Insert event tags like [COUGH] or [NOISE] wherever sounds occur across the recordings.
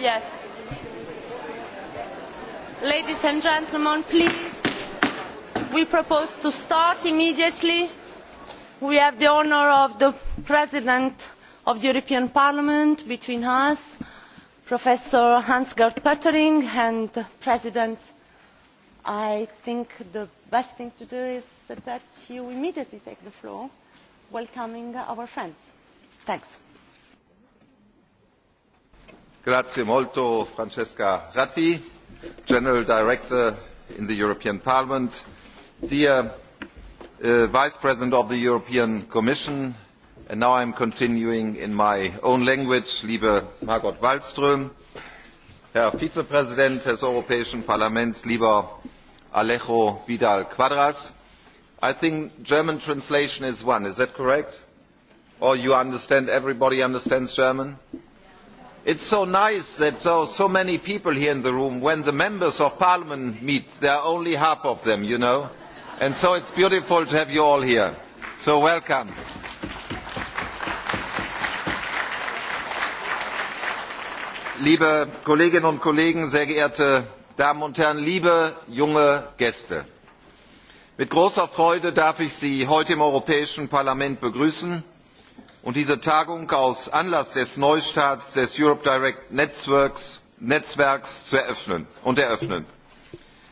Yes. Ladies and gentlemen, please, we propose to start immediately. We have the honor of the President of the European Parliament between us, Professor Hans-Gert Pöttering, and President, I think the best thing to do is that you immediately take the floor, welcoming our friends. Thanks. Grazie molto Francesca Ratti, General Director in the European Parliament. Dear uh, Vice President of the European Commission, and now I am continuing in my own language, liebe Margot Wallström, Herr Vizepräsident des Europäischen Parlaments, lieber Alejo Vidal Quadras. I think German translation is one, is that correct? Or you understand, everybody understands German? It is so nice that there are so many people here in the room. When the members of parliament meet, there are only half of them, you know. And so it is beautiful to have you all here. So welcome. Liebe Kolleginnen und Kollegen, sehr geehrte Damen und Herren, liebe junge Gäste. Mit großer Freude darf ich Sie heute im Europäischen Parlament begrüßen und diese Tagung aus Anlass des Neustarts des Europe Direct Netzwerks, Netzwerks zu eröffnen und eröffnen.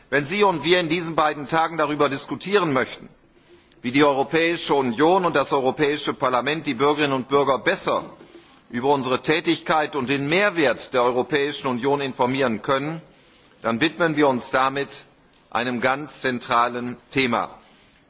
Wenn Sie und wir in diesen beiden Tagen darüber diskutieren möchten, wie die Europäische Union und das Europäische Parlament die Bürgerinnen und Bürger besser über unsere Tätigkeit und den Mehrwert der Europäischen Union informieren können, dann widmen wir uns damit einem ganz zentralen Thema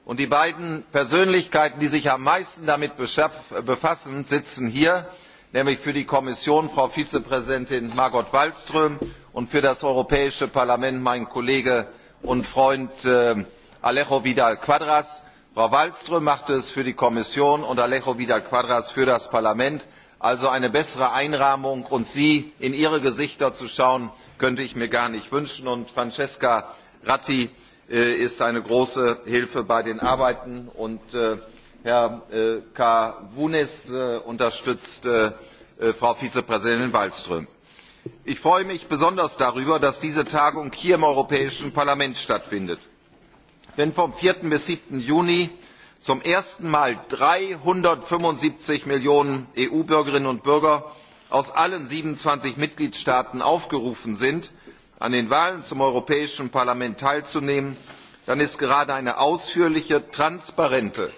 und die beiden persönlichkeiten die sich am meisten damit befassen sitzen hier nämlich für die kommission frau vizepräsidentin margot wallström und für das europäische parlament mein kollege und freund äh, alejo vidal quadras. frau wallström macht es für die kommission und alejo vidal quadras für das parlament also eine bessere einrahmung und sie in ihre gesichter zu schauen könnte ich mir gar nicht wünschen und francesca ratti Äh, ist eine große Hilfe bei den Arbeiten und äh, Herr äh, Kavunis unterstützt Frau Vizepräsidentin Wallström. Ich freue mich besonders darüber, dass diese Tagung hier im Europäischen Parlament stattfindet. Wenn vom 4. bis 7. Juni zum ersten Mal 375 Millionen EU-Bürgerinnen und Bürger aus allen 27 Mitgliedstaaten aufgerufen sind, an den Wahlen zum Europäischen Parlament teilzunehmen, dann ist gerade eine ausführliche, transparente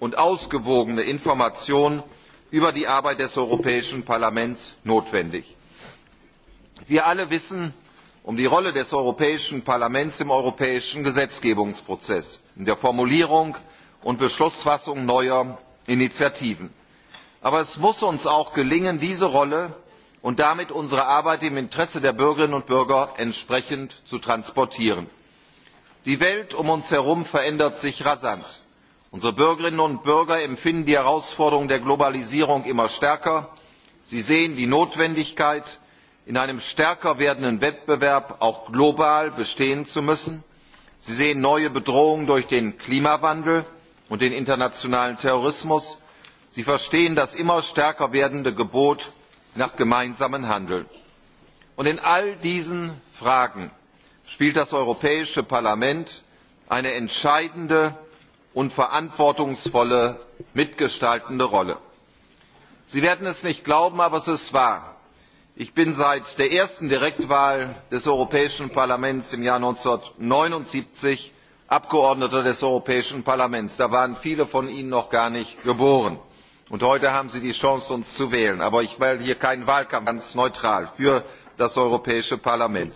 und ausgewogene Information über die Arbeit des Europäischen Parlaments notwendig. Wir alle wissen um die Rolle des Europäischen Parlaments im europäischen Gesetzgebungsprozess, in der Formulierung und Beschlussfassung neuer Initiativen. Aber es muss uns auch gelingen, diese Rolle und damit unsere Arbeit im Interesse der Bürgerinnen und Bürger entsprechend zu transportieren. Die Welt um uns herum verändert sich rasant. Unsere Bürgerinnen und Bürger empfinden die Herausforderung der Globalisierung immer stärker. Sie sehen die Notwendigkeit, in einem stärker werdenden Wettbewerb auch global bestehen zu müssen. Sie sehen neue Bedrohungen durch den Klimawandel und den internationalen Terrorismus. Sie verstehen das immer stärker werdende Gebot nach gemeinsamen Handeln. Und in all diesen Fragen spielt das Europäische Parlament eine entscheidende und verantwortungsvolle mitgestaltende Rolle. Sie werden es nicht glauben, aber es ist wahr. Ich bin seit der ersten Direktwahl des Europäischen Parlaments im Jahr 1979 Abgeordneter des Europäischen Parlaments. Da waren viele von Ihnen noch gar nicht geboren. Und heute haben Sie die Chance, uns zu wählen. Aber ich will hier keinen Wahlkampf, ganz neutral für das Europäische Parlament.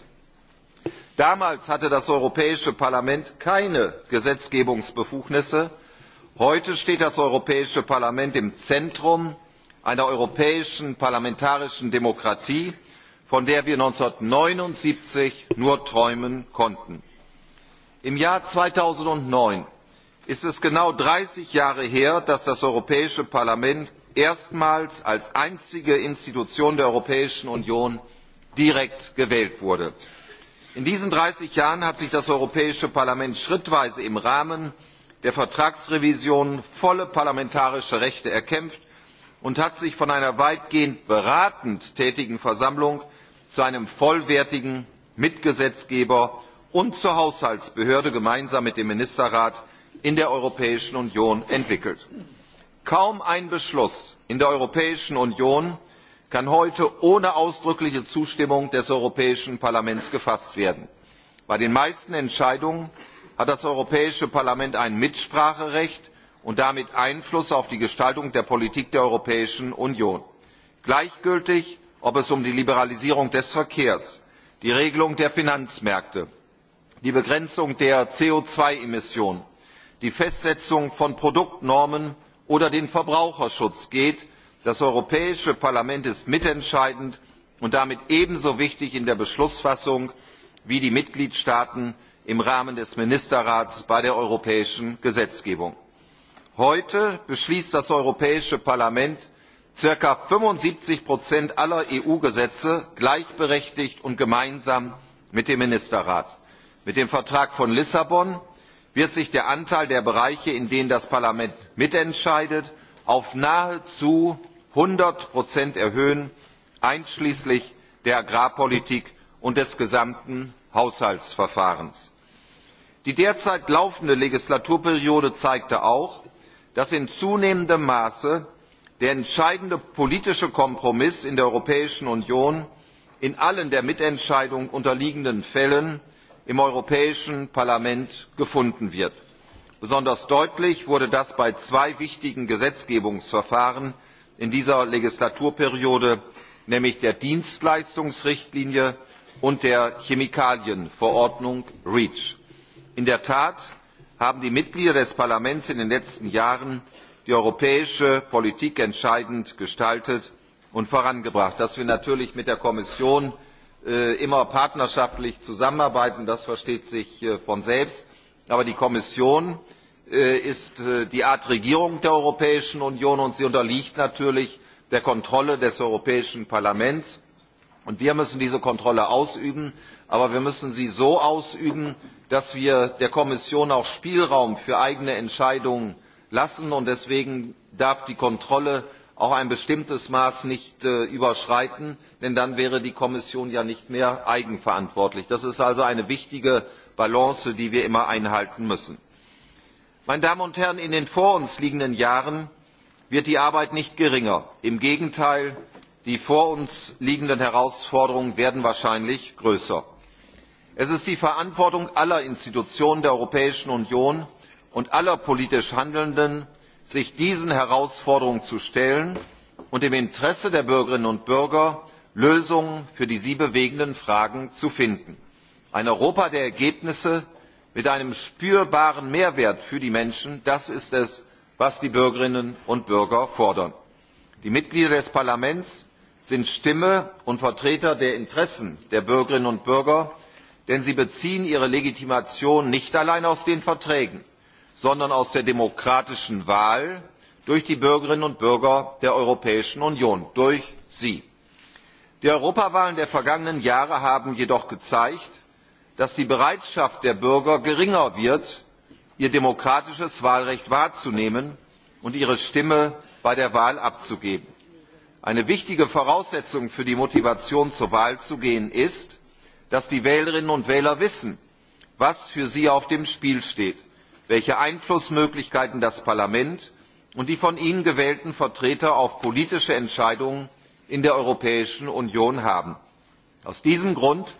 Damals hatte das Europäische Parlament keine Gesetzgebungsbefugnisse. Heute steht das Europäische Parlament im Zentrum einer europäischen parlamentarischen Demokratie, von der wir 1979 nur träumen konnten. Im Jahr 2009 ist es genau dreißig Jahre her, dass das Europäische Parlament erstmals als einzige Institution der Europäischen Union direkt gewählt wurde. In diesen dreißig Jahren hat sich das Europäische Parlament schrittweise im Rahmen der Vertragsrevision volle parlamentarische Rechte erkämpft und hat sich von einer weitgehend beratend tätigen Versammlung zu einem vollwertigen Mitgesetzgeber und zur Haushaltsbehörde gemeinsam mit dem Ministerrat in der Europäischen Union entwickelt. Kaum ein Beschluss in der Europäischen Union kann heute ohne ausdrückliche Zustimmung des Europäischen Parlaments gefasst werden. Bei den meisten Entscheidungen hat das Europäische Parlament ein Mitspracherecht und damit Einfluss auf die Gestaltung der Politik der Europäischen Union. Gleichgültig, ob es um die Liberalisierung des Verkehrs, die Regelung der Finanzmärkte, die Begrenzung der co zwei emissionen die Festsetzung von Produktnormen oder den Verbraucherschutz geht. Das Europäische Parlament ist mitentscheidend und damit ebenso wichtig in der Beschlussfassung wie die Mitgliedstaaten im Rahmen des Ministerrats bei der europäischen Gesetzgebung. Heute beschließt das Europäische Parlament circa 75 aller EU-Gesetze gleichberechtigt und gemeinsam mit dem Ministerrat. Mit dem Vertrag von Lissabon wird sich der Anteil der Bereiche, in denen das Parlament mitentscheidet, auf nahezu 100 Prozent erhöhen, einschließlich der Agrarpolitik und des gesamten Haushaltsverfahrens. Die derzeit laufende Legislaturperiode zeigte auch, dass in zunehmendem Maße der entscheidende politische Kompromiss in der Europäischen Union in allen der Mitentscheidung unterliegenden Fällen im Europäischen Parlament gefunden wird. Besonders deutlich wurde das bei zwei wichtigen Gesetzgebungsverfahren in dieser Legislaturperiode, nämlich der Dienstleistungsrichtlinie und der Chemikalienverordnung REACH. In der Tat haben die Mitglieder des Parlaments in den letzten Jahren die europäische Politik entscheidend gestaltet und vorangebracht, dass wir natürlich mit der Kommission Äh, immer partnerschaftlich zusammenarbeiten das versteht sich äh, von selbst aber die kommission äh, ist die art regierung der europäischen union und sie unterliegt natürlich der kontrolle des europäischen parlaments und wir müssen diese kontrolle ausüben aber wir müssen sie so ausüben dass wir der kommission auch spielraum für eigene entscheidungen lassen und deswegen darf die kontrolle auch ein bestimmtes Maß nicht äh, überschreiten, denn dann wäre die Kommission ja nicht mehr eigenverantwortlich. Das ist also eine wichtige Balance, die wir immer einhalten müssen. Meine Damen und Herren, in den vor uns liegenden Jahren wird die Arbeit nicht geringer. Im Gegenteil, die vor uns liegenden Herausforderungen werden wahrscheinlich größer. Es ist die Verantwortung aller Institutionen der Europäischen Union und aller politisch Handelnden, sich diesen Herausforderungen zu stellen und im Interesse der Bürgerinnen und Bürger Lösungen für die sie bewegenden Fragen zu finden. Ein Europa der Ergebnisse mit einem spürbaren Mehrwert für die Menschen, das ist es, was die Bürgerinnen und Bürger fordern. Die Mitglieder des Parlaments sind Stimme und Vertreter der Interessen der Bürgerinnen und Bürger, denn sie beziehen ihre Legitimation nicht allein aus den Verträgen sondern aus der demokratischen Wahl durch die Bürgerinnen und Bürger der Europäischen Union, durch Sie. Die Europawahlen der vergangenen Jahre haben jedoch gezeigt, dass die Bereitschaft der Bürger geringer wird, ihr demokratisches Wahlrecht wahrzunehmen und ihre Stimme bei der Wahl abzugeben. Eine wichtige Voraussetzung für die Motivation zur Wahl zu gehen ist, dass die Wählerinnen und Wähler wissen, was für sie auf dem Spiel steht welche Einflussmöglichkeiten das Parlament und die von ihnen gewählten Vertreter auf politische Entscheidungen in der Europäischen Union haben. Aus diesem Grund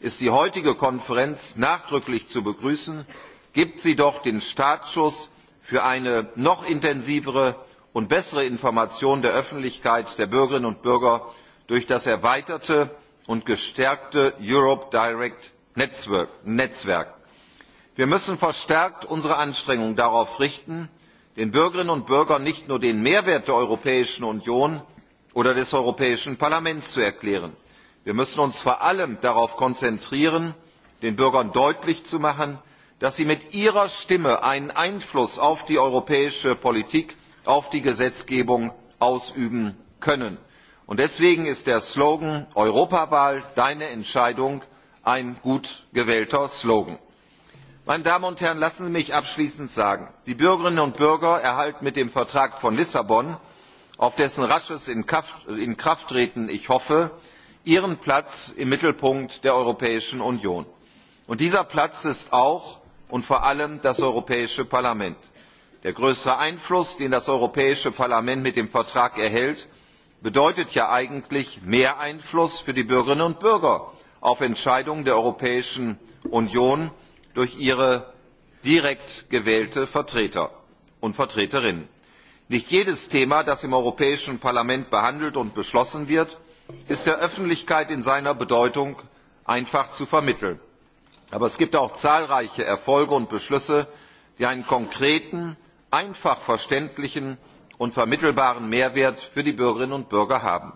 ist die heutige Konferenz nachdrücklich zu begrüßen, gibt sie doch den Startschuss für eine noch intensivere und bessere Information der Öffentlichkeit, der Bürgerinnen und Bürger durch das erweiterte und gestärkte Europe Direct Netzwerk. Wir müssen verstärkt unsere Anstrengungen darauf richten, den Bürgerinnen und Bürgern nicht nur den Mehrwert der Europäischen Union oder des Europäischen Parlaments zu erklären. Wir müssen uns vor allem darauf konzentrieren, den Bürgern deutlich zu machen, dass sie mit ihrer Stimme einen Einfluss auf die europäische Politik, auf die Gesetzgebung ausüben können. Und deswegen ist der Slogan Europawahl deine Entscheidung ein gut gewählter Slogan. Meine Damen und Herren, lassen Sie mich abschließend sagen, die Bürgerinnen und Bürger erhalten mit dem Vertrag von Lissabon, auf dessen rasches Inkrafttreten ich hoffe, ihren Platz im Mittelpunkt der Europäischen Union. Und dieser Platz ist auch und vor allem das Europäische Parlament. Der größere Einfluss, den das Europäische Parlament mit dem Vertrag erhält, bedeutet ja eigentlich mehr Einfluss für die Bürgerinnen und Bürger auf Entscheidungen der Europäischen Union durch ihre direkt gewählte Vertreter und Vertreterinnen. Nicht jedes Thema, das im Europäischen Parlament behandelt und beschlossen wird, ist der Öffentlichkeit in seiner Bedeutung einfach zu vermitteln. Aber es gibt auch zahlreiche Erfolge und Beschlüsse, die einen konkreten, einfach verständlichen und vermittelbaren Mehrwert für die Bürgerinnen und Bürger haben.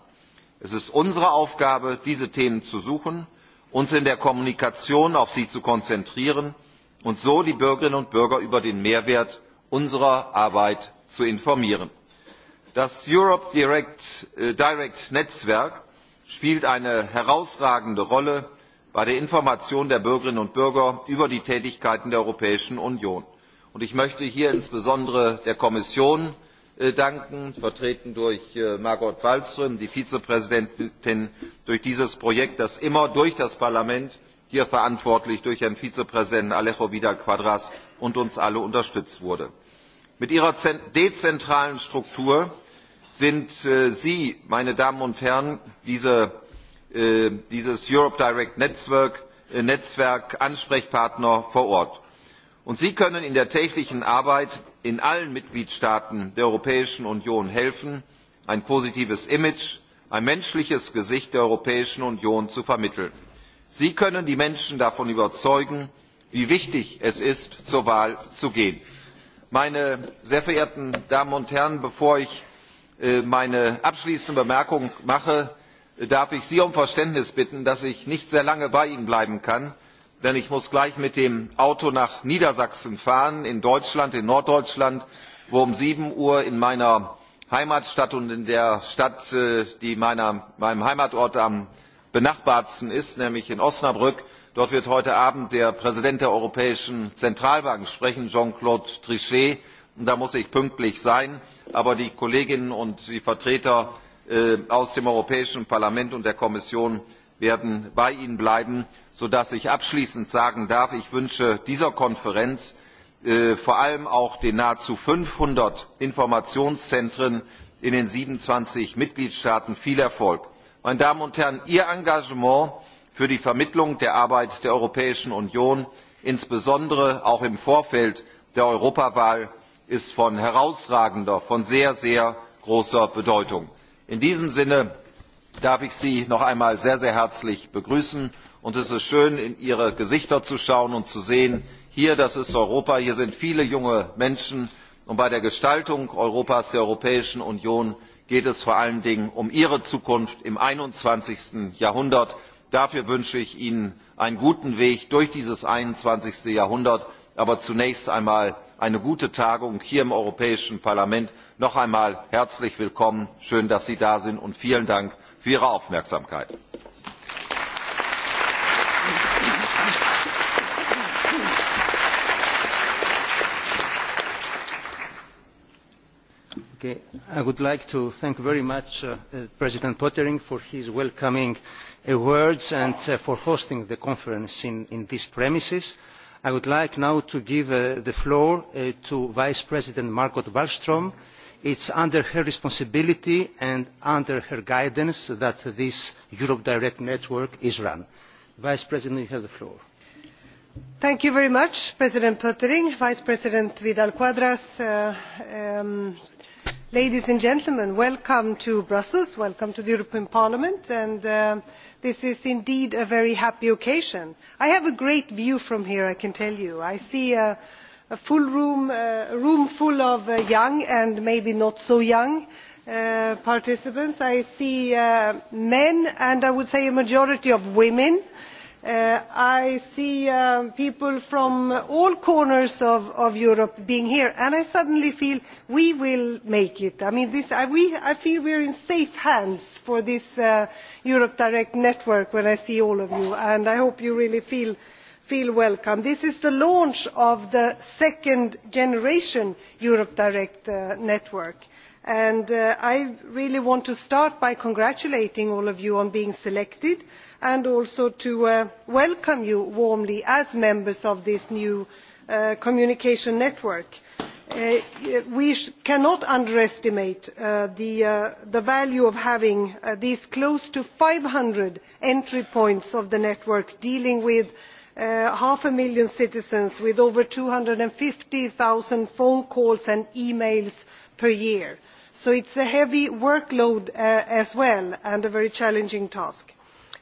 Es ist unsere Aufgabe, diese Themen zu suchen uns in der Kommunikation auf sie zu konzentrieren und so die Bürgerinnen und Bürger über den Mehrwert unserer Arbeit zu informieren. Das Europe Direct, äh, Direct Netzwerk spielt eine herausragende Rolle bei der Information der Bürgerinnen und Bürger über die Tätigkeiten der Europäischen Union. ich möchte hier insbesondere der Kommission Äh, danken, vertreten durch äh, Margot Wallström, die Vizepräsidentin, durch dieses Projekt, das immer durch das Parlament, hier verantwortlich durch Herrn Vizepräsidenten Alejo Vidal Quadras und uns alle unterstützt wurde. Mit ihrer dezentralen Struktur sind äh, Sie, meine Damen und Herren, dieses Europe Direct Netzwerk, Netzwerk Ansprechpartner vor Ort. Und Sie können in der täglichen Arbeit in allen Mitgliedstaaten der Europäischen Union helfen, ein positives Image, ein menschliches Gesicht der Europäischen Union zu vermitteln. Sie können die Menschen davon überzeugen, wie wichtig es ist, zur Wahl zu gehen. Meine sehr verehrten Damen und Herren, bevor ich äh, meine abschließende Bemerkung mache, äh, darf ich Sie um Verständnis bitten, dass ich nicht sehr lange bei Ihnen bleiben kann denn ich muss gleich mit dem auto nach niedersachsen fahren in deutschland in norddeutschland wo um sieben uhr in meiner heimatstadt und in der stadt äh, die meinem heimatort am benachbartsten ist nämlich in osnabrück dort wird heute abend der präsident der europäischen zentralbank sprechen jean claude trichet und da muss ich pünktlich sein aber die kolleginnen und die vertreter äh, aus dem europäischen parlament und der kommission werden bei ihnen bleiben sodass ich abschließend sagen darf, ich wünsche dieser Konferenz äh, vor allem auch den nahezu fünfhundert Informationszentren in den siebenundzwanzig Mitgliedstaaten viel Erfolg. Meine Damen und Herren, Ihr Engagement für die Vermittlung der Arbeit der Europäischen Union, insbesondere auch im Vorfeld der Europawahl, ist von herausragender, von sehr, sehr großer Bedeutung. In diesem Sinne darf ich Sie noch einmal sehr, sehr herzlich begrüßen Und es ist schön, in ihre Gesichter zu schauen und zu sehen, hier, das ist Europa, hier sind viele junge Menschen. Und bei der Gestaltung Europas, der Europäischen Union, geht es vor allen Dingen um ihre Zukunft im 21. Jahrhundert. Dafür wünsche ich Ihnen einen guten Weg durch dieses 21. Jahrhundert. Aber zunächst einmal eine gute Tagung hier im Europäischen Parlament. Noch einmal herzlich willkommen. Schön, dass Sie da sind und vielen Dank für Ihre Aufmerksamkeit. Okay. I would like to thank very much uh, uh, President Pottering for his welcoming uh, words and uh, for hosting the conference in, in these premises. I would like now to give uh, the floor uh, to Vice President Margot Wallström. It's under her responsibility and under her guidance that this Europe Direct Network is run. Vice President, you have the floor. Thank you very much, President Pottering, Vice President Vidal Quadras, uh, um, Ladies and gentlemen, welcome to Brussels, welcome to the European Parliament, and uh, this is indeed a very happy occasion. I have a great view from here, I can tell you. I see a, a full room, uh, a room full of uh, young and maybe not so young uh, participants. I see uh, men and I would say a majority of women. Uh, Uh, I see uh, people from all corners of, of Europe being here, and I suddenly feel we will make it. I mean, this, I, we, I feel we're in safe hands for this uh, Europe Direct network when I see all of you, and I hope you really feel, feel welcome. This is the launch of the second generation Europe Direct uh, network. And uh, I really want to start by congratulating all of you on being selected and also to uh, welcome you warmly as members of this new uh, communication network. Uh, we cannot underestimate the, the value of having these close to five hundred entry points of the network dealing with half a million citizens with over two hundred and fifty zero phone calls and e mails per year so it is a heavy workload as well and a very challenging task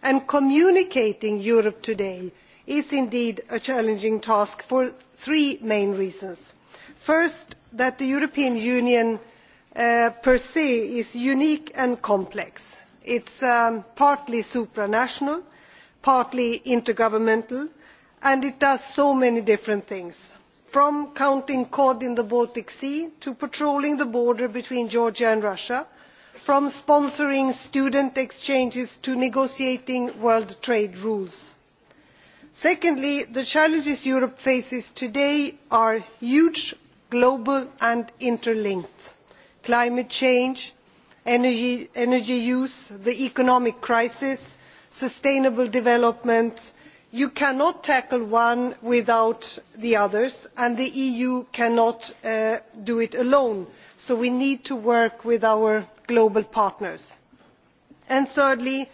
and communicating europe today is indeed a challenging task for three main reasons first that the european union uh, per se is unique and complex it is um, partly supranational partly intergovernmental and it does so many different things from counting cod in the baltic sea to patrolling the border between georgia and russia from sponsoring student exchanges to negotiating world trade rules. Secondly, the challenges Europe faces today are huge, global and interlinked. Climate change, energy, use, the economic crisis, sustainable development, you cannot tackle one without the others and the eu cannot uh, do it alone so we need to work with our global partners. And thirdly,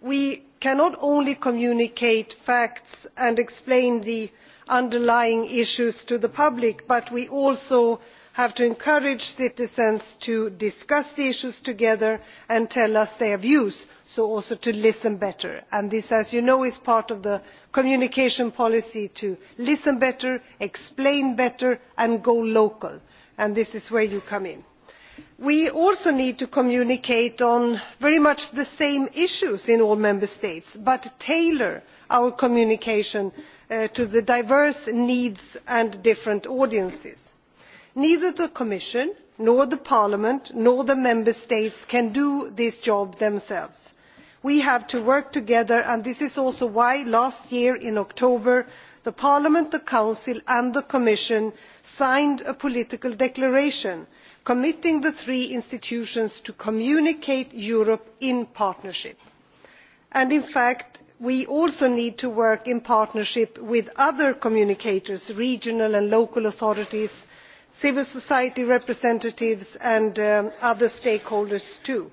we cannot only communicate facts and explain the underlying issues to the public, but we also have to encourage citizens to discuss the issues together and tell us their views, so also to listen better. And this, as you know, is part of the communication policy to listen better, explain better and go local. And this is where you come in we also need to communicate on very much the same issues in all member states but tailor our communication uh, to the diverse needs and different audiences. neither the commission nor parliament nor the member states can do this job themselves. we have to work together and this is also why last year in october parliament the council and the commission signed a political declaration committing the three institutions to communicate europe in partnership. in fact we also need to work in partnership with other communicators regional and local authorities civil society representatives and um, other stakeholders too.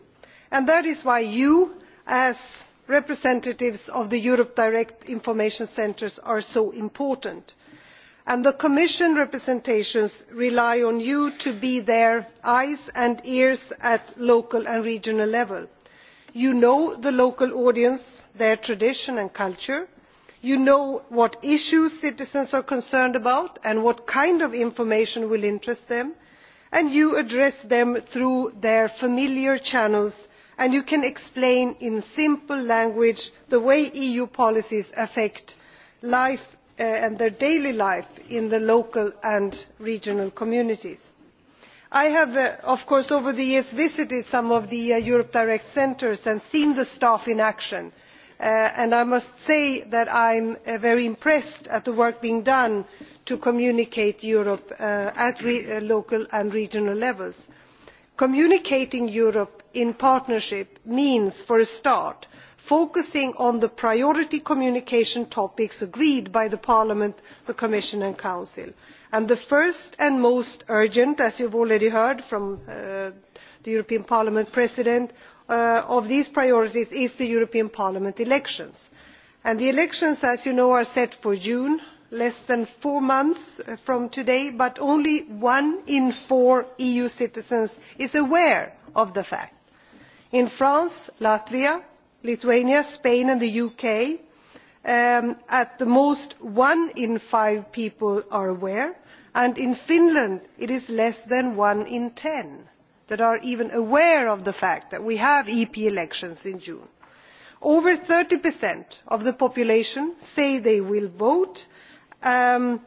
that is why you as representatives of the europe direct information centres are so important and the commission representations rely on you to be their eyes and ears at local and regional level. you know the local audience their tradition and culture you know what issues citizens are concerned about and what kind of information will interest them and you address them through their familiar channels and you can explain in simple language the way eu policies affect life Uh, and their daily life in the local and regional communities. I have, uh, of course, over the years visited some of the uh, Europe Direct centres and seen the staff in action. and I must say that I am very impressed at the work being done to communicate Europe at local and regional levels. Communicating Europe in partnership means, for a start, focusing on the priority communication topics agreed by parliament the commission and council the first and most urgent as you have already heard from uh, the european parliament president uh, of these priorities is the european parliament elections the elections as you know are set for june less than four months uh, from today but only one in four eu citizens is aware of the fact. in france latvia lithuania spain and the uk um, at the most one in five people are aware and in finland it is less than one in ten that are even aware of the fact that we have ep elections in june. over thirty of the population say they will vote. Um,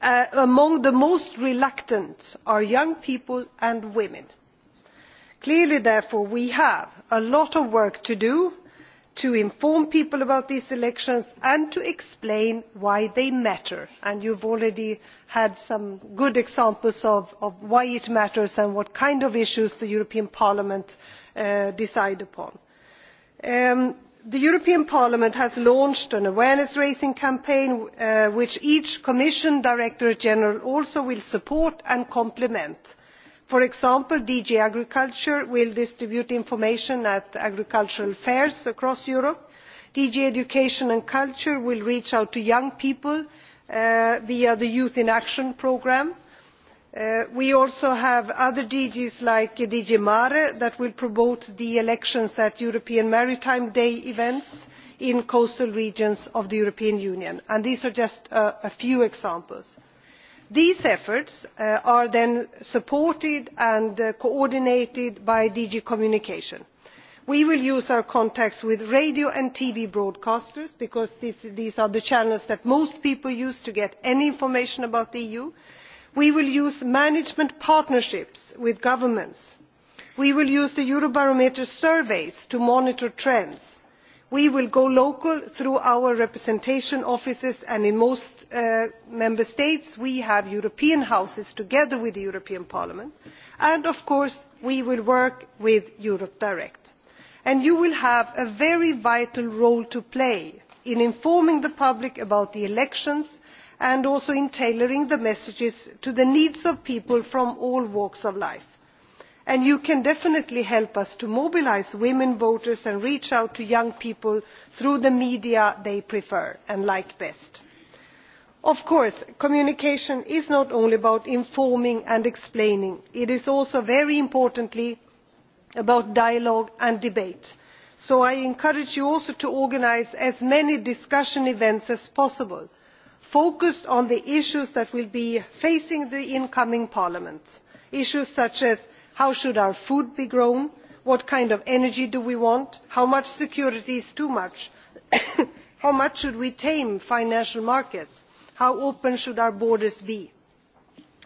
uh, among the most reluctant are young people and women clearly therefore we have a lot of work to do to inform people about these elections and to explain why they matter and you have already had some good examples of, of why it matters and what kind of issues the european parliament uh, decides upon. Um, the european parliament has launched an awareness raising campaign uh, which each commission directorate general also will support and complement for example dg agriculture will distribute information at agricultural fairs across europe dg education and culture will reach out to young people uh, via the youth in action programme uh, we also have other DGs like DG Mare that will promote the elections at European Maritime Day events in coastal regions of the European Union. And these are just a few examples these efforts uh, are then supported and uh, coordinated by dg communication. we will use our contacts with radio and tv broadcasters because these are the channels that most people use to get any information about the eu. we will use management partnerships with governments. we will use the eurobarometer surveys to monitor trends we will go local through our representation offices and in most uh, member states we have european houses together with the european parliament and of course we will work with europe direct you will have a very vital role to play in informing the public about the elections and also in tailoring the messages to the needs of people from all walks of life and you can definitely help us to mobilise women voters and reach out to young people through the media they prefer and like best. Of course, communication is not only about informing and explaining. It is also very importantly about dialogue and debate. So I encourage you also to organise as many discussion events as possible, focused on the issues that will be facing the incoming parliament. Issues such as how should our food be grown what kind of energy do we want how much security is too much [COUGHS] how much should we tame financial markets how open should our borders be?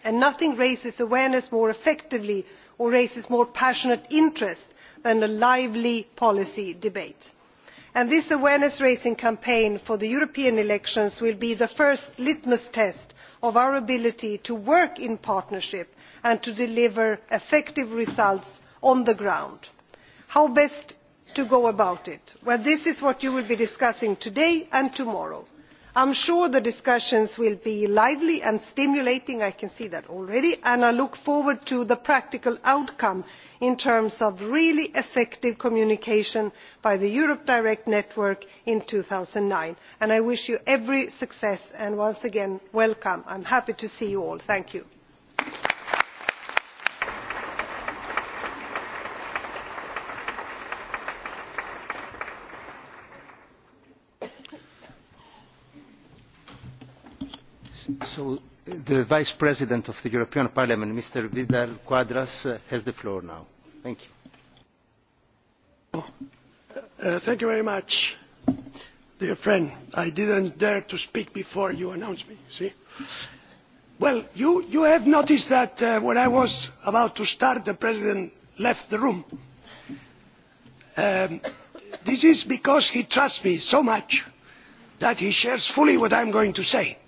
And nothing raises awareness more effectively or raises more passionate interest than a lively policy debate. this awareness raising campaign for the European elections will be the first litmus test of our ability to work in partnership and to deliver effective results on the ground. How best to go about it? Well, this is what you will be discussing today and tomorrow. I am sure the discussions will be lively and stimulating, I can see that already, and I look forward to the practical outcome in terms of really effective communication by the Europe Direct Network in two thousand nine. I wish you every success and once again welcome. I am happy to see you all. Thank you. So the Vice President of the European Parliament, Mr. Vidal Quadras, uh, has the floor now. Thank you. Uh, thank you very much, dear friend. I didn't dare to speak before you announced me, see? Well, you, you have noticed that uh, when I was about to start, the President left the room. Um, this is because he trusts me so much that he shares fully what I'm going to say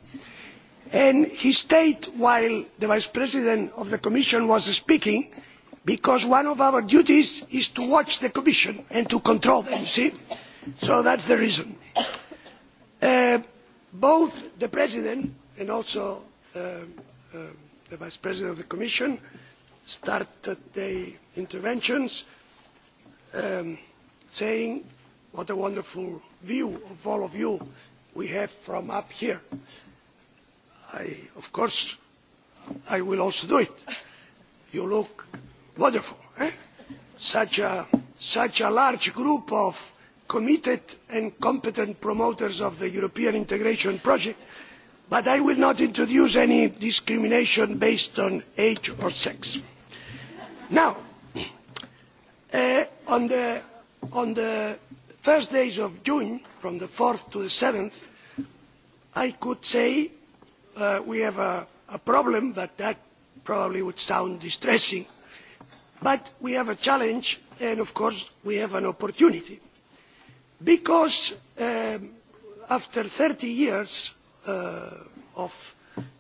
and he stayed while the vice president of the commission was speaking because one of our duties is to watch the commission and to control them you see so that's the reason uh, both the president and also uh, uh, the vice president of the commission started their interventions um, saying what a wonderful view of all of you we have from up here. I, of course, I will also do it. You look wonderful. Eh? Such, a, such a large group of committed and competent promoters of the European integration project, but I will not introduce any discrimination based on age or sex. Now, uh, on, the, on the first days of June, from the 4th to the 7th, I could say Uh, we have a, a problem, but that probably would sound distressing. But we have a challenge, and of course we have an opportunity. Because um, after 30 years uh, of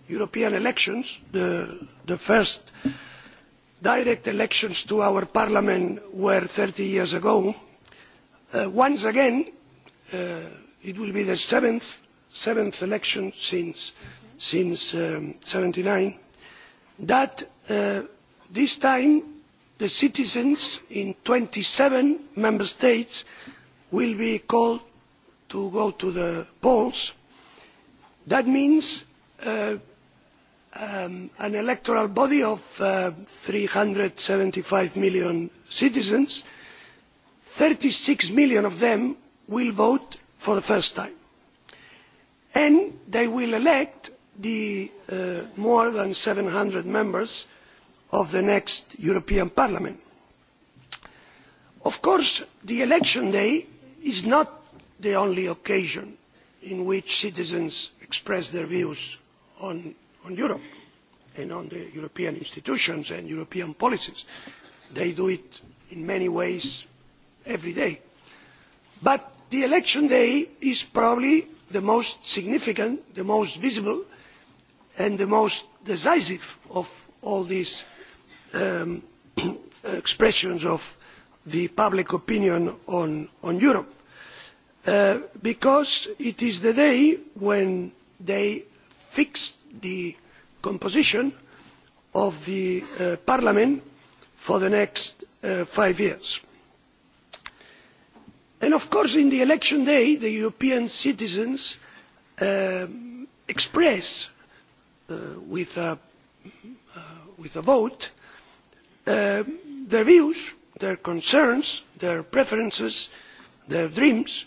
European elections, the, the first direct elections to our parliament were 30 years ago, uh, once again, uh, it will be the seventh, seventh election since since um, 79, that uh, this time the citizens in 27 member states will be called to go to the polls. That means uh, um, an electoral body of uh, 375 million citizens, 36 million of them will vote for the first time. And they will elect the uh, more than seven hundred members of the next European Parliament. Of course, the election day is not the only occasion in which citizens express their views on, on Europe and on the European institutions and European policies. They do it in many ways every day. But the election day is probably the most significant, the most visible, and the most decisive of all these um, [COUGHS] expressions of the public opinion on, on Europe, uh, because it is the day when they fix the composition of the uh, Parliament for the next uh, five years. And of course, in the election day, the European citizens uh, express Uh, with, a, uh, with a vote uh, their views, their concerns, their preferences, their dreams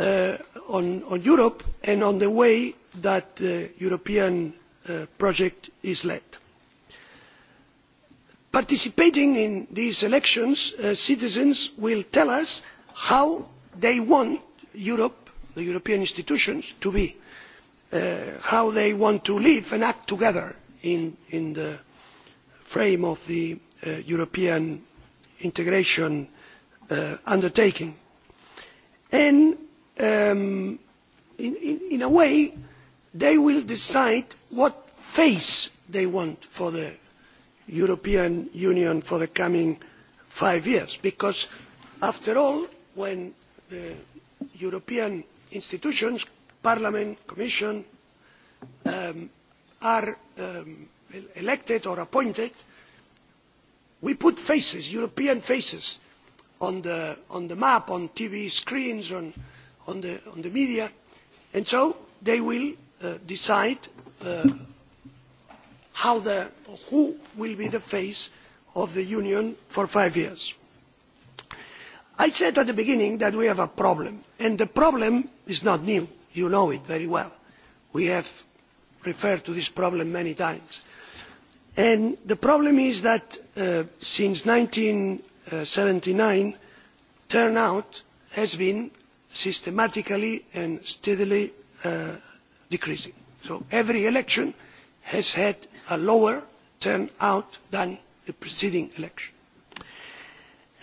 on, on Europe and on the way that the European project is led. Participating in these elections, uh, citizens will tell us how they want Europe, the European institutions, to be. Uh, how they want to live and act together in, in the frame of the uh, European integration uh, undertaking. And um, in, in, in a way, they will decide what face they want for the European Union for the coming five years. Because, after all, when the European institutions Parliament, Commission um, are um, elected or appointed, we put faces, European faces, on the, on the map, on TV screens, on, on, the, on the media, and so they will uh, decide uh, how the, who will be the face of the Union for five years. I said at the beginning that we have a problem, and the problem is not new You know it very well. We have referred to this problem many times. And the problem is that uh, since seventy nine turnout has been systematically and steadily uh, decreasing. So every election has had a lower turnout than the preceding election.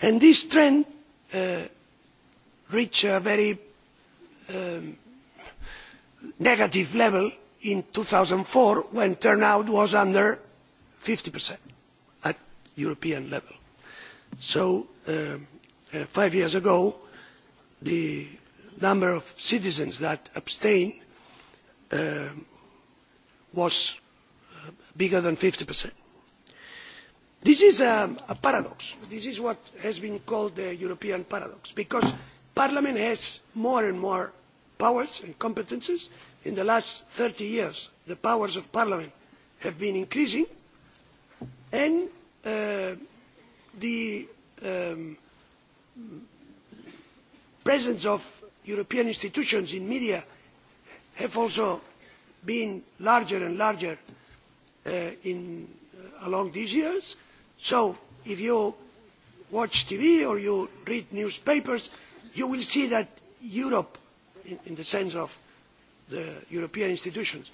And this trend uh, reached a very um, negative level in 2004 when turnout was under 50% at European level. So uh, uh, five years ago, the number of citizens that abstain um, uh, was bigger than 50%. This is a, a paradox. This is what has been called the European paradox, because Parliament has more and more powers and competences. in the last thirty years the powers of parliament have been increasing and uh, the um, presence of european institutions in media have also been larger and larger uh, in, uh, along these years so if you watch tv or you read newspapers you will see that europe in, in the sense of the European institutions,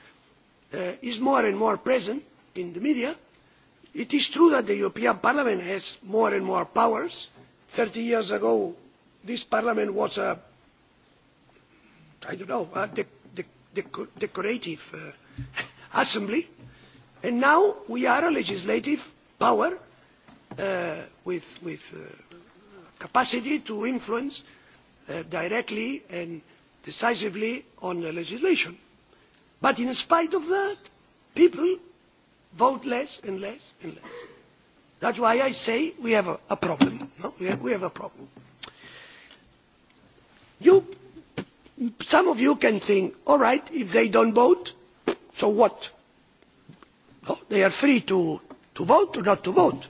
uh, is more and more present in the media. It is true that the European Parliament has more and more powers. Thirty years ago, this Parliament was a, I don't know, a de de de decorative uh, [LAUGHS] assembly, and now we are a legislative power uh, with, with uh, capacity to influence uh, directly and decisively on the legislation. But in spite of that, people vote less and less and less. That's why I say we have a, a problem. No? We, have, we have a problem. You, some of you can think, all right, if they don't vote, so what? No, they are free to, to vote or not to vote.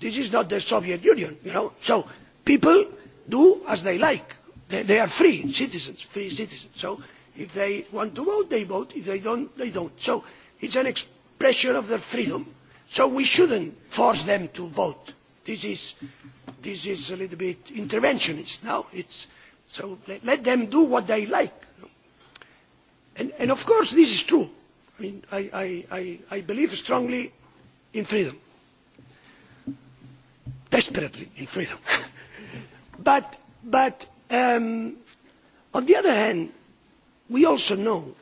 This is not the Soviet Union, you know. So people do as they like They, they are free citizens, free citizens. So if they want to vote, they vote. If they don't, they don't. So it's an expression of their freedom. So we shouldn't force them to vote. This is, this is a little bit interventionist now. It's, so let, let them do what they like. And, and of course this is true. I mean, I, I, I, I believe strongly in freedom. Desperately in freedom. [LAUGHS] but, but Um, on the other hand, we also know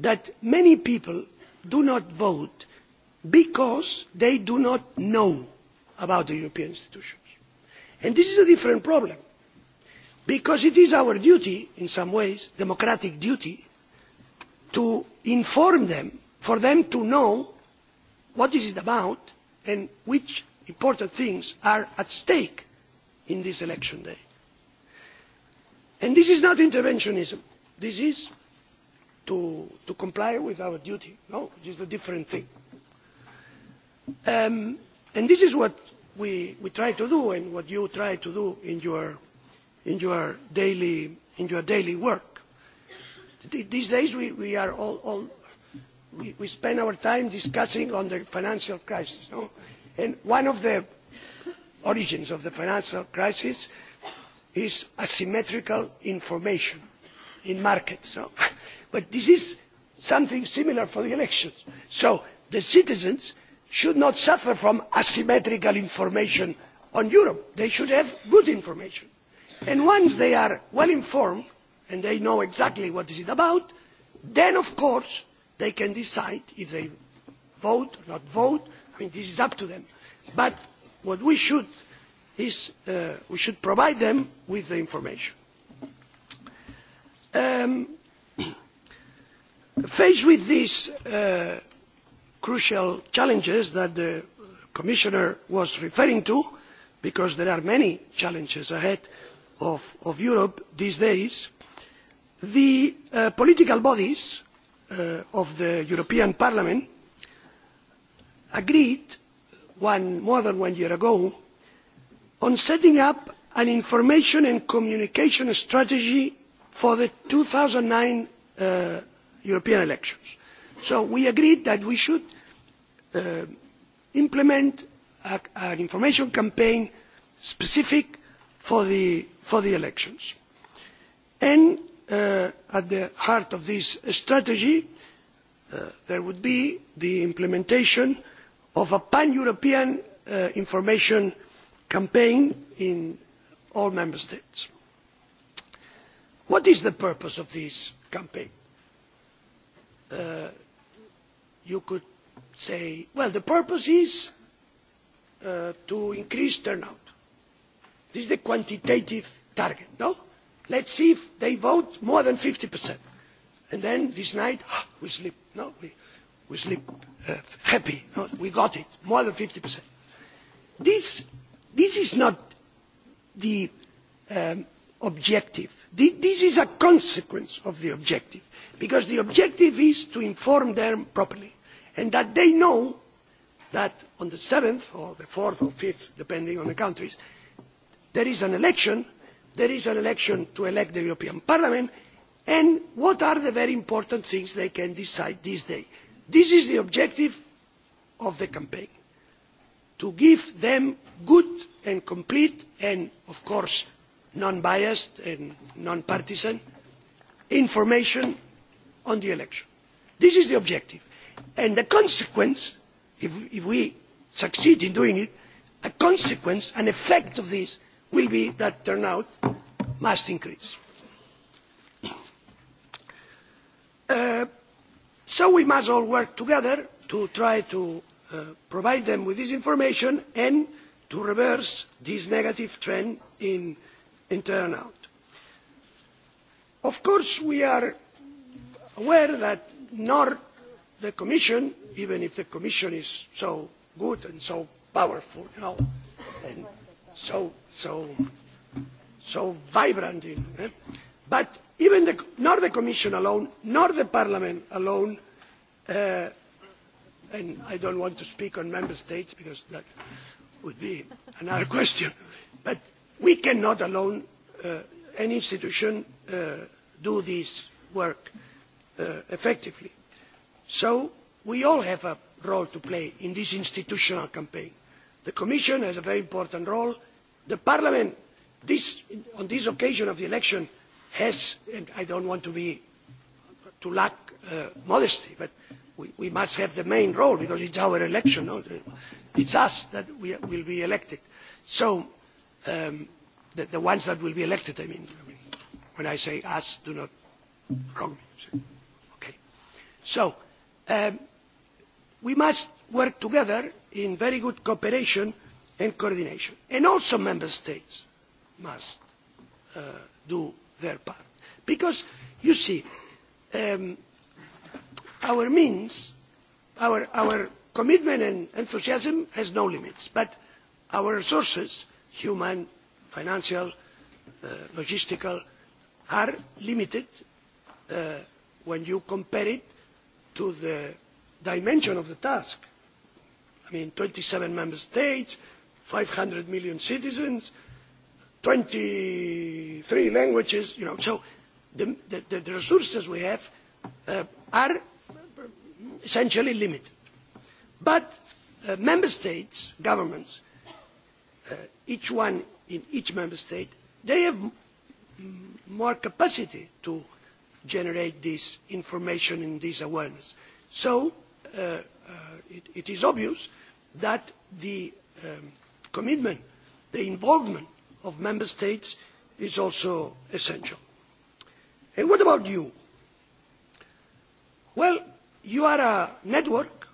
that many people do not vote because they do not know about the European institutions. And this is a different problem because it is our duty, in some ways, democratic duty, to inform them, for them to know what is it about and which important things are at stake in this election day. And this is not interventionism. This is to, to comply with our duty. No, this is a different thing. Um, and this is what we, we try to do and what you try to do in your, in your, daily, in your daily work. These days we, we are all, all we, we spend our time discussing on the financial crisis. No? And one of the origins of the financial crisis is asymmetrical information in markets. So. [LAUGHS] but this is something similar for the elections. So the citizens should not suffer from asymmetrical information on Europe. They should have good information. And once they are well informed and they know exactly what is it about, then of course they can decide if they vote or not vote. I mean, this is up to them. But what we should is uh, we should provide them with the information. Um, [CLEARS THROAT] faced with these uh, crucial challenges that the Commissioner was referring to, because there are many challenges ahead of, of Europe these days, the uh, political bodies uh, of the European Parliament agreed one, more than one year ago on setting up an information and communication strategy for the two thousand and nine uh, European elections. So we agreed that we should uh, implement a, an information campaign specific for the, for the elections. And uh, at the heart of this strategy, uh, there would be the implementation of a pan-European uh, information campaign in all member states. What is the purpose of this campaign? Uh, you could say, well, the purpose is uh, to increase turnout. This is the quantitative target, no? Let's see if they vote more than 50%. And then this night, ah, [GASPS] we sleep, no? We, we sleep uh, happy, no? we got it, more than 50%. This This is not the um, objective. This is a consequence of the objective, because the objective is to inform them properly, and that they know that on the 7th or the 4th or 5th, depending on the countries, there is an election, there is an election to elect the European Parliament, and what are the very important things they can decide this day. This is the objective of the campaign to give them good and complete and, of course, non-biased and non-partisan information on the election. This is the objective. And the consequence, if, if we succeed in doing it, a consequence, an effect of this will be that turnout must increase. Uh, so we must all work together to try to Uh, provide them with this information and to reverse this negative trend in, in turnout. Of course, we are aware that nor the Commission, even if the Commission is so good and so powerful, you know, and so, so, so vibrant, in, eh? but even the, nor the Commission alone, nor the Parliament alone uh, and I don't want to speak on member states because that would be another [LAUGHS] question. But we cannot alone, uh, any institution, uh, do this work uh, effectively. So we all have a role to play in this institutional campaign. The Commission has a very important role. The Parliament, this, on this occasion of the election, has, and I don't want to be, to lack uh, modesty, but we, we must have the main role because it's our election. No? It's us that we will be elected. So um, the, the ones that will be elected, I mean, I mean when I say us, do not wrong me. Okay. So um, we must work together in very good cooperation and coordination. And also member states must uh, do their part. Because, you see, um, our means, our, our commitment and enthusiasm has no limits, but our resources, human, financial, uh, logistical, are limited uh, when you compare it to the dimension of the task. I mean, 27 member states, 500 million citizens, 23 languages, you know, so the, the, the resources we have uh, are essentially limited. But uh, member states, governments, uh, each one in each member state, they have m more capacity to generate this information and this awareness. So uh, uh, it, it is obvious that the um, commitment, the involvement of member states is also essential. And what about you? Well, You are a network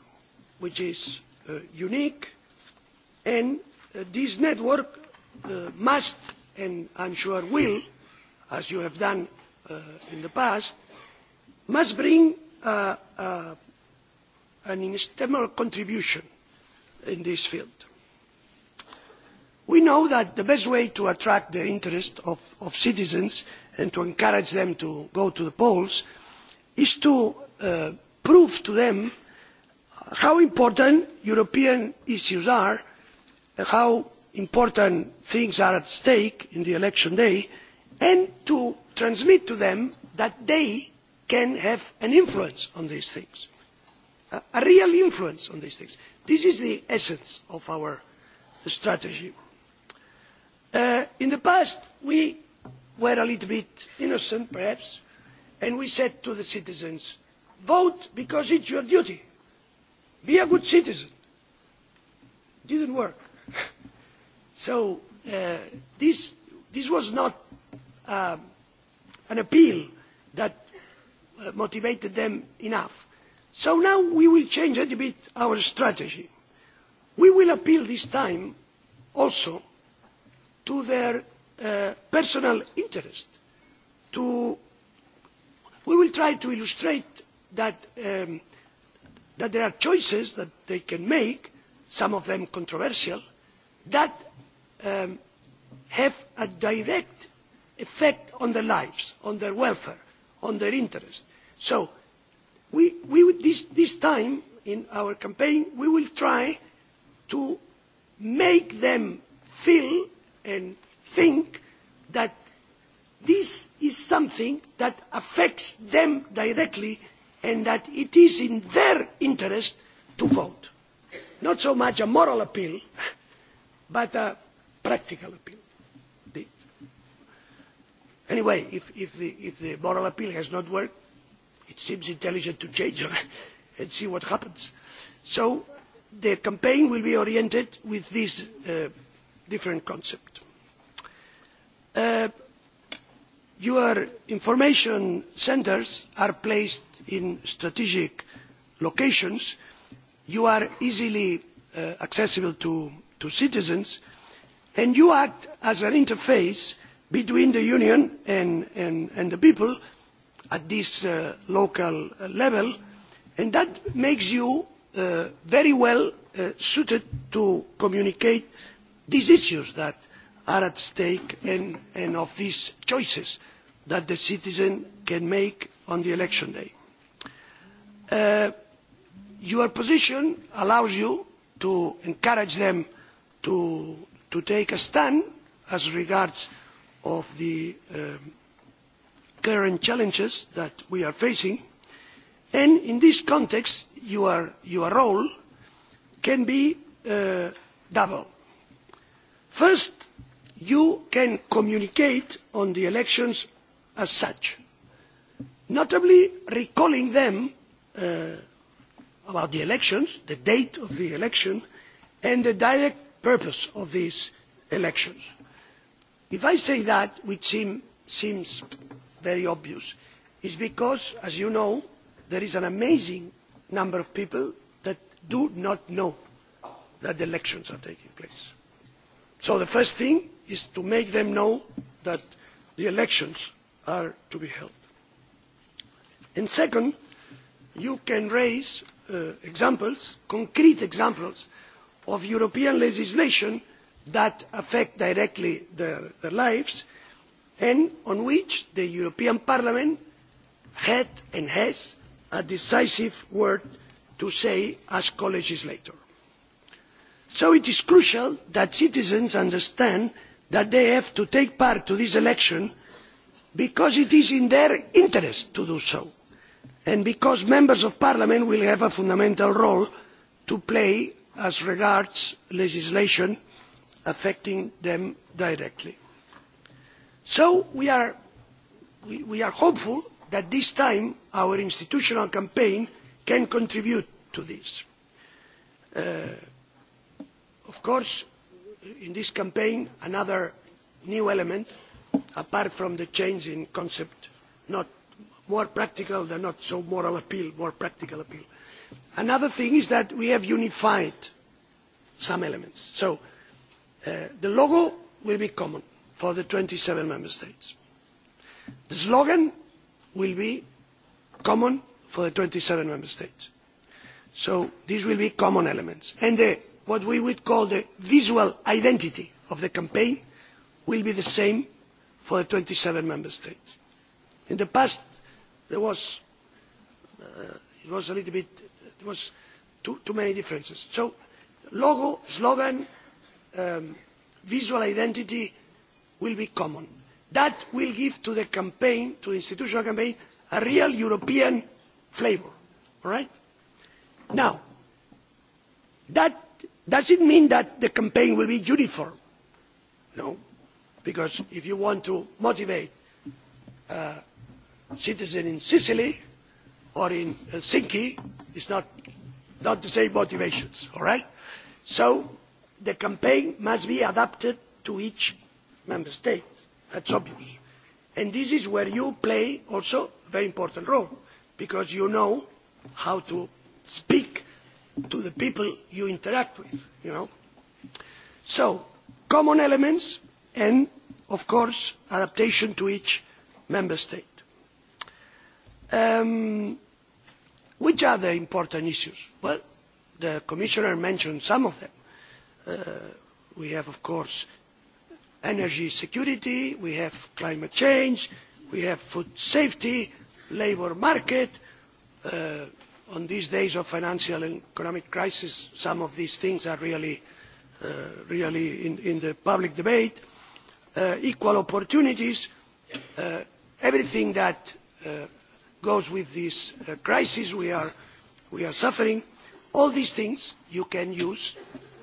which is uh, unique and uh, this network uh, must and I'm sure will, as you have done uh, in the past, must bring uh, uh, an instrumental contribution in this field. We know that the best way to attract the interest of, of citizens and to encourage them to go to the polls is to uh, prove to them how important European issues are, and how important things are at stake in the election day, and to transmit to them that they can have an influence on these things, a, a real influence on these things. This is the essence of our strategy. Uh, in the past, we were a little bit innocent, perhaps, and we said to the citizens, Vote because it's your duty. Be a good citizen. Didn't work. [LAUGHS] so uh, this, this was not um, an appeal that uh, motivated them enough. So now we will change a little bit our strategy. We will appeal this time also to their uh, personal interest. To, we will try to illustrate that, um, that there are choices that they can make, some of them controversial, that um, have a direct effect on their lives, on their welfare, on their interest. So we, we, this, this time in our campaign, we will try to make them feel and think that this is something that affects them directly and that it is in their interest to vote. Not so much a moral appeal, [LAUGHS] but a practical appeal. Anyway, if, if, the, if the moral appeal has not worked, it seems intelligent to change [LAUGHS] and see what happens. So the campaign will be oriented with this uh, different concept. Uh, Your information centres are placed in strategic locations. You are easily uh, accessible to, citizens and you act as an interface between the union and, the people at this uh, local uh, level and that makes you very well suited to communicate these issues that are at stake and, and of these choices that the citizen can make on the election day. Uh, your position allows you to encourage them to, to take a stand as regards of the um, current challenges that we are facing. And in this context, your, your role can be uh, double. First, you can communicate on the elections as such, notably recalling them uh, about the elections, the date of the election, and the direct purpose of these elections. If I say that, which seem, seems very obvious, is because, as you know, there is an amazing number of people that do not know that elections are taking place. So the first thing is to make them know that the elections are to be held. And second, you can raise uh, examples, concrete examples, of European legislation that affect directly their, their lives and on which the European Parliament had and has a decisive word to say as co-legislator. So it is crucial that citizens understand that they have to take part in this election because it is in their interest to do so and because members of parliament will have a fundamental role to play as regards legislation affecting them directly. so we are, we, we are hopeful that this time our institutional campaign can contribute to this. Uh, of course in this campaign another new element apart from the change in concept not more practical than not so moral appeal more practical appeal another thing is that we have unified some elements so uh, the logo will be common for the twenty seven member states the slogan will be common for the twenty seven member states so these will be common elements and the what we would call the visual identity of the campaign will be the same for the twenty seven member states. in the past there was, uh, it was a little bit there was too, too many differences. so logo, slogan, um, visual identity will be common. that will give to the campaign, to the institutional campaign, a real european flavour. all right? now, that Does it mean that the campaign will be uniform? No, because if you want to motivate a uh, citizen in Sicily or in Helsinki, it's not, not the same motivations, all right? So the campaign must be adapted to each member state. That's obvious. And this is where you play also a very important role, because you know how to speak to the people you interact with, you know. So, common elements and, of course, adaptation to each member state. Um, which are the important issues? Well, the Commissioner mentioned some of them. Uh, we have, of course, energy security, we have climate change, we have food safety, labour market, uh, on these days of financial and economic crisis, some of these things are really, uh, really in, in the public debate. Uh, equal opportunities, uh, everything that uh, goes with this uh, crisis we are, we are suffering, all these things you can use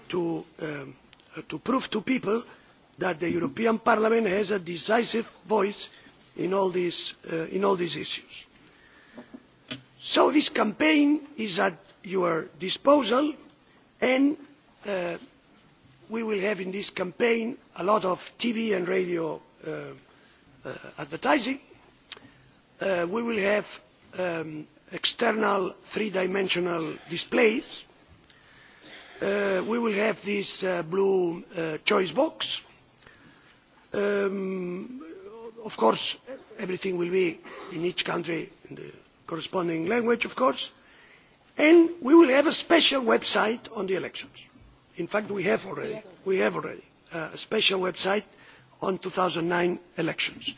to, um, uh, to prove to people that the European Parliament has a decisive voice in all these, uh, in all these issues so this campaign is at your disposal and uh, we will have in this campaign a lot of tv and radio uh, uh, advertising uh, we will have um, external three dimensional displays uh, we will have this uh, blue uh, choice box um, of course everything will be in each country in the corresponding language, of course, and we will have a special website on the elections. In fact, we have already, we have already uh, a special website on 2009 elections.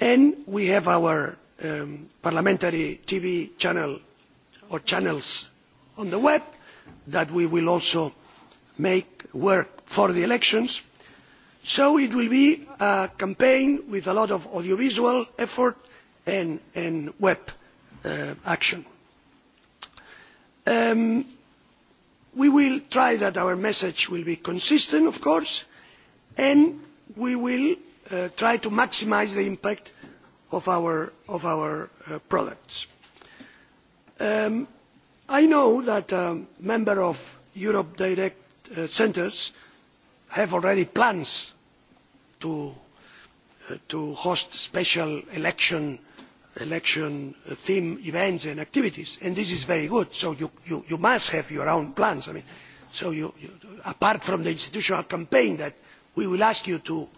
And we have our um, parliamentary TV channel or channels on the web that we will also make work for the elections. So it will be a campaign with a lot of audiovisual effort and, and web uh, action. Um, we will try that our message will be consistent, of course, and we will uh, try to maximise the impact of our, of our uh, products. Um, I know that um, uh, members of Europe Direct uh, centres have already plans to, uh, to host special election election theme events and activities. And this is very good. So you, you, you must have your own plans. I mean, so you, you, apart from the institutional campaign that we will ask you to,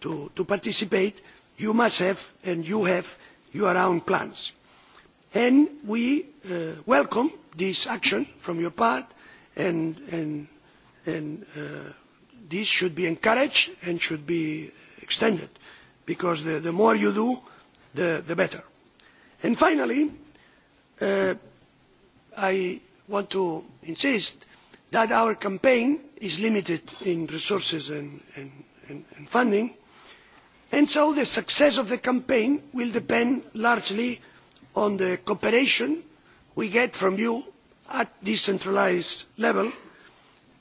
to, to participate, you must have and you have your own plans. And we uh, welcome this action from your part and, and, and uh, this should be encouraged and should be extended because the, the more you do, the, the better. And finally, uh, I want to insist that our campaign is limited in resources and, and, and, and funding, and so the success of the campaign will depend largely on the cooperation we get from you at decentralised level,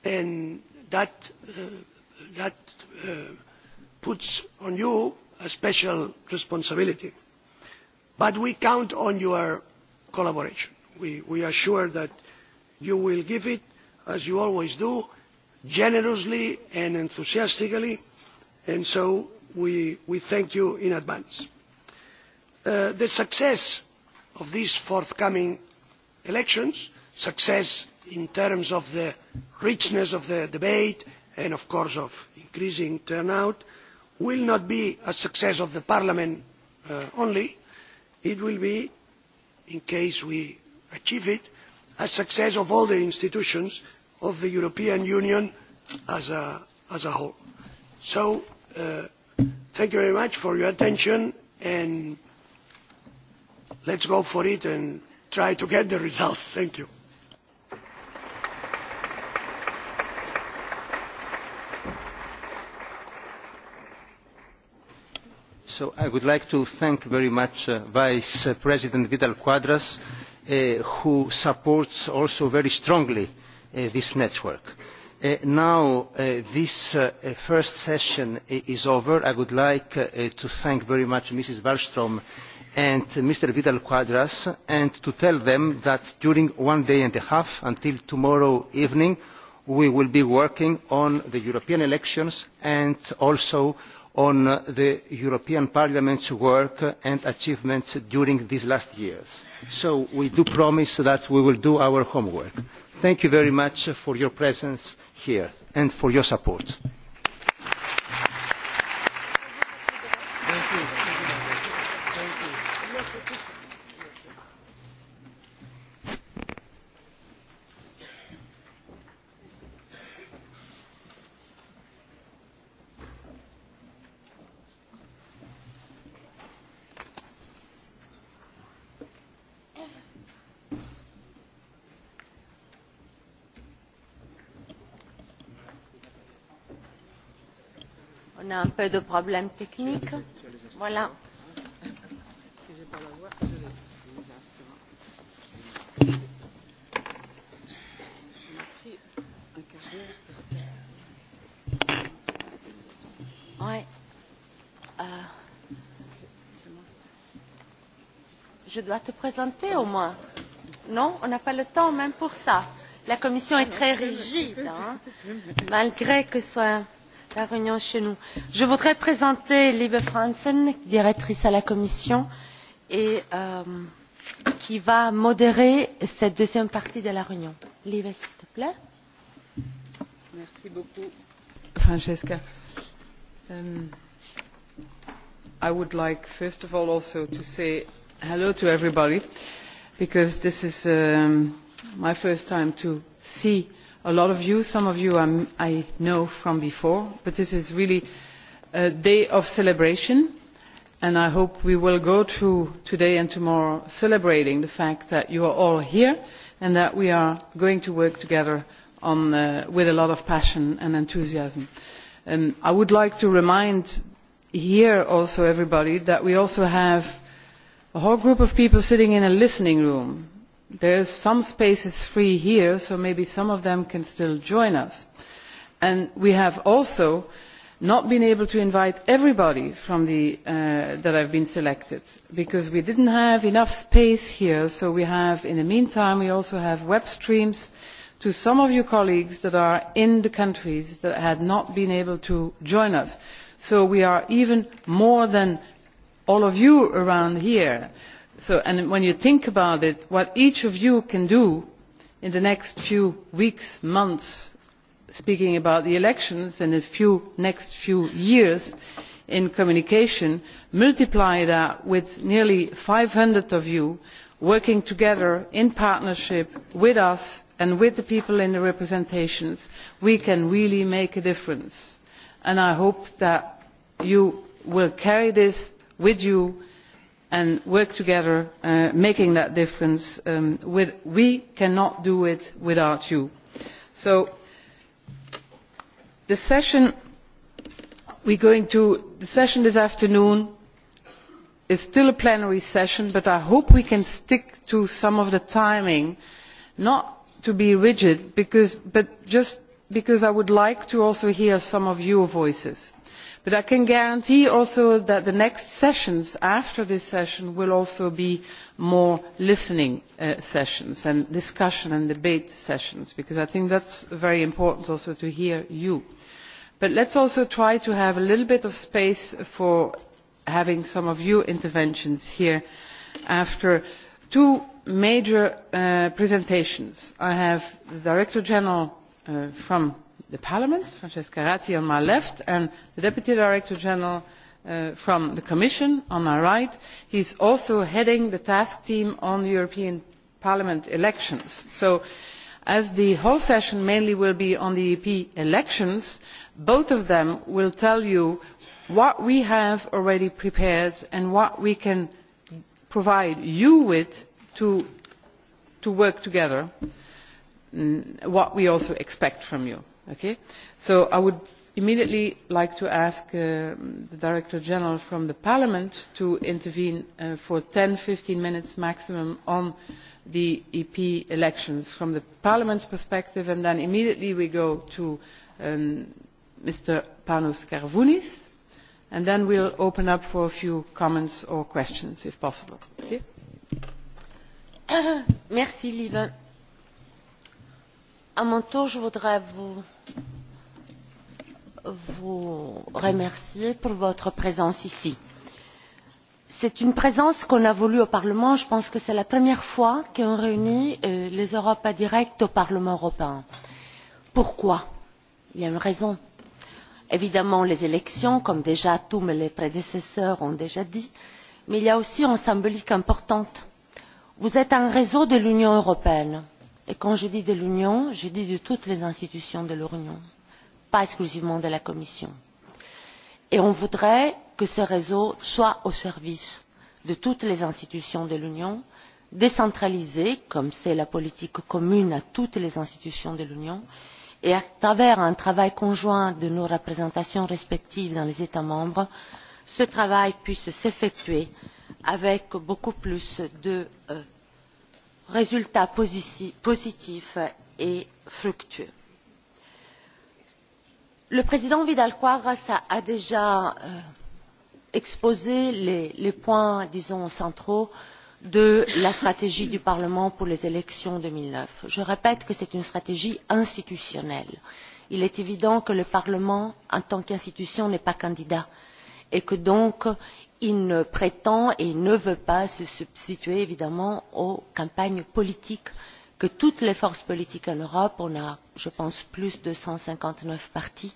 and that, uh, that uh, puts on you a special responsibility. But we count on your collaboration. We, we are sure that you will give it, as you always do, generously and enthusiastically, and so we, we thank you in advance. Uh, the success of these forthcoming elections, success in terms of the richness of the debate and of course of increasing turnout, will not be a success of the Parliament uh, only, it will be, in case we achieve it, a success of all the institutions of the European Union as a, as a whole. So, uh, thank you very much for your attention and let's go for it and try to get the results. Thank you. So I would like to thank very much uh, Vice President Vidal Quadras, uh, who supports also very strongly uh, this network. Uh, now uh, this uh, first session is over. I would like uh, to thank very much Mrs. Wallström and Mr. Vidal Quadras and to tell them that during one day and a half until tomorrow evening we will be working on the European elections and also on the European Parliament's work and achievements during these last years. So we do promise that we will do our homework. Thank you very much for your presence here and for your support. On a un peu de problèmes techniques. Voilà. Ouais. Euh, je dois te présenter au moins. Non, on n'a pas le temps même pour ça. La commission est très rigide, hein, malgré que ce soit la réunion chez nous. Je voudrais présenter Liebe Franzen, directrice à la Commission, et euh, qui va modérer cette deuxième partie de la réunion. Liebe, s'il te plaît. Merci beaucoup, Francesca. Um, I would like, first of all, also to say hello to everybody, because this is um, my first time to see a lot of you. Some of you I'm, I know from before, but this is really a day of celebration. And I hope we will go through today and tomorrow celebrating the fact that you are all here and that we are going to work together on, uh, with a lot of passion and enthusiasm. And um, I would like to remind here also everybody that we also have a whole group of people sitting in a listening room there is some spaces free here, so maybe some of them can still join us. And we have also not been able to invite everybody from the, uh, that have been selected because we didn't have enough space here. So we have, in the meantime, we also have web streams to some of your colleagues that are in the countries that had not been able to join us. So we are even more than all of you around here. So, and when you think about it, what each of you can do in the next few weeks, months, speaking about the elections and the few, next few years in communication, multiply that with nearly 500 of you working together in partnership with us and with the people in the representations, we can really make a difference. And I hope that you will carry this with you and work together uh, making that difference um, with, we cannot do it without you so the session we're going to the session this afternoon is still a plenary session but i hope we can stick to some of the timing not to be rigid because, but just because i would like to also hear some of your voices but i can guarantee also that the next sessions after this session will also be more listening uh, sessions and discussion and debate sessions because i think that is very important also to hear you. but let us also try to have a little bit of space for having some of your interventions here after two major uh, presentations. i have the director general uh, from the Parliament, Francesca Ratti on my left, and the Deputy Director General uh, from the Commission on my right. He is also heading the task team on the European Parliament elections. So as the whole session mainly will be on the EP elections, both of them will tell you what we have already prepared and what we can provide you with to, to work together, mm, what we also expect from you. Okay? So I would immediately like to ask uh, the Director General from the Parliament to intervene uh, for 10-15 minutes maximum on the EP elections from the Parliament's perspective and then immediately we go to um, Mr. Panos Karvounis and then we'll open up for a few comments or questions if possible. Okay? [COUGHS] Merci, Liva. À mon tour, je voudrais vous, vous remercier pour votre présence ici. C'est une présence qu'on a voulu au Parlement. Je pense que c'est la première fois qu'on réunit euh, les Europas directs au Parlement européen. Pourquoi Il y a une raison. Évidemment, les élections, comme déjà tous mes prédécesseurs ont déjà dit, mais il y a aussi une symbolique importante. Vous êtes un réseau de l'Union européenne Et quand je dis de l'Union, je dis de toutes les institutions de l'Union, pas exclusivement de la Commission. Et on voudrait que ce réseau soit au service de toutes les institutions de l'Union, décentralisé, comme c'est la politique commune à toutes les institutions de l'Union, et à travers un travail conjoint de nos représentations respectives dans les États membres, ce travail puisse s'effectuer avec beaucoup plus de euh, résultats positifs et fructueux. Le président Vidal Quadras a déjà euh, exposé les, les points, disons, centraux de la stratégie du Parlement pour les élections 2009. Je répète que c'est une stratégie institutionnelle. Il est évident que le Parlement, en tant qu'institution, n'est pas candidat et que donc il ne prétend et ne veut pas se substituer évidemment aux campagnes politiques que toutes les forces politiques en Europe, on a je pense plus de 159 partis,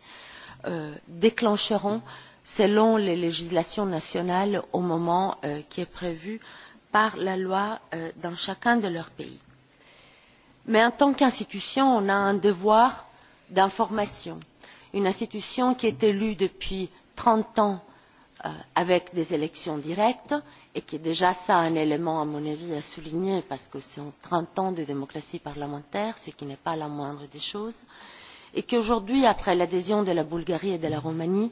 euh, déclencheront selon les législations nationales au moment euh, qui est prévu par la loi euh, dans chacun de leurs pays. Mais en tant qu'institution, on a un devoir d'information. Une institution qui est élue depuis 30 ans euh, avec des élections directes et qui est déjà ça un élément à mon avis à souligner parce que c'est en 30 ans de démocratie parlementaire, ce qui n'est pas la moindre des choses, et qui, aujourd'hui, après l'adhésion de la Bulgarie et de la Roumanie,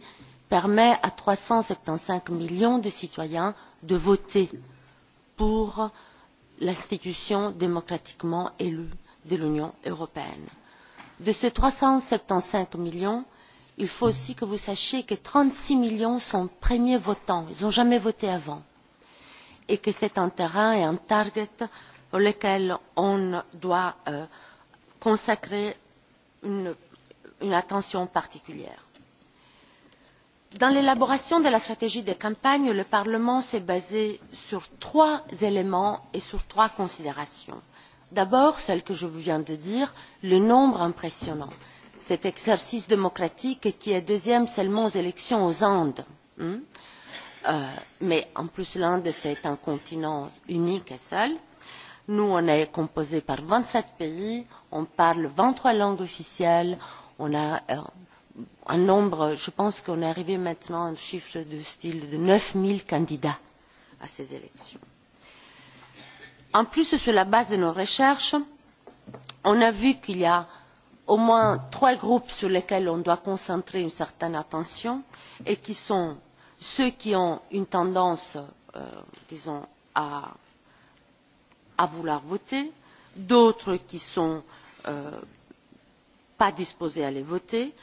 permet à 375 millions de citoyens de voter pour l'institution démocratiquement élue de l'Union européenne. De ces 375 millions, il faut aussi que vous sachiez que trente six millions sont premiers votants ils n'ont jamais voté avant et que c'est un terrain et un target pour lequel on doit euh, consacrer une, une attention particulière. Dans l'élaboration de la stratégie de campagne, le Parlement s'est basé sur trois éléments et sur trois considérations. D'abord, celle que je vous viens de dire, le nombre impressionnant cet exercice démocratique qui est deuxième seulement aux élections aux Andes. Hmm euh, mais en plus l'Inde c'est un continent unique et seul. Nous on est composé par 27 pays, on parle 23 langues officielles, on a euh, un nombre, je pense qu'on est arrivé maintenant à un chiffre de style de 9000 candidats à ces élections. En plus, sur la base de nos recherches, on a vu qu'il y a au moins trois groupes sur lesquels on doit concentrer une certaine attention et qui sont ceux qui ont une tendance, euh, disons, à, à vouloir voter, d'autres qui sont euh, pas disposés à les voter,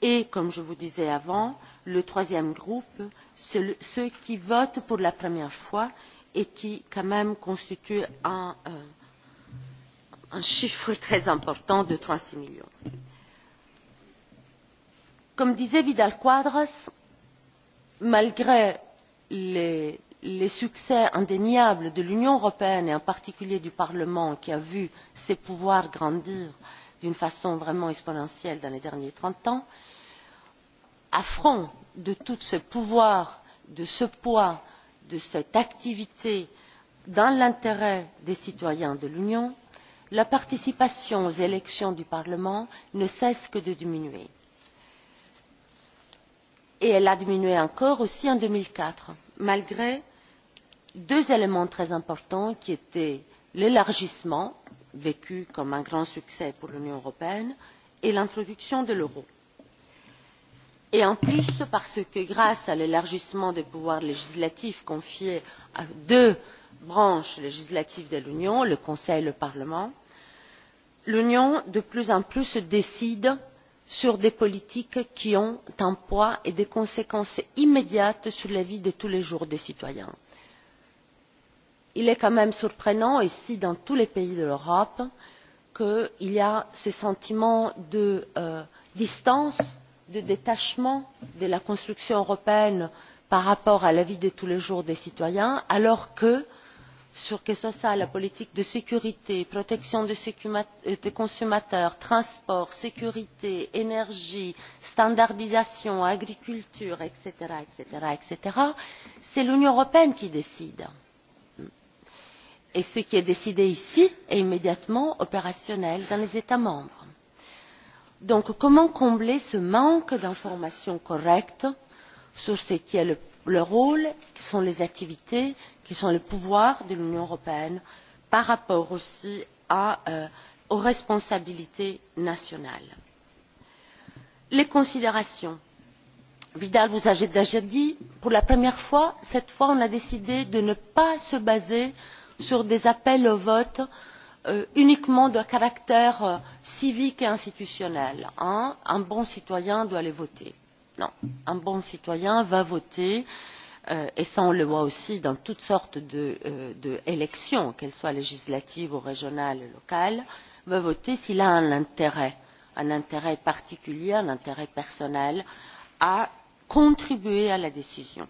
et, comme je vous disais avant, le troisième groupe, le, ceux qui votent pour la première fois et qui, quand même, constituent un, euh, un chiffre [LAUGHS] très important de 36 millions. Comme disait Vidal Quadras, malgré les, les succès indéniables de l'Union européenne et en particulier du Parlement qui a vu ses pouvoirs grandir d'une façon vraiment exponentielle dans les derniers 30 ans, à front de tous ces pouvoirs, de ce poids, de cette activité dans l'intérêt des citoyens de l'Union, la participation aux élections du Parlement ne cesse que de diminuer. Et elle a diminué encore aussi en deux mille quatre, malgré deux éléments très importants qui étaient l'élargissement, vécu comme un grand succès pour l'Union européenne, et l'introduction de l'euro. Et en plus, parce que grâce à l'élargissement des pouvoirs législatifs confiés à deux branches législatives de l'union le conseil et le parlement l'union de plus en plus se décide sur des politiques qui ont un poids et des conséquences immédiates sur la vie de tous les jours des citoyens. il est quand même surprenant ici dans tous les pays de l'europe qu'il y ait ce sentiment de euh, distance de détachement de la construction européenne par rapport à la vie de tous les jours des citoyens alors que sur que ce soit la politique de sécurité protection euh, des consommateurs transport sécurité énergie standardisation agriculture etc. etc. c'est l'union européenne qui décide et ce qui est décidé ici est immédiatement opérationnel dans les états membres. donc comment combler ce manque d'informations correctes sur ce qui est le, le rôle, qui sont les activités, qui sont le pouvoir de l'Union européenne par rapport aussi à, euh, aux responsabilités nationales. Les considérations. Vidal vous a déjà dit, pour la première fois, cette fois, on a décidé de ne pas se baser sur des appels au vote euh, uniquement de caractère euh, civique et institutionnel. Hein un bon citoyen doit aller voter. Non, un bon citoyen va voter, euh, et ça on le voit aussi dans toutes sortes d'élections, de, euh, de qu'elles soient législatives ou régionales, ou locales, va voter s'il a un intérêt, un intérêt particulier, un intérêt personnel à contribuer à la décision.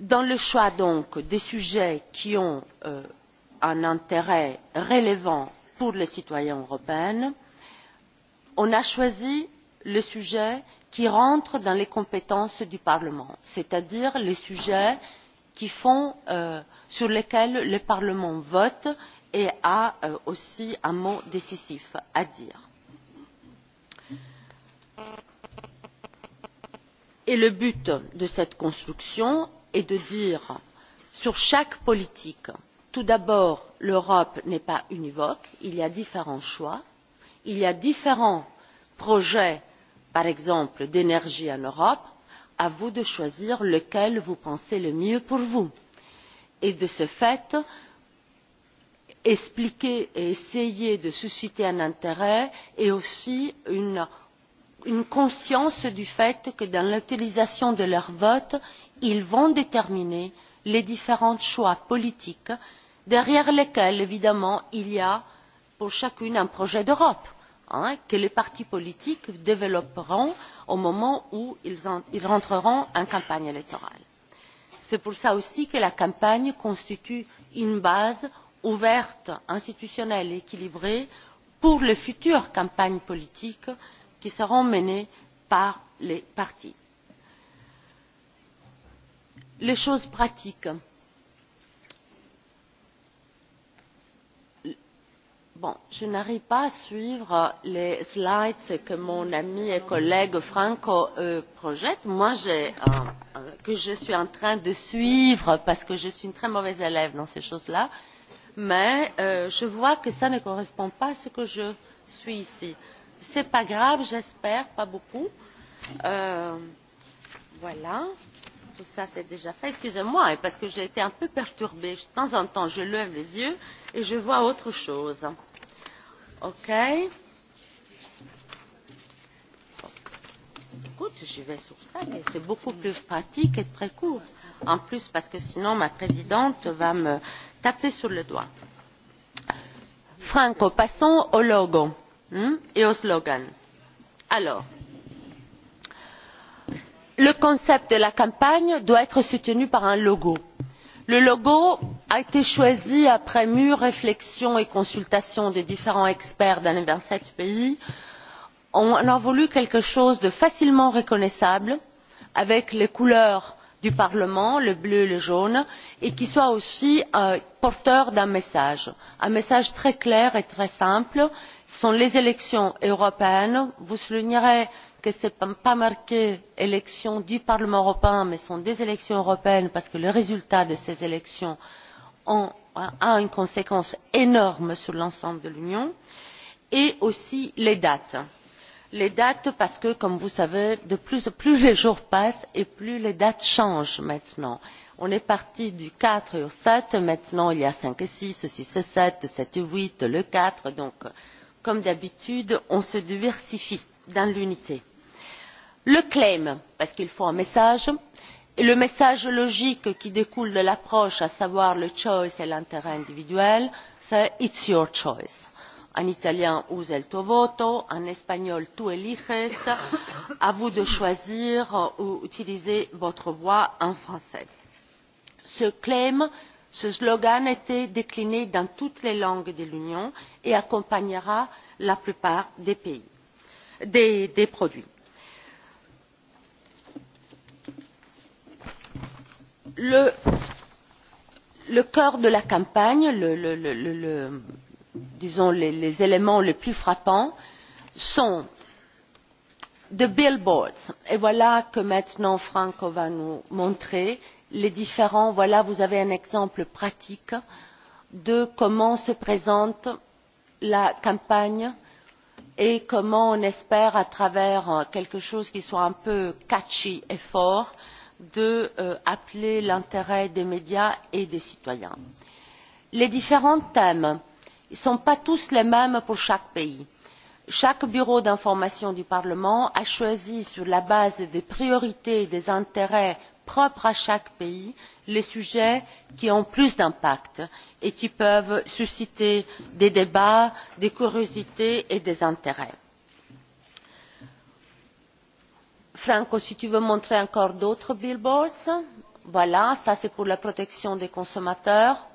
Dans le choix donc des sujets qui ont euh, un intérêt relevant pour les citoyens européens, on a choisi les sujets qui rentrent dans les compétences du Parlement, c'est-à-dire les sujets qui font, euh, sur lesquels le Parlement vote et a euh, aussi un mot décisif à dire. Et le but de cette construction est de dire sur chaque politique, tout d'abord, l'Europe n'est pas univoque, il y a différents choix, il y a différents projets par exemple d'énergie en Europe, à vous de choisir lequel vous pensez le mieux pour vous. Et de ce fait, expliquer et essayer de susciter un intérêt et aussi une, une conscience du fait que dans l'utilisation de leur vote, ils vont déterminer les différents choix politiques derrière lesquels, évidemment, il y a pour chacune un projet d'Europe hein, que les partis politiques développeront au moment où ils, en, ils rentreront en campagne électorale. C'est pour ça aussi que la campagne constitue une base ouverte, institutionnelle et équilibrée pour les futures campagnes politiques qui seront menées par les partis. Les choses pratiques Bon, je n'arrive pas à suivre les slides que mon ami et collègue Franco euh, projette. Moi, j'ai, euh, euh, que je suis en train de suivre parce que je suis une très mauvaise élève dans ces choses-là. Mais euh, je vois que ça ne correspond pas à ce que je suis ici. C'est pas grave, j'espère, pas beaucoup. Euh, voilà. Tout ça, c'est déjà fait. Excusez-moi, parce que j'ai été un peu perturbée. De temps en temps, je lève les yeux et je vois autre chose. Ok. Écoute, je vais sur ça, mais c'est beaucoup plus pratique et très court. En plus, parce que sinon, ma présidente va me taper sur le doigt. Franco, passons au logo hein, hmm, et au slogan. Alors, le concept de la campagne doit être soutenu par un logo. Le logo a été choisi après mûre réflexion et consultation des différents experts dans les vingt sept pays. on a voulu quelque chose de facilement reconnaissable avec les couleurs du parlement le bleu et le jaune et qui soit aussi euh, porteur d'un message un message très clair et très simple ce sont les élections européennes vous soulignerez que ce n'est pas marqué élections du parlement européen mais ce sont des élections européennes parce que le résultat de ces élections est a une conséquence énorme sur l'ensemble de l'Union et aussi les dates. Les dates parce que, comme vous savez, de plus, en plus les jours passent et plus les dates changent maintenant. On est parti du 4 au 7, maintenant il y a 5 et 6, 6 et 7, 7 et 8, le 4. Donc, comme d'habitude, on se diversifie dans l'unité. Le claim, parce qu'il faut un message, le message logique qui découle de l'approche, à savoir le choice et l'intérêt individuel, c'est it's your choice. En italien, usa il tuo voto, en espagnol, tu eliges, à vous de choisir ou utiliser votre voix en français. Ce claim, ce slogan était décliné dans toutes les langues de l'Union et accompagnera la plupart des pays, des, des produits le, le cœur de la campagne, le, le, le, le, disons les, les éléments les plus frappants sont de billboards. Et voilà que maintenant Franco va nous montrer les différents. Voilà, vous avez un exemple pratique de comment se présente la campagne et comment on espère à travers quelque chose qui soit un peu catchy et fort euh, d'appeler euh, appeler l'intérêt des médias et des citoyens. Les différents thèmes ne sont pas tous les mêmes pour chaque pays. Chaque bureau d'information du Parlement a choisi sur la base des priorités et des intérêts propres à chaque pays les sujets qui ont plus d'impact et qui peuvent susciter des débats, des curiosités et des intérêts Franco, si tu veux montrer encore d'autres billboards, voilà, ça c'est pour la protection des consommateurs.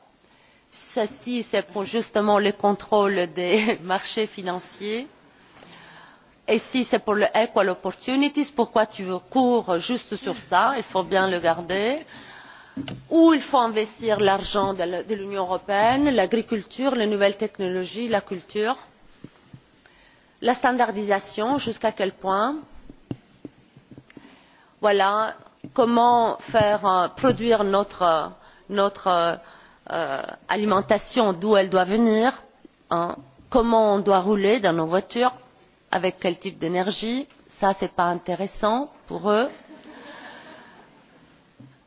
Ceci, c'est pour justement le contrôle des [LAUGHS] marchés financiers. Et si c'est pour le Equal Opportunities, pourquoi tu veux cours juste sur ça Il faut bien le garder. Où il faut investir l'argent de l'Union européenne, l'agriculture, les nouvelles technologies, la culture, la standardisation, jusqu'à quel point voilà comment faire euh, produire notre, notre euh, alimentation, d'où elle doit venir, hein, comment on doit rouler dans nos voitures, avec quel type d'énergie, ça c'est pas intéressant pour eux.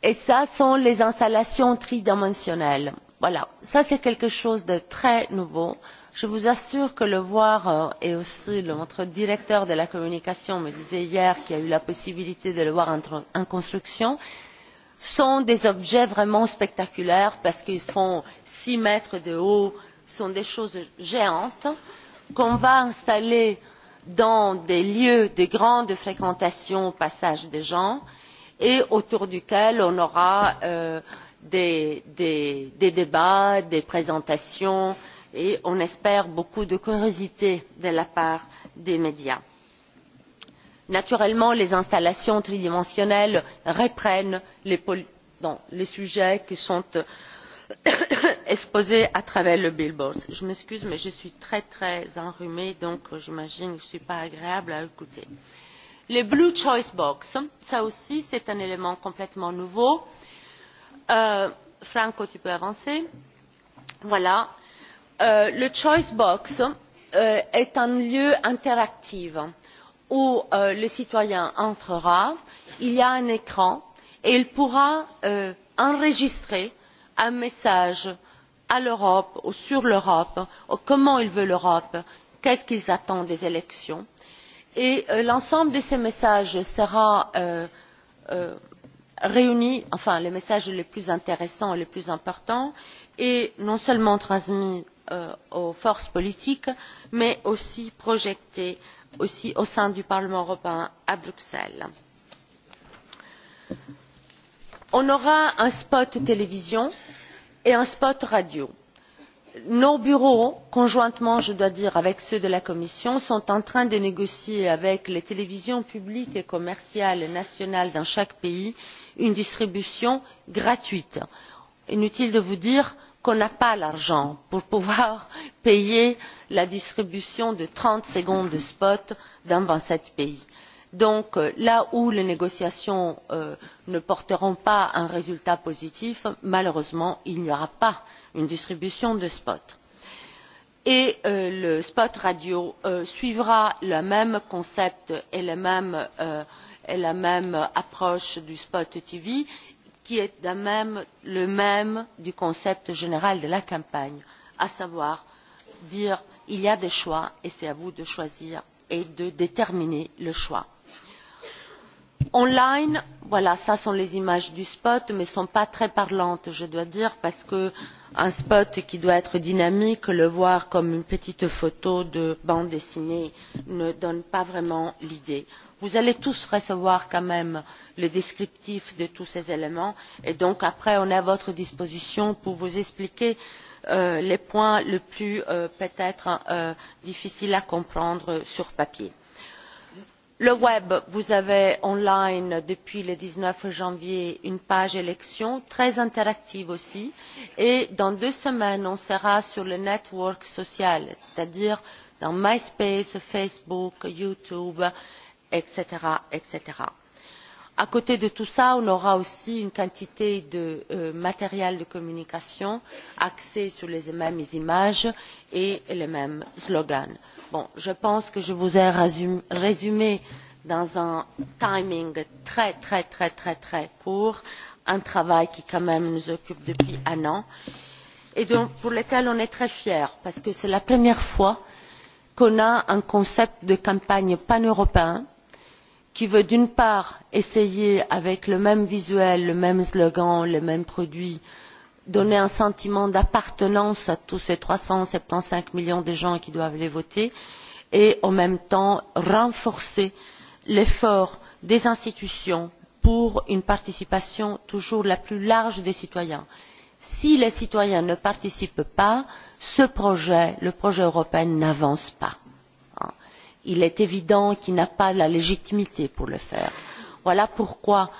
Et ça sont les installations tridimensionnelles. Voilà, ça c'est quelque chose de très nouveau. Je vous assure que le voir et euh, aussi le, notre directeur de la communication me disait hier qu'il y a eu la possibilité de le voir en, en construction sont des objets vraiment spectaculaires parce qu'ils font six mètres de haut, sont des choses géantes qu'on va installer dans des lieux de grande fréquentation au passage des gens et autour duquel on aura euh, des, des, des débats, des présentations, euh, et on espère beaucoup de curiosité de la part des médias. Naturellement, les installations tridimensionnelles reprennent les, les sujets qui sont [COUGHS] exposés à travers le billboard. Je m'excuse, mais je suis très très enrhumée, donc j'imagine que je ne suis pas agréable à écouter. Les Blue Choice Box, ça aussi c'est un élément complètement nouveau. Euh, Franco, tu peux avancer. Voilà. Euh, le Choice Box euh, est un lieu interactif où euh, le citoyen entrera, il y a un écran et il pourra euh, enregistrer un message à l'Europe ou sur l'Europe, comment il veut l'Europe, qu'est-ce qu'ils attendent des élections. Et euh, l'ensemble de ces messages sera euh, euh, réuni, enfin les messages les plus intéressants et les plus importants, et non seulement transmis euh, aux forces politiques, mais aussi projetée aussi au sein du Parlement européen à Bruxelles. On aura un spot télévision et un spot radio. Nos bureaux, conjointement, je dois dire, avec ceux de la Commission, sont en train de négocier avec les télévisions publiques et commerciales nationales dans chaque pays une distribution gratuite. Inutile de vous dire qu'on n'a pas l'argent pour pouvoir [LAUGHS] payer la distribution de trente secondes de spot dans vingt sept pays. donc euh, là où les négociations euh, ne porteront pas un résultat positif malheureusement il n'y aura pas une distribution de spot. et euh, le spot radio suivra le même concept et et la même approche du spot tv qui est même le même du concept général de la campagne, à savoir dire il y a des choix et c'est à vous de choisir et de déterminer le choix. Online, voilà, ça sont les images du spot, mais ne sont pas très parlantes, je dois dire, parce qu'un spot qui doit être dynamique, le voir comme une petite photo de bande dessinée ne donne pas vraiment l'idée. Vous allez tous recevoir quand même le descriptif de tous ces éléments et donc après on est à votre disposition pour vous expliquer euh, les points les plus euh, peut-être euh, difficiles à comprendre sur papier. Le web, vous avez online depuis le dix neuf janvier une page élection très interactive aussi et dans deux semaines on sera sur le network social, c'est-à-dire dans MySpace, Facebook, YouTube etc. etc. À côté de tout ça, on aura aussi une quantité de euh, matériel de communication axé sur les mêmes images et les mêmes slogans. Bon, je pense que je vous ai résumé dans un timing très très très très très court un travail qui quand même nous occupe depuis un an et donc pour lequel on est très fiers parce que c'est la première fois qu'on a un concept de campagne paneuropéen qui veut d'une part essayer avec le même visuel le même slogan les mêmes produits donner un sentiment d'appartenance à tous ces trois cent soixante quinze millions de gens qui doivent les voter et en même temps renforcer l'effort des institutions pour une participation toujours la plus large des citoyens. si les citoyens ne participent pas ce projet le projet européen n'avance pas il est évident qu'il n'a pas la légitimité pour le faire. Voilà pourquoi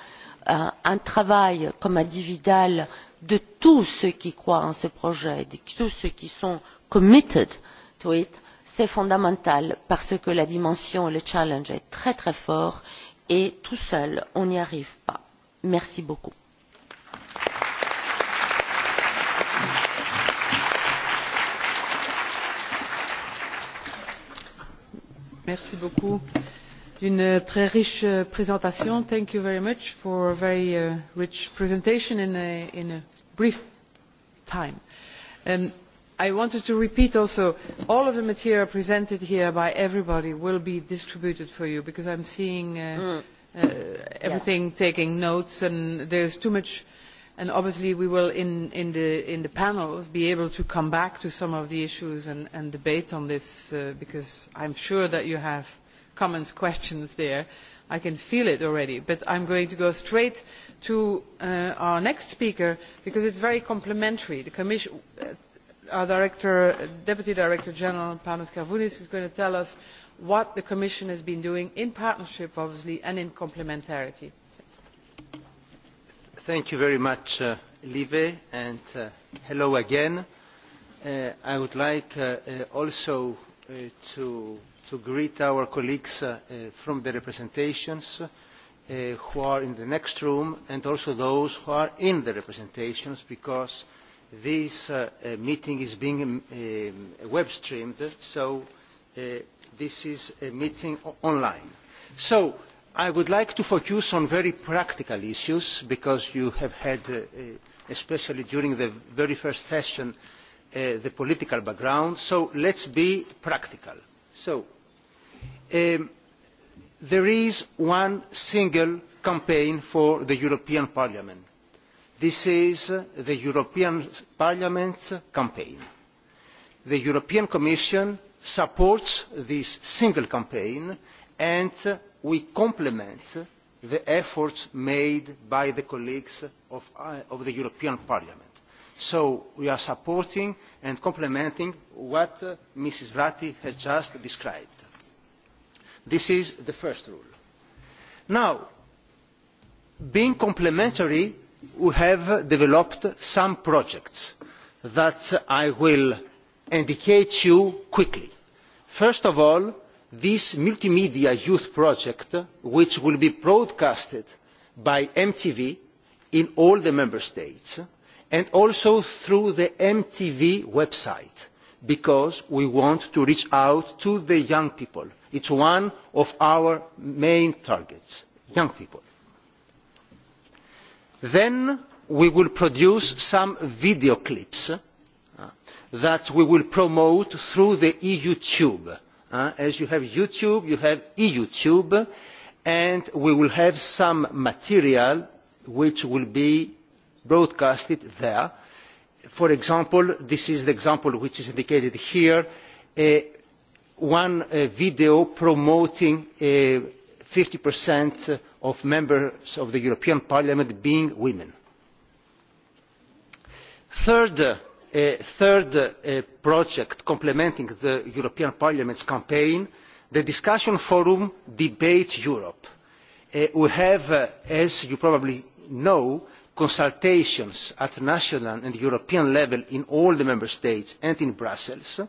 euh, un travail, comme a dit Vidal, de tous ceux qui croient en ce projet, de tous ceux qui sont committed to it, c'est fondamental parce que la dimension, le challenge est très très fort et tout seul, on n'y arrive pas. Merci beaucoup. Merci beaucoup d'une très riche euh, présentation. Thank you very much for a very uh, rich presentation in a, in a brief time. Um, I wanted to repeat also, all of the material presented here by everybody will be distributed for you because I'm seeing uh, mm. uh, everything yeah. taking notes and there's too much and obviously we will in, in, the, in the panels be able to come back to some of the issues and, and debate on this uh, because I'm sure that you have comments, questions there. I can feel it already, but I'm going to go straight to uh, our next speaker because it's very complementary. The commission, uh, our director, Deputy Director General Panos Kavounis is going to tell us what the Commission has been doing in partnership, obviously, and in complementarity. Thank you very much, uh, Live, and uh, hello again. Uh, I would like uh, uh, also uh, to, to greet our colleagues uh, uh, from the representations uh, who are in the next room and also those who are in the representations because this uh, uh, meeting is being um, uh, web streamed, so uh, this is a meeting online. So, I would like to focus on very practical issues because you have had, uh, uh, especially during the very first session, uh, the political background. So let's be practical. So um, there is one single campaign for the European Parliament. This is the European Parliament's campaign. The European Commission supports this single campaign and we complement the efforts made by the colleagues of, uh, of the European Parliament. So we are supporting and complementing what uh, Mrs. Vratti has just described. This is the first rule. Now, being complementary, we have developed some projects that I will indicate to you quickly. First of all, this multimedia youth project which will be broadcasted by MTV in all the member states and also through the MTV website because we want to reach out to the young people. It's one of our main targets, young people. Then we will produce some video clips uh, that we will promote through the EU tube Uh, as you have YouTube, you have YouTube, and we will have some material which will be broadcasted there. For example, this is the example which is indicated here, uh, one uh, video promoting uh, 50% of members of the European Parliament being women. Third, a third uh, project complementing the European Parliament's campaign, the discussion forum Debate Europe. Uh, we have, uh, as you probably know, consultations at national and European level in all the member states and in Brussels.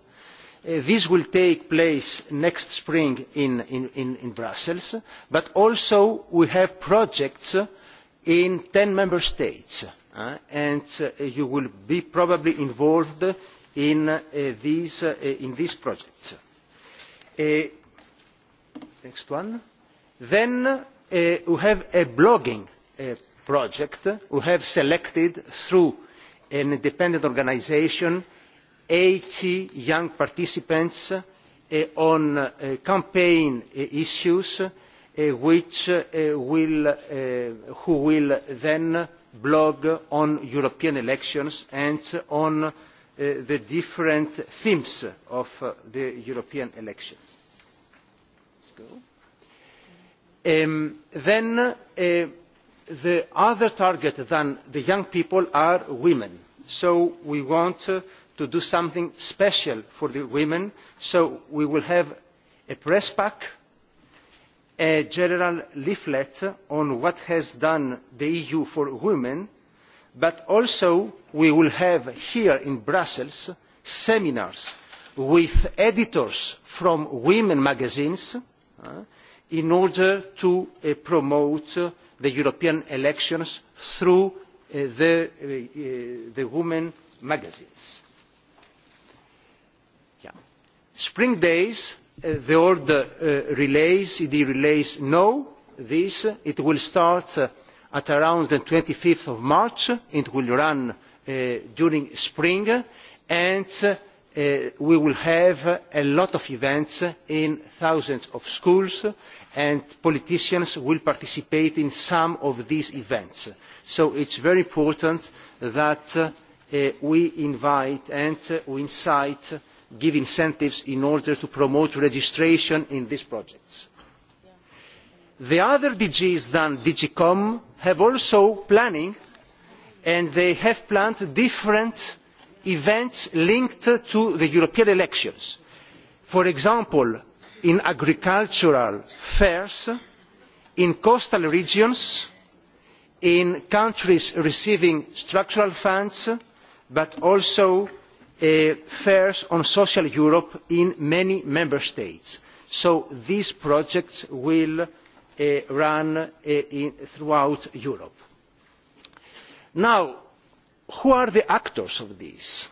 this will take place next spring in, in, in Brussels, but also we have projects in ten member states uh, and uh, you will be probably involved in, uh, these, uh, in these projects. Uh, next one. Then uh, we have a blogging uh, project we have selected through an independent organisation eighty young participants uh, on uh, campaign uh, issues which will, who will then blog on European elections and on uh, the different themes of uh, the European elections. Let's go. Um, then uh, the other target than the young people are women. So we want uh, to do something special for the women. So we will have a press pack a general leaflet on what has done the EU for women, but also we will have here in Brussels seminars with editors from women magazines uh, in order to uh, promote uh, the European elections through uh, the, uh, uh the women magazines. Yeah. Spring days the old uh, relays, ED relays know this. It will start uh, at around the 25th of March. It will run uh, during spring and Uh, we will have a lot of events in thousands of schools and politicians will participate in some of these events. So it is very important that uh, we invite and we incite give incentives in order to promote registration in these projects. The other DGs than DGCOM have also planning and they have planned different events linked to the European elections. For example, in agricultural fairs, in coastal regions, in countries receiving structural funds, but also Uh, fairs fares on social Europe in many member states. So these projects will uh, run uh, in, throughout Europe. Now, who are the actors of this?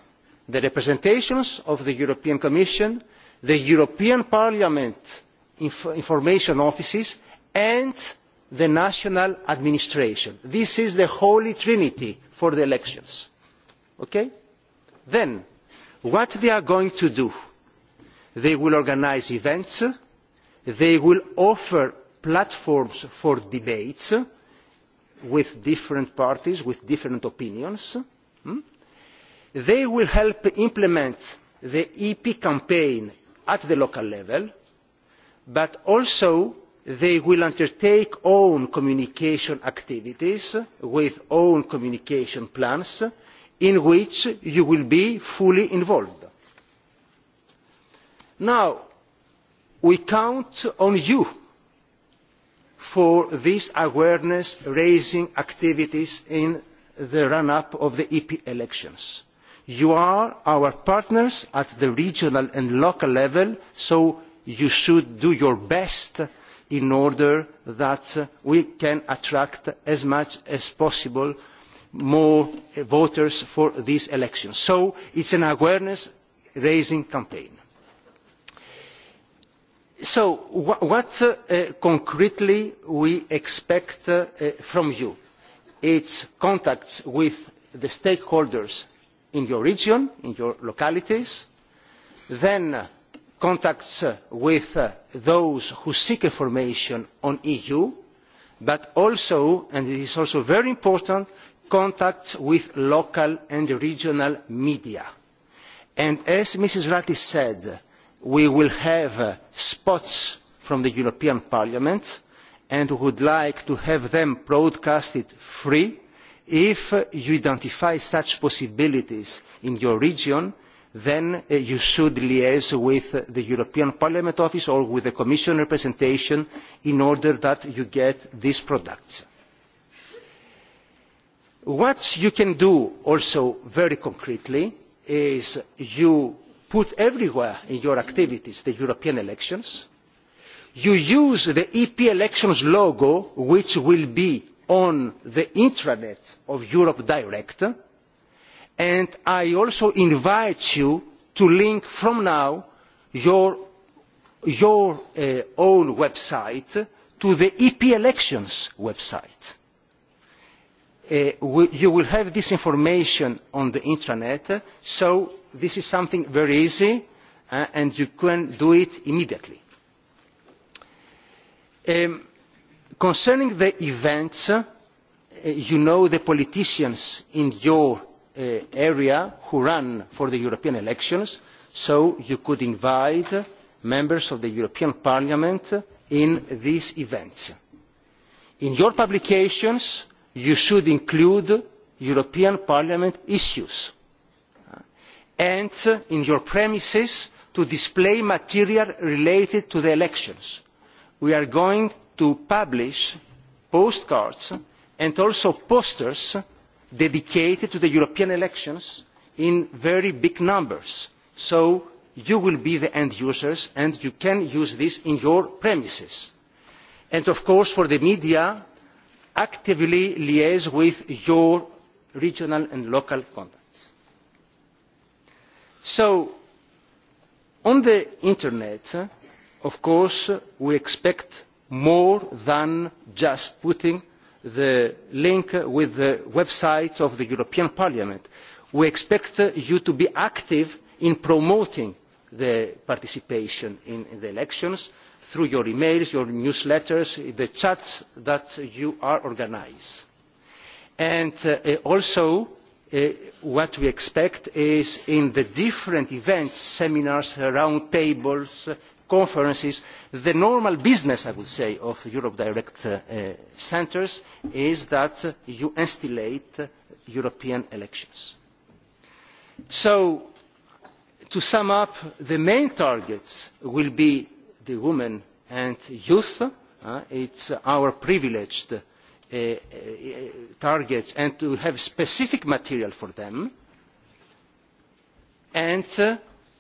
The representations of the European Commission, the European Parliament inf information offices, and the national administration. This is the holy trinity for the elections. Okay? Then, what they are going to do. They will organise events, they will offer platforms for debates with different parties, with different opinions. Hmm? They will help implement the EP campaign at the local level, but also they will undertake own communication activities with own communication plans in which you will be fully involved. Now, we count on you for these awareness raising activities in the run up of the EP elections. You are our partners at the regional and local level, so you should do your best in order that we can attract as much as possible more voters for these elections. So it's an awareness raising campaign. So wh what uh, uh, concretely we expect uh, from you? It's contacts with the stakeholders in your region, in your localities, then contacts uh, with uh, those who seek information on EU, but also, and it is also very important, contacts with local and regional media. And as Mrs. Ratti said, we will have uh, spots from the European Parliament and we would like to have them broadcasted free. If uh, you identify such possibilities in your region, then uh, you should liaise with the European Parliament office or with the Commission representation in order that you get these products. What you can do also very concretely is you put everywhere in your activities the European elections. You use the EP elections logo which will be on the intranet of Europe Direct. And I also invite you to link from now your, your uh, own website to the EP elections website Uh, we, you will have this information on the intranet, so this is something very easy uh, and you can do it immediately. Um, concerning the events, uh, you know the politicians in your uh, area who run for the European elections, so you could invite members of the European Parliament in these events. In your publications, you should include European Parliament issues uh, and uh, in your premises to display material related to the elections. We are going to publish postcards and also posters dedicated to the European elections in very big numbers. So you will be the end users and you can use this in your premises. And of course for the media actively liaise with your regional and local contacts. So, on the internet, of course, we expect more than just putting the link with the website of the European Parliament. We expect you to be active in promoting the participation in the elections, through your emails, your newsletters, the chats that you are organized. And uh, uh, also, uh, what we expect is in the different events, seminars, round tables, uh, conferences, the normal business, I would say, of Europe Direct uh, uh centers is that you instillate European elections. So, to sum up, the main targets will be the women and youth. Uh, it's our privileged uh, uh, targets and to have specific material for them. And uh,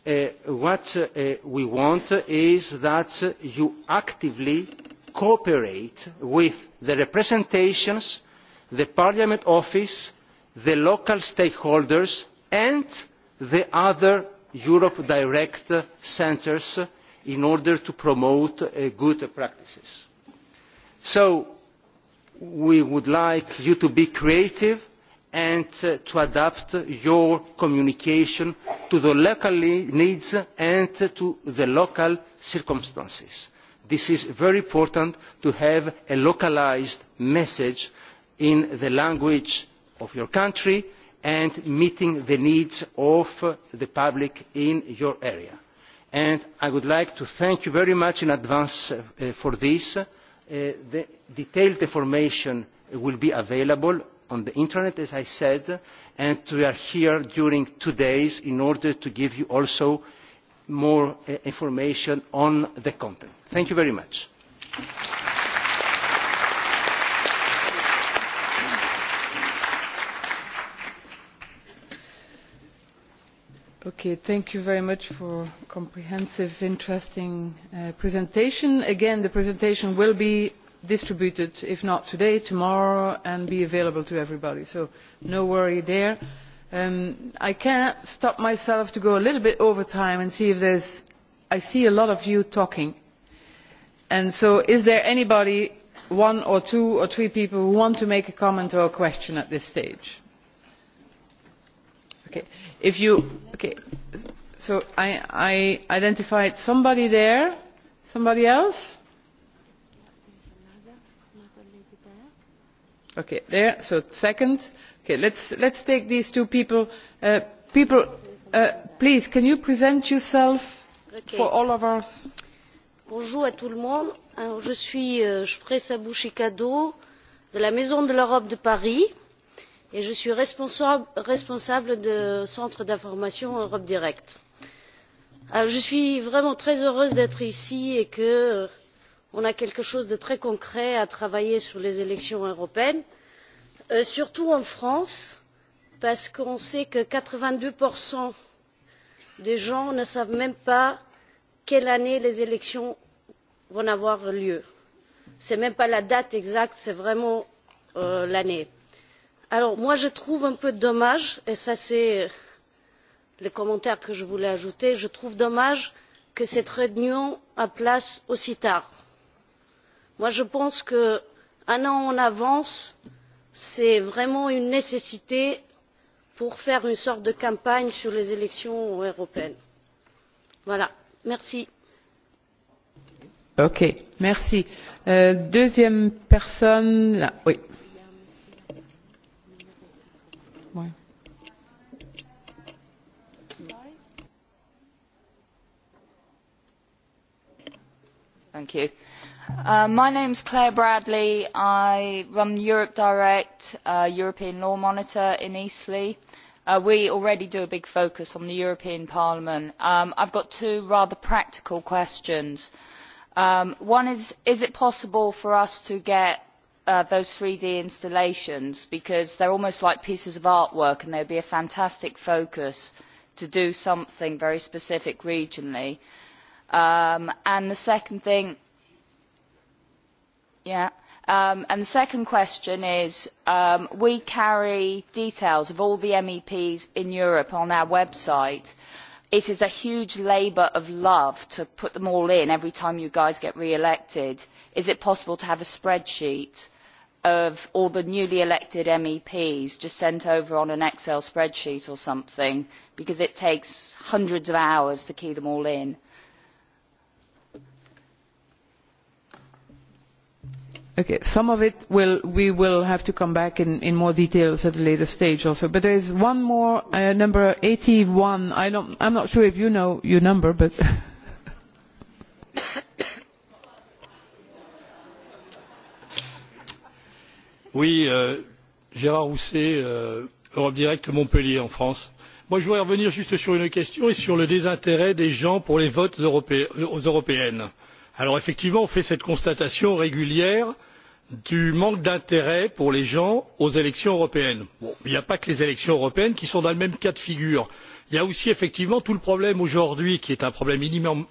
uh, what uh, we want is that you actively cooperate with the representations, the parliament office, the local stakeholders and the other Europe Direct centres in order to promote uh, good practices. So we would like you to be creative and uh, to adapt your communication to the local needs and to the local circumstances. This is very important to have a localised message in the language of your country and meeting the needs of the public in your area and I would like to thank you very much in advance uh, for this. Uh, the detailed information will be available on the internet, as I said, and we are here during two days in order to give you also more uh, information on the content. Thank you very much. Okay, thank you very much for comprehensive, interesting uh, presentation. Again, the presentation will be distributed, if not today, tomorrow, and be available to everybody. So no worry there. Um, I can't stop myself to go a little bit over time and see if there's... I see a lot of you talking. And so is there anybody, one or two or three people, who want to make a comment or a question at this stage? Okay. If you, okay, so I, I identified somebody there, somebody else? Okay, there, so second. Okay, let's, let's take these two people. Uh, people, uh, please, can you present yourself okay. for all of us? Bonjour à tout le monde. Alors, je suis euh, Shpresa Bouchikado de la Maison de l'Europe de Paris et je suis responsable, responsable de Centre d'information Europe Direct. Alors, je suis vraiment très heureuse d'être ici et que euh, on a quelque chose de très concret à travailler sur les élections européennes, euh, surtout en France, parce qu'on sait que 82% des gens ne savent même pas quelle année les élections vont avoir lieu. Ce n'est même pas la date exacte, c'est vraiment euh, l'année. Alors moi je trouve un peu dommage, et ça c'est le commentaire que je voulais ajouter, je trouve dommage que cette réunion a place aussi tard. Moi je pense qu'un an en avance, c'est vraiment une nécessité pour faire une sorte de campagne sur les élections européennes. Voilà, merci. Ok, merci. Euh, deuxième personne, là, oui. Thank you. Uh, my is Claire Bradley. I run Europe Direct, uh, European Law Monitor in Eastleigh. Uh, we already do a big focus on the European Parliament. Um, I've got two rather practical questions. Um, one is, is it possible for us to get uh, those 3D installations? Because they're almost like pieces of artwork and they would be a fantastic focus to do something very specific regionally. Um, and the second thing, yeah. Um, and the second question is, um, we carry details of all the MEPs in Europe on our website. It is a huge labour of love to put them all in every time you guys get re-elected. Is it possible to have a spreadsheet of all the newly elected MEPs just sent over on an Excel spreadsheet or something? Because it takes hundreds of hours to key them all in. Okay, some of it will, we will have to come back in, in more details at a later stage also. But there is one more, uh, number 81. I don't, I'm not sure if you know your number, but... [COUGHS] Oui, euh, Gérard Rousset, euh, Europe Direct Montpellier en France. Moi, je voudrais revenir juste sur une question et sur le désintérêt des gens pour les votes europé euh, aux européennes. Alors effectivement, on fait cette constatation régulière du manque d'intérêt pour les gens aux élections européennes. il n'y a pas que les élections européennes qui sont dans le même cas de figure. Il y a aussi effectivement tout le problème aujourd'hui qui est un problème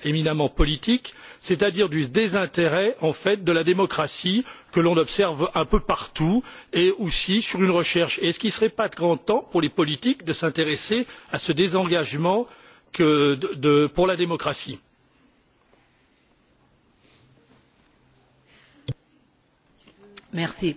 éminemment politique, c'est-à-dire du désintérêt en fait de la démocratie que l'on observe un peu partout et aussi sur une recherche. Est-ce qu'il ne serait pas grand temps pour les politiques de s'intéresser à ce désengagement pour la démocratie Merci.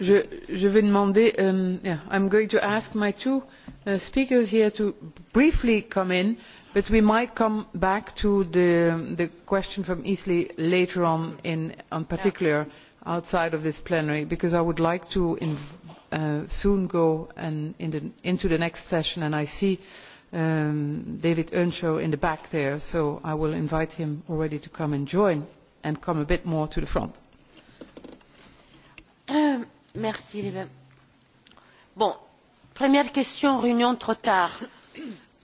Je, je vais demander, um, yeah, I'm going to ask my two uh, speakers here to briefly come in, but we might come back to the, the question from Easley later on, in, in particular outside of this plenary, because I would like to inv uh, soon go and in the, into the next session, and I see um, David Earnshaw in the back there, so I will invite him already to come and join and come a bit more to the front. Euh, merci, Liebe. Bon, première question, réunion trop tard.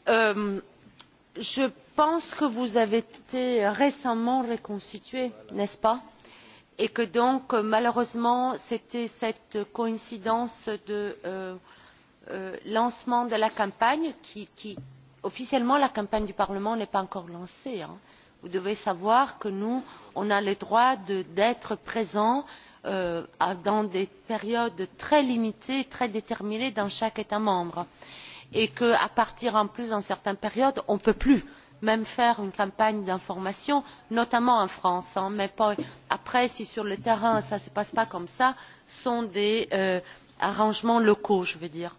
Euh, je pense que vous avez été récemment reconstitué, n'est-ce pas Et que donc, malheureusement, c'était cette coïncidence de euh, euh, lancement de la campagne qui, qui, officiellement, la campagne du Parlement n'est pas encore lancée. Hein. Vous devez savoir que nous, on a le droit d'être présents euh, euh, dans des périodes très limitées, très déterminées dans chaque État membre. Et qu'à partir en plus, d'une certaine période, on ne peut plus même faire une campagne d'information, notamment en France. Hein, mais pas, après, si sur le terrain ça ne se passe pas comme ça, sont des euh, arrangements locaux, je veux dire.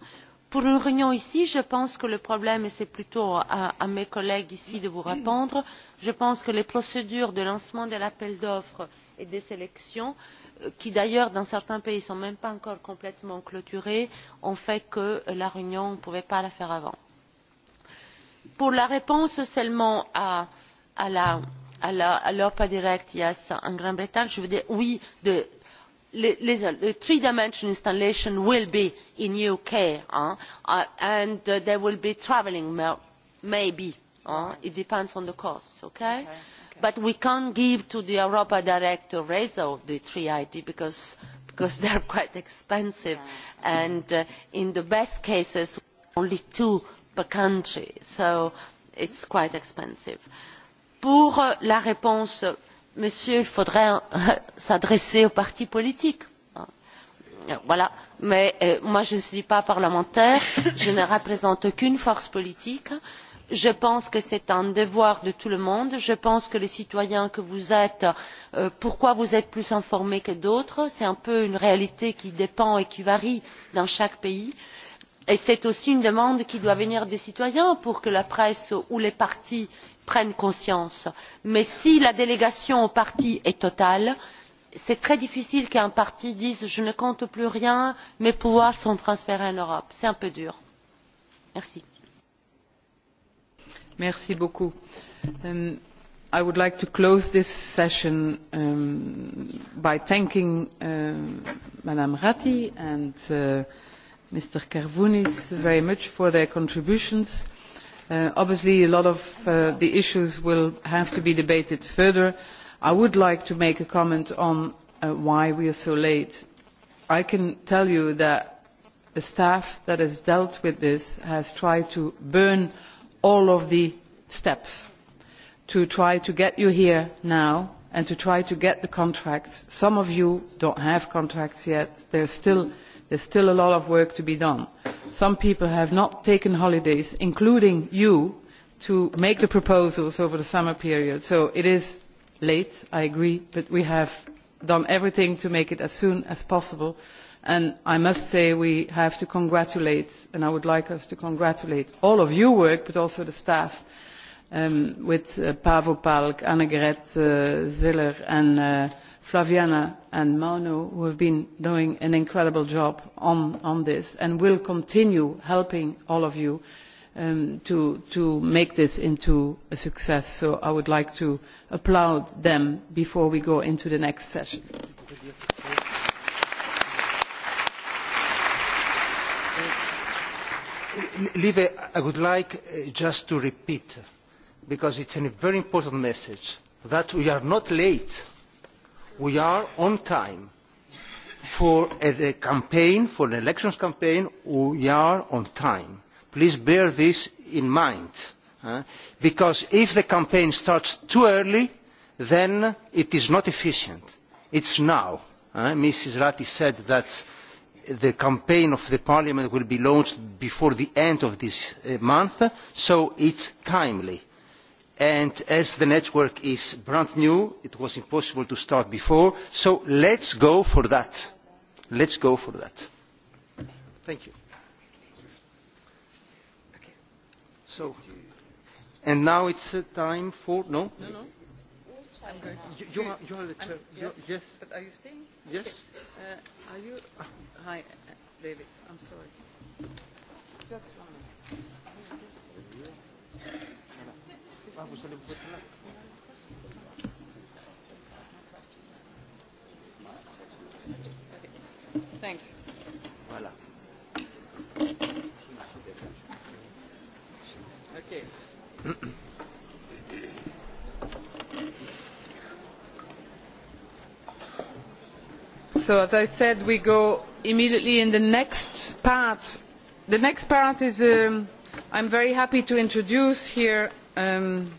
Pour une réunion ici, je pense que le problème, et c'est plutôt à, à mes collègues ici de vous répondre, je pense que les procédures de lancement de l'appel d'offres et des élections euh, qui d'ailleurs dans certains pays ne sont même pas encore complètement clôturées ont fait que la réunion ne pouvait pas la faire avant. Pour la réponse seulement à, à la à l'Europa Direct yes, en Grande-Bretagne, je veux dire oui, the, the, the three-dimension installation will be in UK hein, uh, and uh, they will be travelling maybe, hein, it depends on the cost, okay? okay but we cannot give to the europa direct or reso the three it because, because [LAUGHS] they are quite expensive and uh, in the best cases only two per country so it is quite expensive. pour uh, la réponse monsieur il faudrait euh, [LAUGHS] s'adresser aux partis politiques euh, voilà mais euh, moi je ne suis pas parlementaire je ne représente aucune force politique Euh, je pense que c'est un devoir de tout le monde je pense que les citoyens que vous êtes euh, pourquoi vous êtes plus informés que d'autres c'est un peu une réalité qui dépend et qui varie dans chaque pays et c'est aussi une demande qui doit venir des citoyens pour que la presse ou les partis prennent conscience mais si la délégation aux partis est totale c'est très difficile qu'un parti dise je ne compte plus rien mes pouvoirs sont transférés en europe c'est un peu dur. merci. Merci beaucoup. Um, I would like to close this session um, by thanking um, Madame Ratti and uh, Mr. Kervounis very much for their contributions. Uh, obviously, a lot of uh, the issues will have to be debated further. I would like to make a comment on uh, why we are so late. I can tell you that the staff that has dealt with this has tried to burn all of the steps to try to get you here now and to try to get the contracts. Some of you don't have contracts yet. There's still, there's still a lot of work to be done. Some people have not taken holidays, including you, to make the proposals over the summer period. So it is late, I agree, but we have done everything to make it as soon as possible And I must say we have to congratulate, and I would like us to congratulate all of your work, but also the staff, um, with uh, Pavo Palk, Annegret uh, Ziller, and uh, Flaviana and Manu, who have been doing an incredible job on, on this, and will continue helping all of you um, to, to make this into a success. So I would like to applaud them before we go into the next session. Lieve, I would like uh, just to repeat, because it's a very important message, that we are not late. We are on time. For a campaign, for an elections campaign, we are on time. Please bear this in mind. Uh, because if the campaign starts too early, then it is not efficient. It's now. Uh, Mrs. Ratti said that the campaign of the parliament will be launched before the end of this uh, month so it is timely and as the network is brand new it was impossible to start before so let us go for that let us go for that thank you so and now it's uh, time for no, no, no. I'm going to... You, are, you are the chair. Yes, yes. But are you staying? Yes. Okay. Uh, are you... Ah. Hi, uh, David. I'm sorry. Just one minute. Ah, vous allez vous là okay. Thanks. Voilà. Okay. [CLEARS THROAT] So as I said, we go immediately in the next part. The next part is, um, I'm very happy to introduce here um,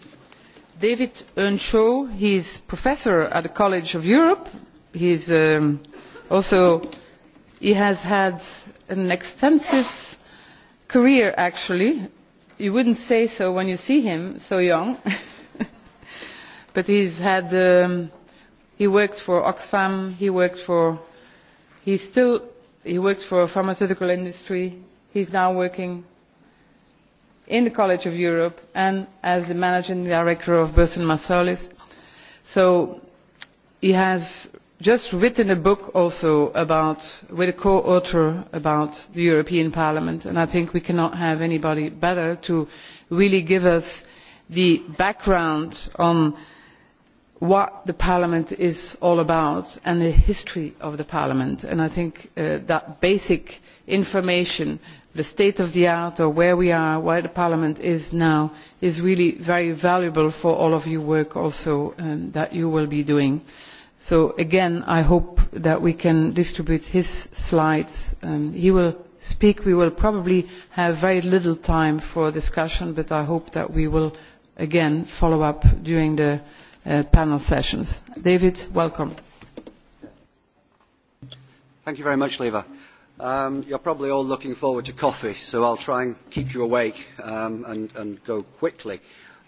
David Earnshaw. He is professor at the College of Europe. He's um, also, he has had an extensive career actually. You wouldn't say so when you see him so young. [LAUGHS] but he's had um, He worked for Oxfam, he worked for, he still, he worked for a pharmaceutical industry, he's now working in the College of Europe and as the managing director of Burson Marsalis. So he has just written a book also about, with a co-author about the European Parliament, and I think we cannot have anybody better to really give us the background on what the parliament is all about and the history of the parliament and i think uh, that basic information the state of the art or where we are where the parliament is now is really very valuable for all of your work also um, that you will be doing so again i hope that we can distribute his slides um, he will speak we will probably have very little time for discussion but i hope that we will again follow up during the Uh, panel sessions. David, welcome. Thank you very much, Leva. Um, you're probably all looking forward to coffee, so I'll try and keep you awake um, and, and go quickly.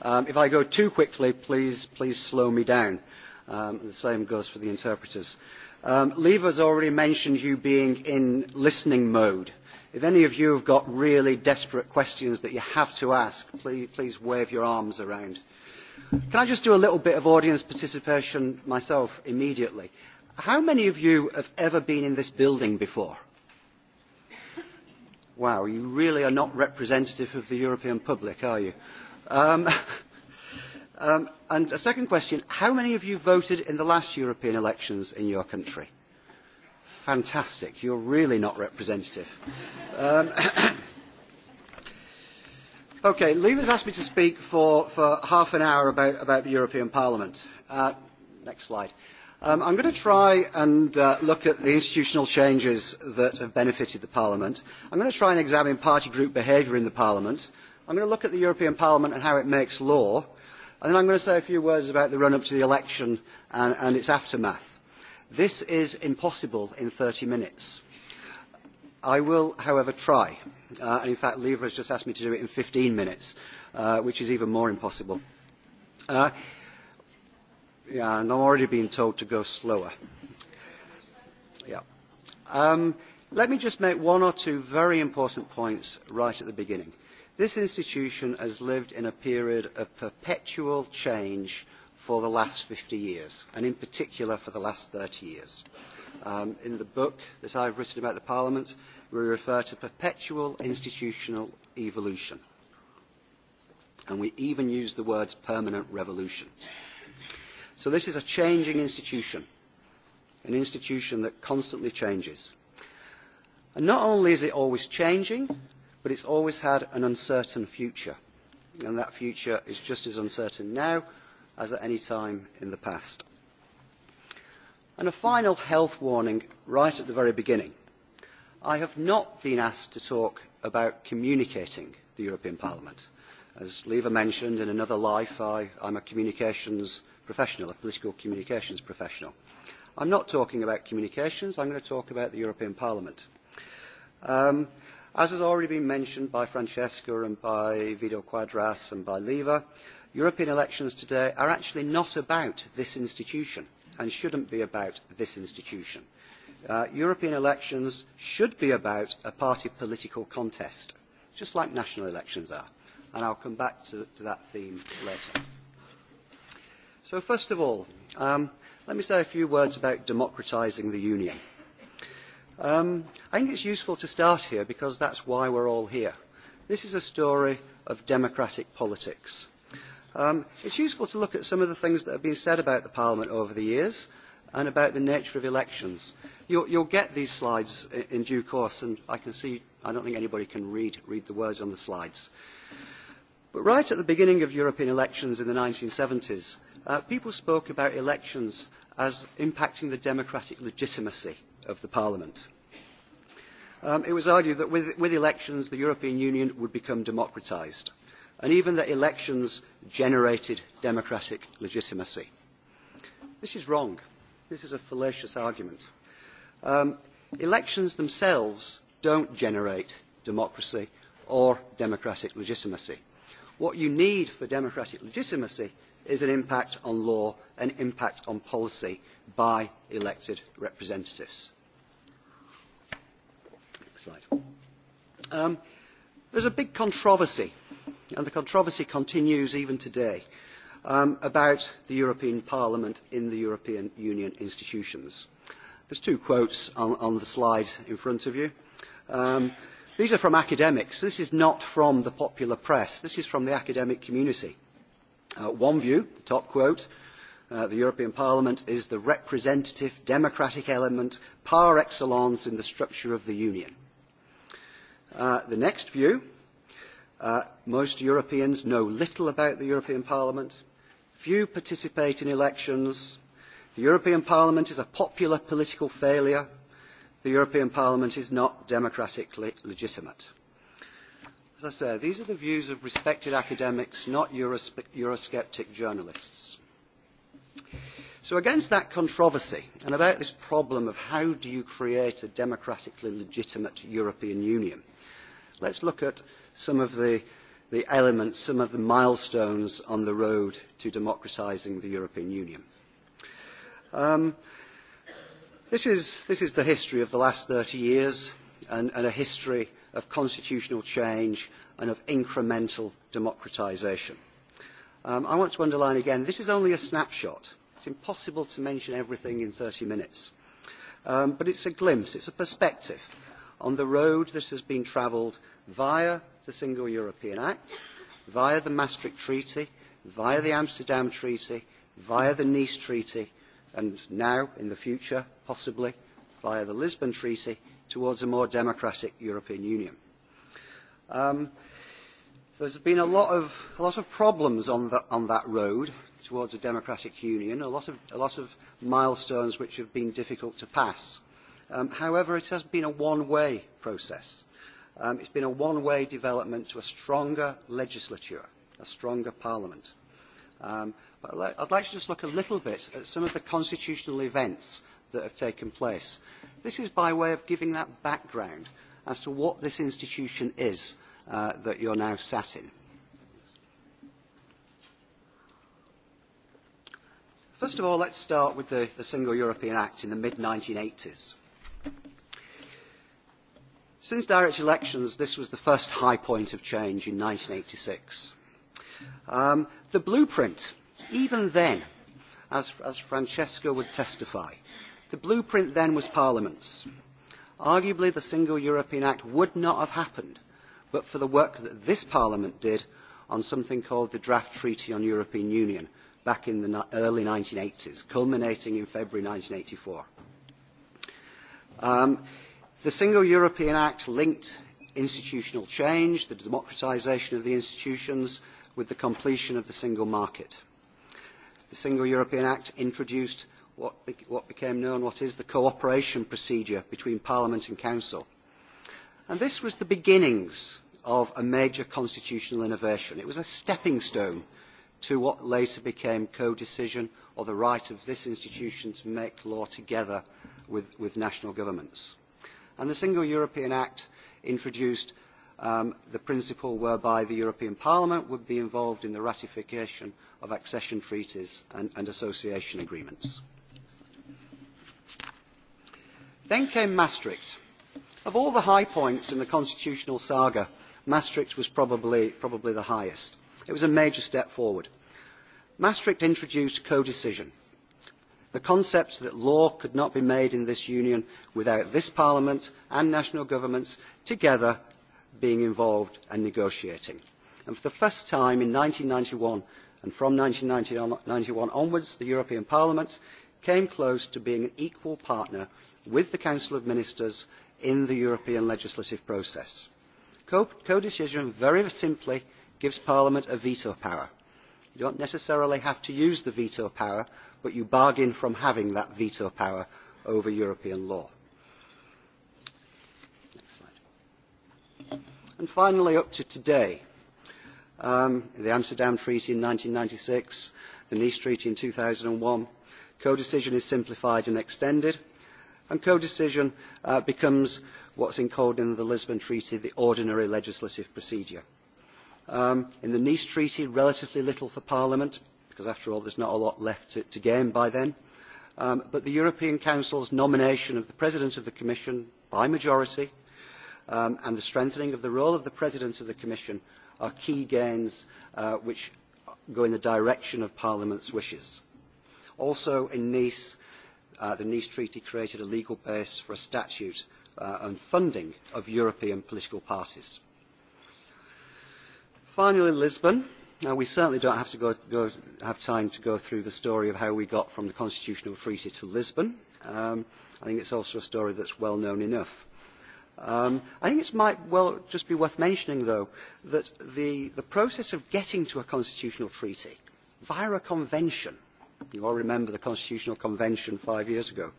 Um, if I go too quickly, please, please slow me down. Um, the same goes for the interpreters. Um, Lever's already mentioned you being in listening mode. If any of you have got really desperate questions that you have to ask, please, please wave your arms around. Can I just do a little bit of audience participation myself immediately? How many of you have ever been in this building before? Wow, you really are not representative of the European public, are you? Um, [LAUGHS] um, and a second question, how many of you voted in the last European elections in your country? Fantastic, you're really not representative. Um, [COUGHS] Okay, Lee has asked me to speak for, for half an hour about, about the European Parliament. Uh, next slide. Um, I'm going to try and uh, look at the institutional changes that have benefited the Parliament. I'm going to try and examine party group behaviour in the Parliament. I'm going to look at the European Parliament and how it makes law. And then I'm going to say a few words about the run-up to the election and, and its aftermath. This is impossible in 30 minutes. I will, however, try. Uh, and in fact, Lever has just asked me to do it in 15 minutes, uh, which is even more impossible. Uh, yeah, and I'm already being told to go slower. Yeah. Um, let me just make one or two very important points right at the beginning. This institution has lived in a period of perpetual change for the last 50 years, and in particular for the last 30 years. Um, in the book that I've written about the Parliament, we refer to perpetual institutional evolution. And we even use the words permanent revolution. So this is a changing institution, an institution that constantly changes. And not only is it always changing, but it's always had an uncertain future. And that future is just as uncertain now as at any time in the past. And a final health warning right at the very beginning. I have not been asked to talk about communicating the European Parliament. As Lever mentioned, in another life I, I'm a communications professional, a political communications professional. I'm not talking about communications, I'm going to talk about the European Parliament. Um, as has already been mentioned by Francesca and by Vido Quadras and by Lever, European elections today are actually not about this institution and shouldn't be about this institution. Uh, European elections should be about a party political contest, just like national elections are. And I'll come back to, to that theme later. So first of all, um, let me say a few words about democratising the Union. Um, I think it's useful to start here because that's why we're all here. This is a story of democratic politics. Um, it's useful to look at some of the things that have been said about the Parliament over the years and about the nature of elections. You'll, you'll get these slides in due course, and I can see, I don't think anybody can read, read the words on the slides. But right at the beginning of European elections in the 1970s, uh, people spoke about elections as impacting the democratic legitimacy of the Parliament. Um, it was argued that with, with elections, the European Union would become democratised, and even that elections generated democratic legitimacy. This is wrong. This is a fallacious argument. Um, elections themselves don't generate democracy or democratic legitimacy. What you need for democratic legitimacy is an impact on law, an impact on policy by elected representatives. Next slide. Um, there's a big controversy and the controversy continues even today um, about the European Parliament in the European Union institutions. There's two quotes on, on the slide in front of you. Um, these are from academics. This is not from the popular press. This is from the academic community. Uh, one view, the top quote, uh, the European Parliament is the representative democratic element par excellence in the structure of the Union. Uh, the next view, Uh, most Europeans know little about the European Parliament. Few participate in elections. The European Parliament is a popular political failure. The European Parliament is not democratically legitimate. As I say, these are the views of respected academics, not Eurosceptic journalists. So against that controversy and about this problem of how do you create a democratically legitimate European Union, let's look at some of the, the elements, some of the milestones on the road to democratising the European Union. Um, this, is, this is the history of the last 30 years and, and a history of constitutional change and of incremental democratisation. Um, I want to underline again, this is only a snapshot. It's impossible to mention everything in 30 minutes. Um, but it's a glimpse, it's a perspective on the road that has been travelled via the Single European Act, via the Maastricht Treaty, via the Amsterdam Treaty, via the Nice Treaty, and now, in the future, possibly, via the Lisbon Treaty, towards a more democratic European Union. Um, there's been a lot of, a lot of problems on, the, on that road towards a democratic union, a lot, of, a lot of milestones which have been difficult to pass. Um, however, it has been a one-way process. Um, it's been a one-way development to a stronger legislature, a stronger parliament. Um, but I'd like to just look a little bit at some of the constitutional events that have taken place. This is by way of giving that background as to what this institution is uh, that you're now sat in. First of all, let's start with the, the Single European Act in the mid-1980s. Since direct elections, this was the first high point of change in 1986. Um, the blueprint, even then, as, as Francesca would testify, the blueprint then was Parliament's. Arguably, the Single European Act would not have happened but for the work that this Parliament did on something called the Draft Treaty on European Union back in the early 1980s, culminating in February 1984. Um, The Single European Act linked institutional change, the democratisation of the institutions, with the completion of the single market. The Single European Act introduced what, be what became known what is the cooperation procedure between Parliament and Council. And this was the beginnings of a major constitutional innovation. It was a stepping stone to what later became co-decision or the right of this institution to make law together with, with national governments. And the Single European Act introduced um, the principle whereby the European Parliament would be involved in the ratification of accession treaties and, and association agreements. Then came Maastricht. Of all the high points in the constitutional saga, Maastricht was probably, probably the highest. It was a major step forward. Maastricht introduced codecision. The concept that law could not be made in this union without this parliament and national governments together being involved and negotiating. And for the first time in ninety one and from ninety one onwards, the European Parliament came close to being an equal partner with the Council of Ministers in the European legislative process. Codecision, very simply, gives Parliament a veto power You don't necessarily have to use the veto power, but you bargain from having that veto power over European law. Next slide. And finally, up to today, um, the Amsterdam Treaty in 1996, the Nice Treaty in 2001, codecision is simplified and extended, and codecision uh, becomes what's encoded in the Lisbon Treaty, the ordinary legislative procedure. Um, in the Nice Treaty, relatively little for Parliament, because after all there's not a lot left to, to gain by then. Um, but the European Council's nomination of the President of the Commission by majority um, and the strengthening of the role of the President of the Commission are key gains uh, which go in the direction of Parliament's wishes. Also in Nice, uh, the Nice Treaty created a legal base for a statute uh, and funding of European political parties. Finally, Lisbon. Now, we certainly don't have, to go, go, have time to go through the story of how we got from the Constitutional Treaty to Lisbon. Um, I think it's also a story that's well known enough. Um, I think it might well just be worth mentioning, though, that the, the process of getting to a constitutional treaty via a convention, you all remember the Constitutional Convention five years ago,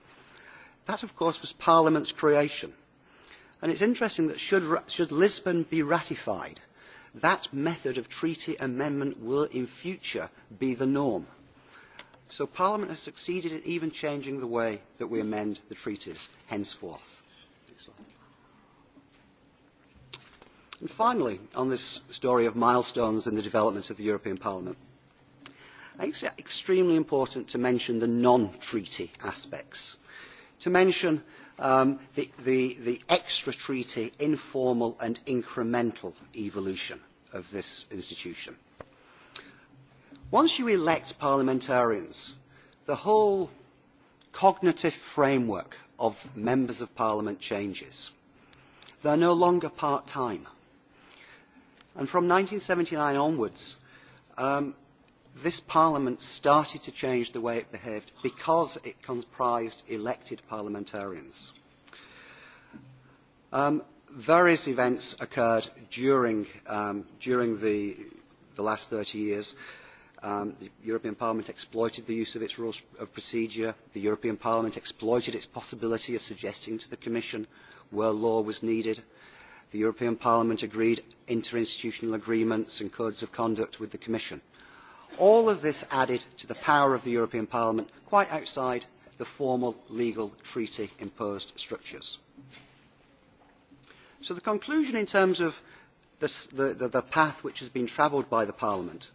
that, of course, was Parliament's creation. And it's interesting that should, should Lisbon be ratified – that method of treaty amendment will in future be the norm. So Parliament has succeeded in even changing the way that we amend the treaties henceforth. And finally, on this story of milestones in the development of the European Parliament, I think it's extremely important to mention the non-treaty aspects. To mention um, the, the, the extra treaty, informal and incremental evolution of this institution. Once you elect parliamentarians, the whole cognitive framework of members of parliament changes. They're no longer part-time. And from 1979 onwards, um, this Parliament started to change the way it behaved because it comprised elected parliamentarians. Um, various events occurred during, um, during the, the last 30 years. Um, the European Parliament exploited the use of its rules of procedure. The European Parliament exploited its possibility of suggesting to the Commission where law was needed. The European Parliament agreed interinstitutional agreements and codes of conduct with the Commission. All of this added to the power of the European Parliament quite outside the formal legal treaty imposed structures. So the conclusion in terms of this, the, the, the path which has been travelled by the Parliament.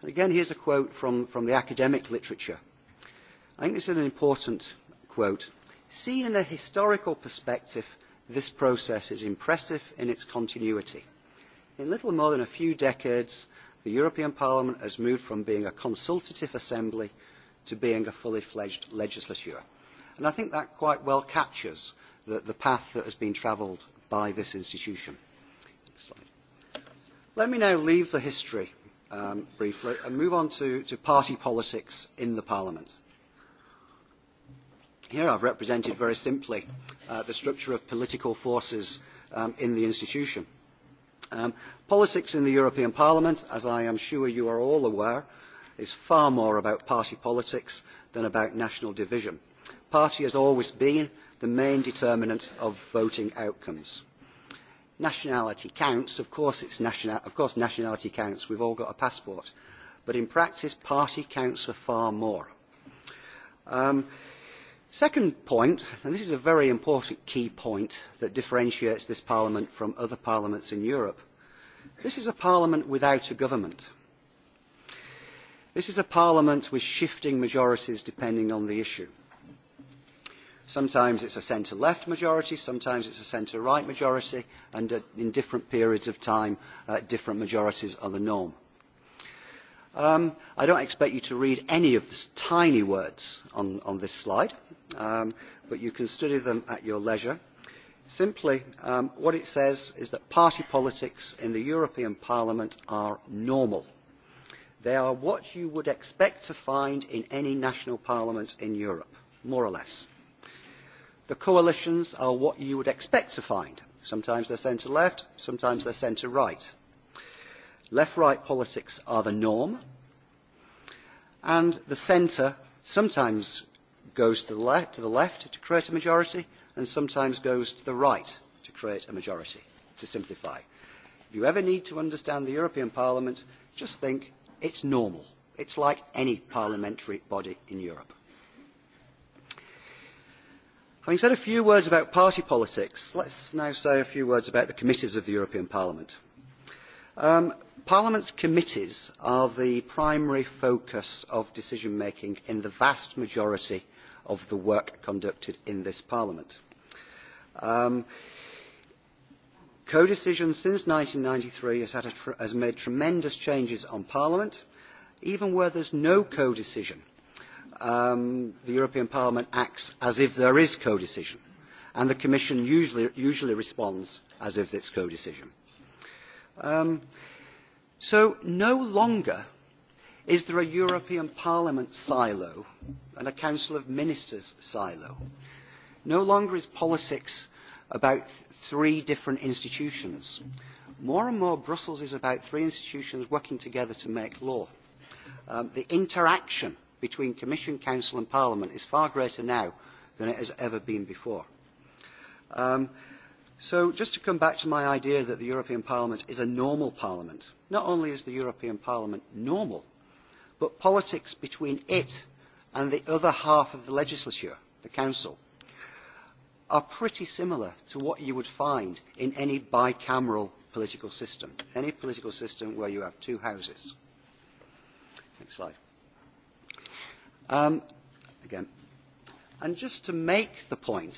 And again, here's a quote from, from the academic literature. I think this is an important quote. Seen in a historical perspective, this process is impressive in its continuity. In little more than a few decades, the European Parliament has moved from being a consultative assembly to being a fully fledged legislature. And I think that quite well captures the, the path that has been travelled by this institution. Let me now leave the history um, briefly and move on to, to party politics in the Parliament. Here I've represented very simply uh, the structure of political forces um, in the institution. Um, politics in the European Parliament, as I am sure you are all aware, is far more about party politics than about national division. Party has always been the main determinant of voting outcomes. Nationality counts, of course, it's national, of course nationality counts, we've all got a passport, but in practice party counts for far more. Um, Second point, and this is a very important key point that differentiates this Parliament from other parliaments in Europe, this is a Parliament without a government. This is a Parliament with shifting majorities depending on the issue. Sometimes it's a centre-left majority, sometimes it's a centre-right majority, and uh, in different periods of time, uh, different majorities are the norm. Um, I don't expect you to read any of the tiny words on, on this slide, um, but you can study them at your leisure. Simply, um, what it says is that party politics in the European Parliament are normal. They are what you would expect to find in any national parliament in Europe, more or less. The coalitions are what you would expect to find. Sometimes they're centre-left, sometimes they're centre-right. Left-right politics are the norm, and the centre sometimes goes to the, le to the left to create a majority, and sometimes goes to the right to create a majority, to simplify. If you ever need to understand the European Parliament, just think it's normal. It's like any parliamentary body in Europe. Having said a few words about party politics, let's now say a few words about the committees of the European Parliament. Um, Parliament's committees are the primary focus of decision making in the vast majority of the work conducted in this Parliament. Um, Co-decision since 1993 has, had a tr has made tremendous changes on Parliament, even where there's no co-decision. Um, the European Parliament acts as if there is co-decision, and the Commission usually, usually responds as if it's co-decision. Um, So no longer is there a European Parliament silo and a Council of Ministers silo. No longer is politics about th three different institutions. More and more Brussels is about three institutions working together to make law. Um, the interaction between Commission, Council and Parliament is far greater now than it has ever been before. Um, So just to come back to my idea that the European Parliament is a normal parliament, not only is the European Parliament normal, but politics between it and the other half of the legislature, the Council, are pretty similar to what you would find in any bicameral political system, any political system where you have two houses. Next slide. Um, again. And just to make the point,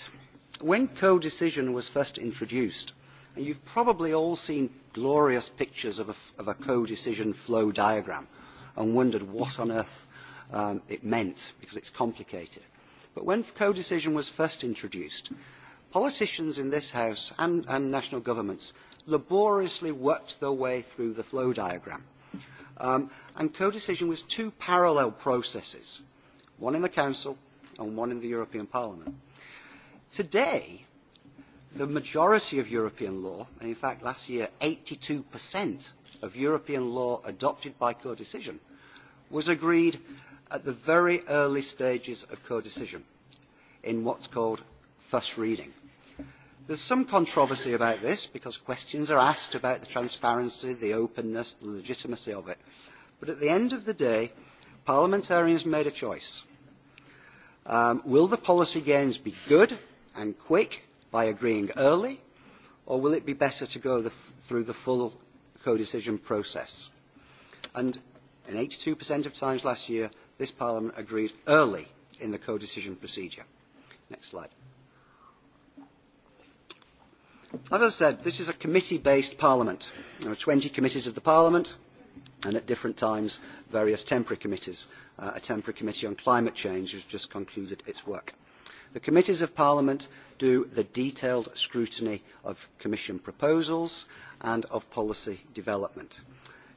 When codecision was first introduced, and you've probably all seen glorious pictures of a, of a co-decision flow diagram and wondered what on earth um, it meant because it's complicated. But when co-decision was first introduced, politicians in this House and, and national governments laboriously worked their way through the flow diagram. Um, and co-decision was two parallel processes, one in the Council and one in the European Parliament. Today, the majority of European law, and in fact last year 82% of European law adopted by codecision, was agreed at the very early stages of codecision in what's called first reading. There's some controversy about this because questions are asked about the transparency, the openness, the legitimacy of it. But at the end of the day, parliamentarians made a choice. Um, will the policy gains be good and quick by agreeing early, or will it be better to go the, through the full codecision process? And in 82% of times last year, this Parliament agreed early in the codecision procedure. Next slide. As I said, this is a committee-based Parliament. There are 20 committees of the Parliament, and at different times, various temporary committees. Uh, a temporary committee on climate change has just concluded its work. The committees of Parliament do the detailed scrutiny of Commission proposals and of policy development.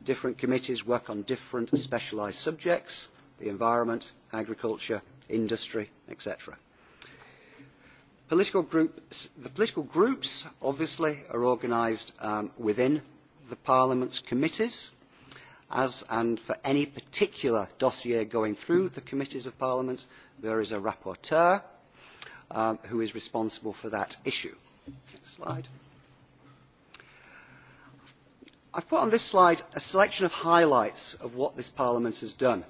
Different committees work on different specialised subjects, the environment, agriculture, industry, etc. Political groups, the political groups, obviously, are organised um, within the Parliament's committees, as and for any particular dossier going through the committees of Parliament, there is a rapporteur, um, who is responsible for that issue. Next slide. I've put on this slide a selection of highlights of what this Parliament has done.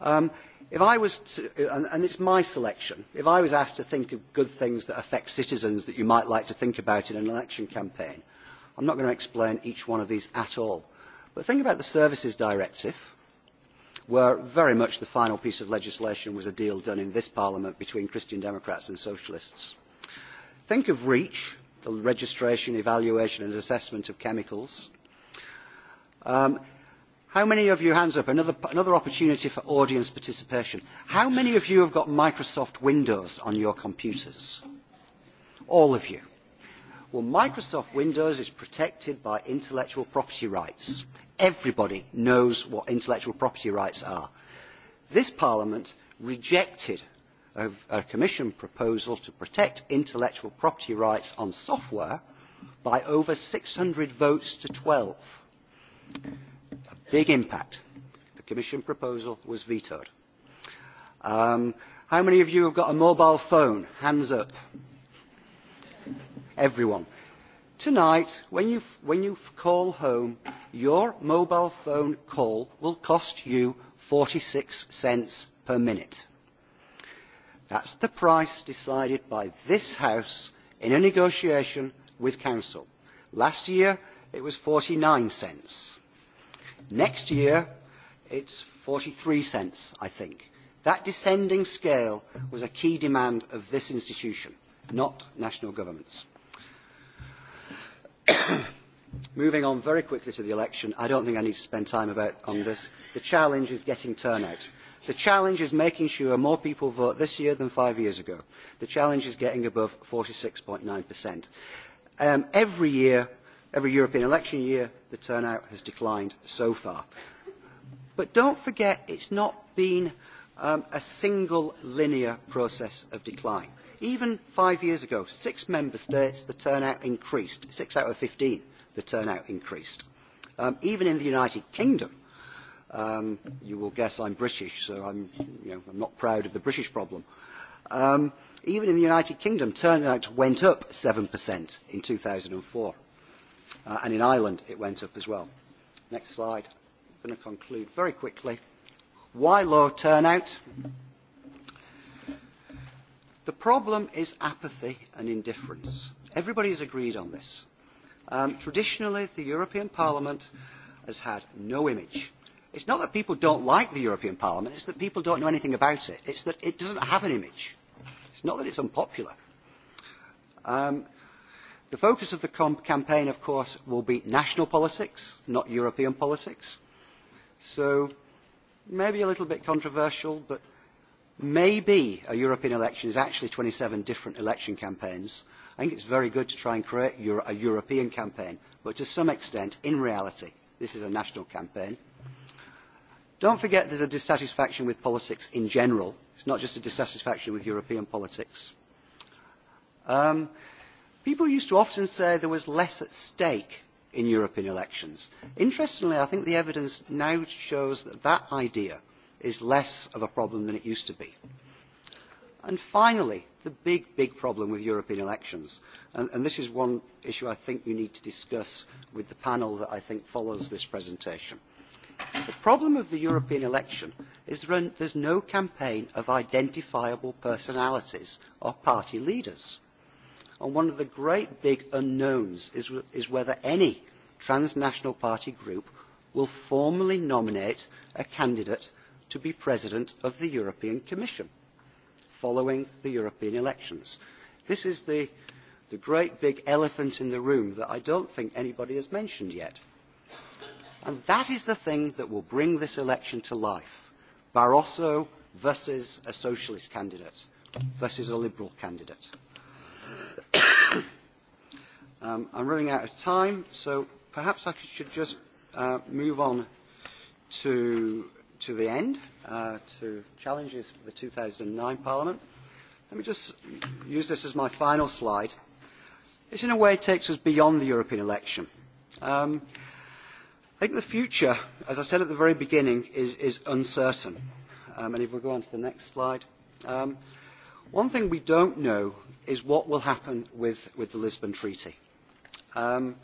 Um, if I was to, and, and it's my selection, if I was asked to think of good things that affect citizens that you might like to think about in an election campaign, I'm not going to explain each one of these at all. But think about the Services Directive, where very much the final piece of legislation was a deal done in this Parliament between Christian Democrats and Socialists. Think of REACH, the registration, evaluation and assessment of chemicals. Um, how many of you, hands up, another, another opportunity for audience participation. How many of you have got Microsoft Windows on your computers? All of you. Well, Microsoft Windows is protected by intellectual property rights. Everybody knows what intellectual property rights are. This Parliament rejected a, a Commission proposal to protect intellectual property rights on software by over 600 votes to 12. A big impact. The Commission proposal was vetoed. Um, how many of you have got a mobile phone? Hands up everyone. Tonight, when you, when you call home, your mobile phone call will cost you 46 cents per minute. That's the price decided by this House in a negotiation with Council. Last year, it was 49 cents. Next year, it's 43 cents, I think. That descending scale was a key demand of this institution, not national governments. Moving on very quickly to the election, I don't think I need to spend time about, on this. The challenge is getting turnout. The challenge is making sure more people vote this year than five years ago. The challenge is getting above 46.9%. Um, every year, every European election year, the turnout has declined so far. But don't forget, it's not been um, a single linear process of decline. Even five years ago, six member states, the turnout increased, six out of 15 the turnout increased. Um, even in the United Kingdom, um, you will guess I'm British, so I'm, you know, I'm not proud of the British problem. Um, even in the United Kingdom, turnout went up 7% in 2004, uh, and in Ireland it went up as well. Next slide. I'm going to conclude very quickly. Why low turnout? The problem is apathy and indifference. Everybody has agreed on this. Um, traditionally, the European Parliament has had no image. It's not that people don't like the European Parliament, it's that people don't know anything about it. It's that it doesn't have an image. It's not that it's unpopular. Um, the focus of the comp campaign, of course, will be national politics, not European politics. So maybe a little bit controversial, but maybe a European election is actually 27 different election campaigns I think it's very good to try and create Euro a European campaign, but to some extent, in reality, this is a national campaign. Don't forget there's a dissatisfaction with politics in general. It's not just a dissatisfaction with European politics. Um, people used to often say there was less at stake in European elections. Interestingly, I think the evidence now shows that that idea is less of a problem than it used to be. And finally, the big, big problem with European elections. And, and this is one issue I think you need to discuss with the panel that I think follows this presentation. The problem of the European election is there is no campaign of identifiable personalities or party leaders. And one of the great big unknowns is, is whether any transnational party group will formally nominate a candidate to be president of the European Commission following the European elections. This is the, the great big elephant in the room that I don't think anybody has mentioned yet. And that is the thing that will bring this election to life. Barroso versus a socialist candidate versus a liberal candidate. [COUGHS] um, I'm running out of time, so perhaps I should just uh, move on to to the end, uh, to challenges for the 2009 Parliament. Let me just use this as my final slide. This, in a way, takes us beyond the European election. Um, I think the future, as I said at the very beginning, is, is uncertain. Um, and if we go on to the next slide. Um, one thing we don't know is what will happen with, with the Lisbon Treaty. Um,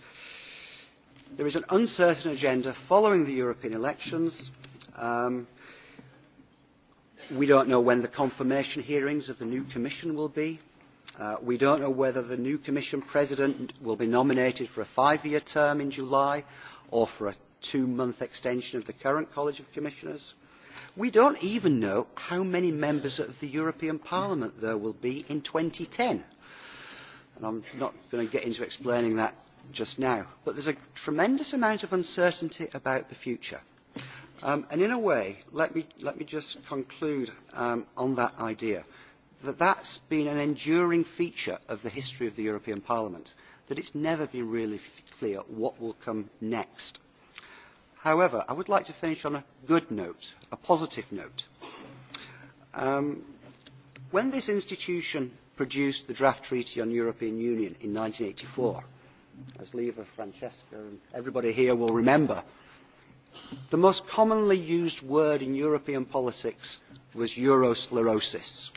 there is an uncertain agenda following the European elections. Um, we don't know when the confirmation hearings of the new Commission will be. Uh, we don't know whether the new Commission President will be nominated for a five-year term in July or for a two-month extension of the current College of Commissioners. We don't even know how many members of the European Parliament there will be in 2010. And I'm not going to get into explaining that just now. But there's a tremendous amount of uncertainty about the future. Um, and in a way, let me, let me just conclude um, on that idea, that that's been an enduring feature of the history of the European Parliament, that it's never been really clear what will come next. However, I would like to finish on a good note, a positive note. Um, when this institution produced the draft treaty on European Union in 1984, as Leva, Francesca and everybody here will remember, The most commonly used word in European politics was Eurosclerosis.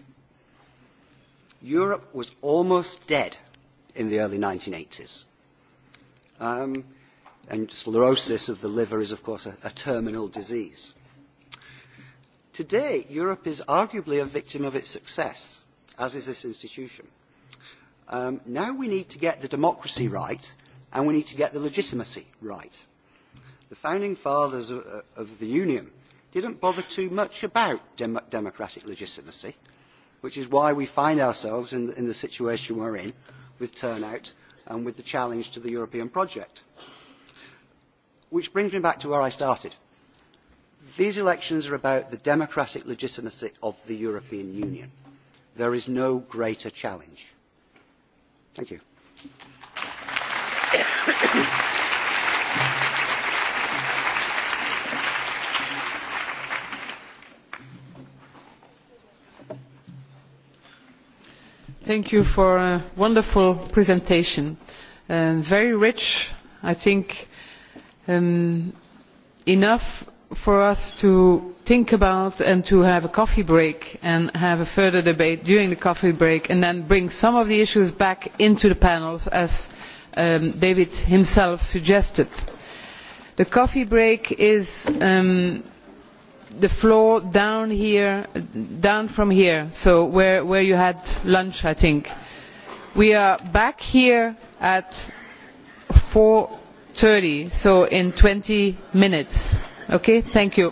Europe was almost dead in the early 1980s. Um, and sclerosis of the liver is, of course, a, a terminal disease. Today, Europe is arguably a victim of its success, as is this institution. Um, now we need to get the democracy right, and we need to get the legitimacy right the founding fathers of the Union didn't bother too much about dem democratic legitimacy, which is why we find ourselves in, in the situation we're in with turnout and with the challenge to the European project. Which brings me back to where I started. These elections are about the democratic legitimacy of the European Union. There is no greater challenge. Thank you. Thank you for a wonderful presentation. Um, very rich, I think um, enough for us to think about and to have a coffee break and have a further debate during the coffee break and then bring some of the issues back into the panels as um, David himself suggested. The coffee break is um, the floor down here, down from here, so where, where you had lunch, I think. We are back here at 4.30, so in 20 minutes. Okay, thank you.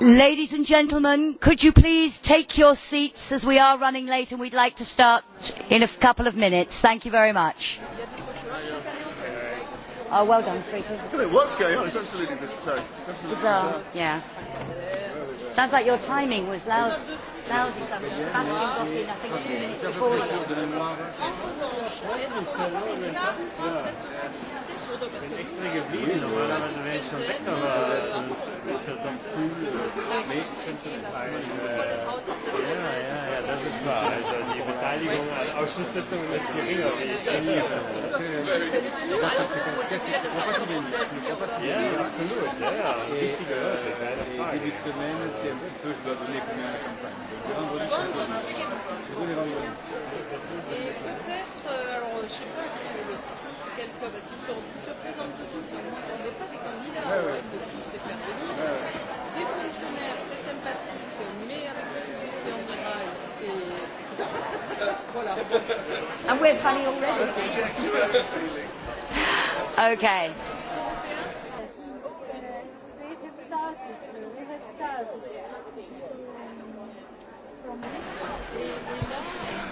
Ladies and gentlemen, could you please take your seats as we are running late and we'd like to start in a couple of minutes. Thank you very much. Oh, well done, sweetie. I don't know what's going on. It's absolutely bizarre. bizarre. Yeah. Sounds like your timing was loud. Lousy. got in, I think, two minutes before. Ich bin extra ja so Ja, ja, ja, das ist die Beteiligung an Ausschusssitzungen ist geringer, wie ich trainiere. Ja, absolut, ja, ja, wichtige Leute, keine Frage. Die Männer sind durch die Et peut-être, euh, alors je ne sais pas si le 6, quel club, si se, se présente on n'est pas des candidats, ouais, ouais. tous les faire venir. Ouais, ouais. Des fonctionnaires, c'est sympathique, mais avec le public en Irak, c'est. voilà. funny already. [LAUGHS] okay.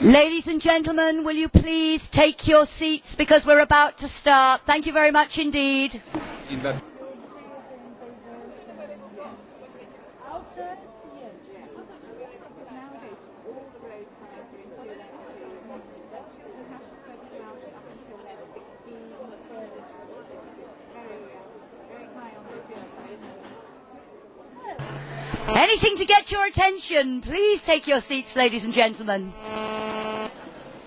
Ladies and gentlemen, will you please take your seats because we're about to start. Thank you very much indeed. Anything to get your attention, please take your seats, ladies and gentlemen.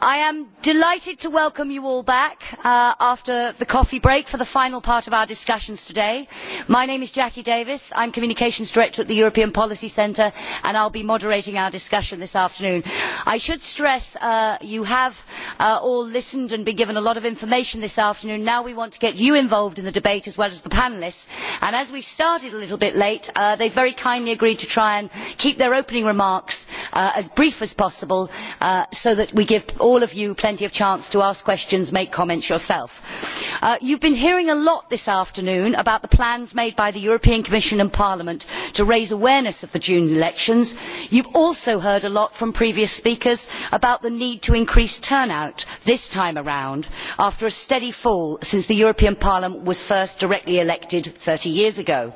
I am delighted to welcome you all back uh, after the coffee break for the final part of our discussions today. My name is Jackie Davis. I am Communications Director at the European Policy Centre and I will be moderating our discussion this afternoon. I should stress uh, you have uh, all listened and been given a lot of information this afternoon. Now we want to get you involved in the debate as well as the panellists. And as we started a little bit late, uh, they very kindly agreed to try and keep their opening remarks uh, as brief as possible uh, so that we give all of you plenty of chance to ask questions and make comments yourself. Uh, you have been hearing a lot this afternoon about the plans made by the european commission and parliament to raise awareness of the june elections. you have also heard a lot from previous speakers about the need to increase turnout this time around after a steady fall since the european parliament was first directly elected thirty years ago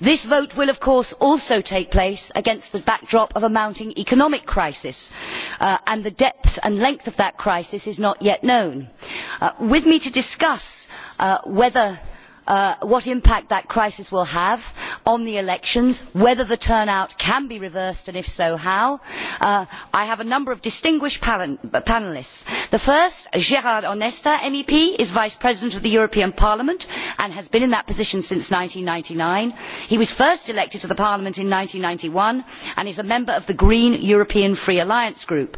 This vote will of course also take place against the backdrop of a mounting economic crisis uh, and the depth and length of that crisis is not yet known. Uh, with me to discuss uh, whether Uh, what impact that crisis will have on the elections, whether the turnout can be reversed and if so how. Uh, I have a number of distinguished panellists. The first, Gerard Onesta, MEP, is Vice President of the European Parliament and has been in that position since ninety nine. He was first elected to the Parliament in ninety one and is a member of the Green European Free Alliance Group.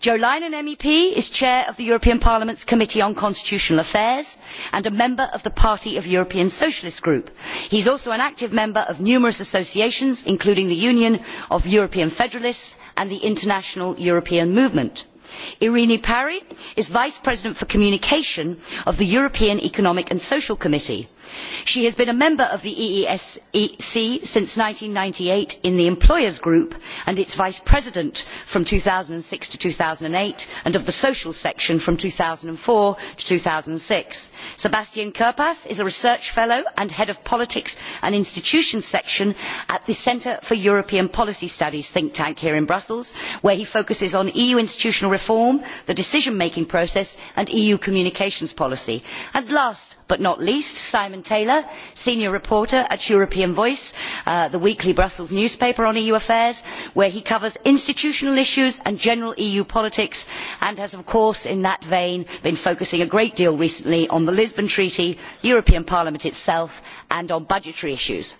Jo Leinen, MEP, is Chair of the European Parliament's Committee on Constitutional Affairs and a member of the Party of Europe European Socialist Group. He is also an active member of numerous associations, including the Union of European Federalists and the International European Movement. Irini Parry is Vice President for Communication of the European Economic and Social Committee She has been a member of the EESC e since ninety eight in the Employers Group and its Vice President from two thousand six to two thousand eight and of the Social Section from two thousand four to two thousand six. Sebastian Kerpas is a Research Fellow and Head of Politics and Institutions Section at the Centre for European Policy Studies think tank here in Brussels, where he focuses on EU institutional reform, the decision-making process and EU communications policy. And last but not least, Simon Taylor, senior reporter at European Voice, uh, the weekly Brussels newspaper on EU affairs, where he covers institutional issues and general EU politics, and has, of course, in that vein, been focusing a great deal recently on the Lisbon Treaty, the European Parliament itself, and on budgetary issues.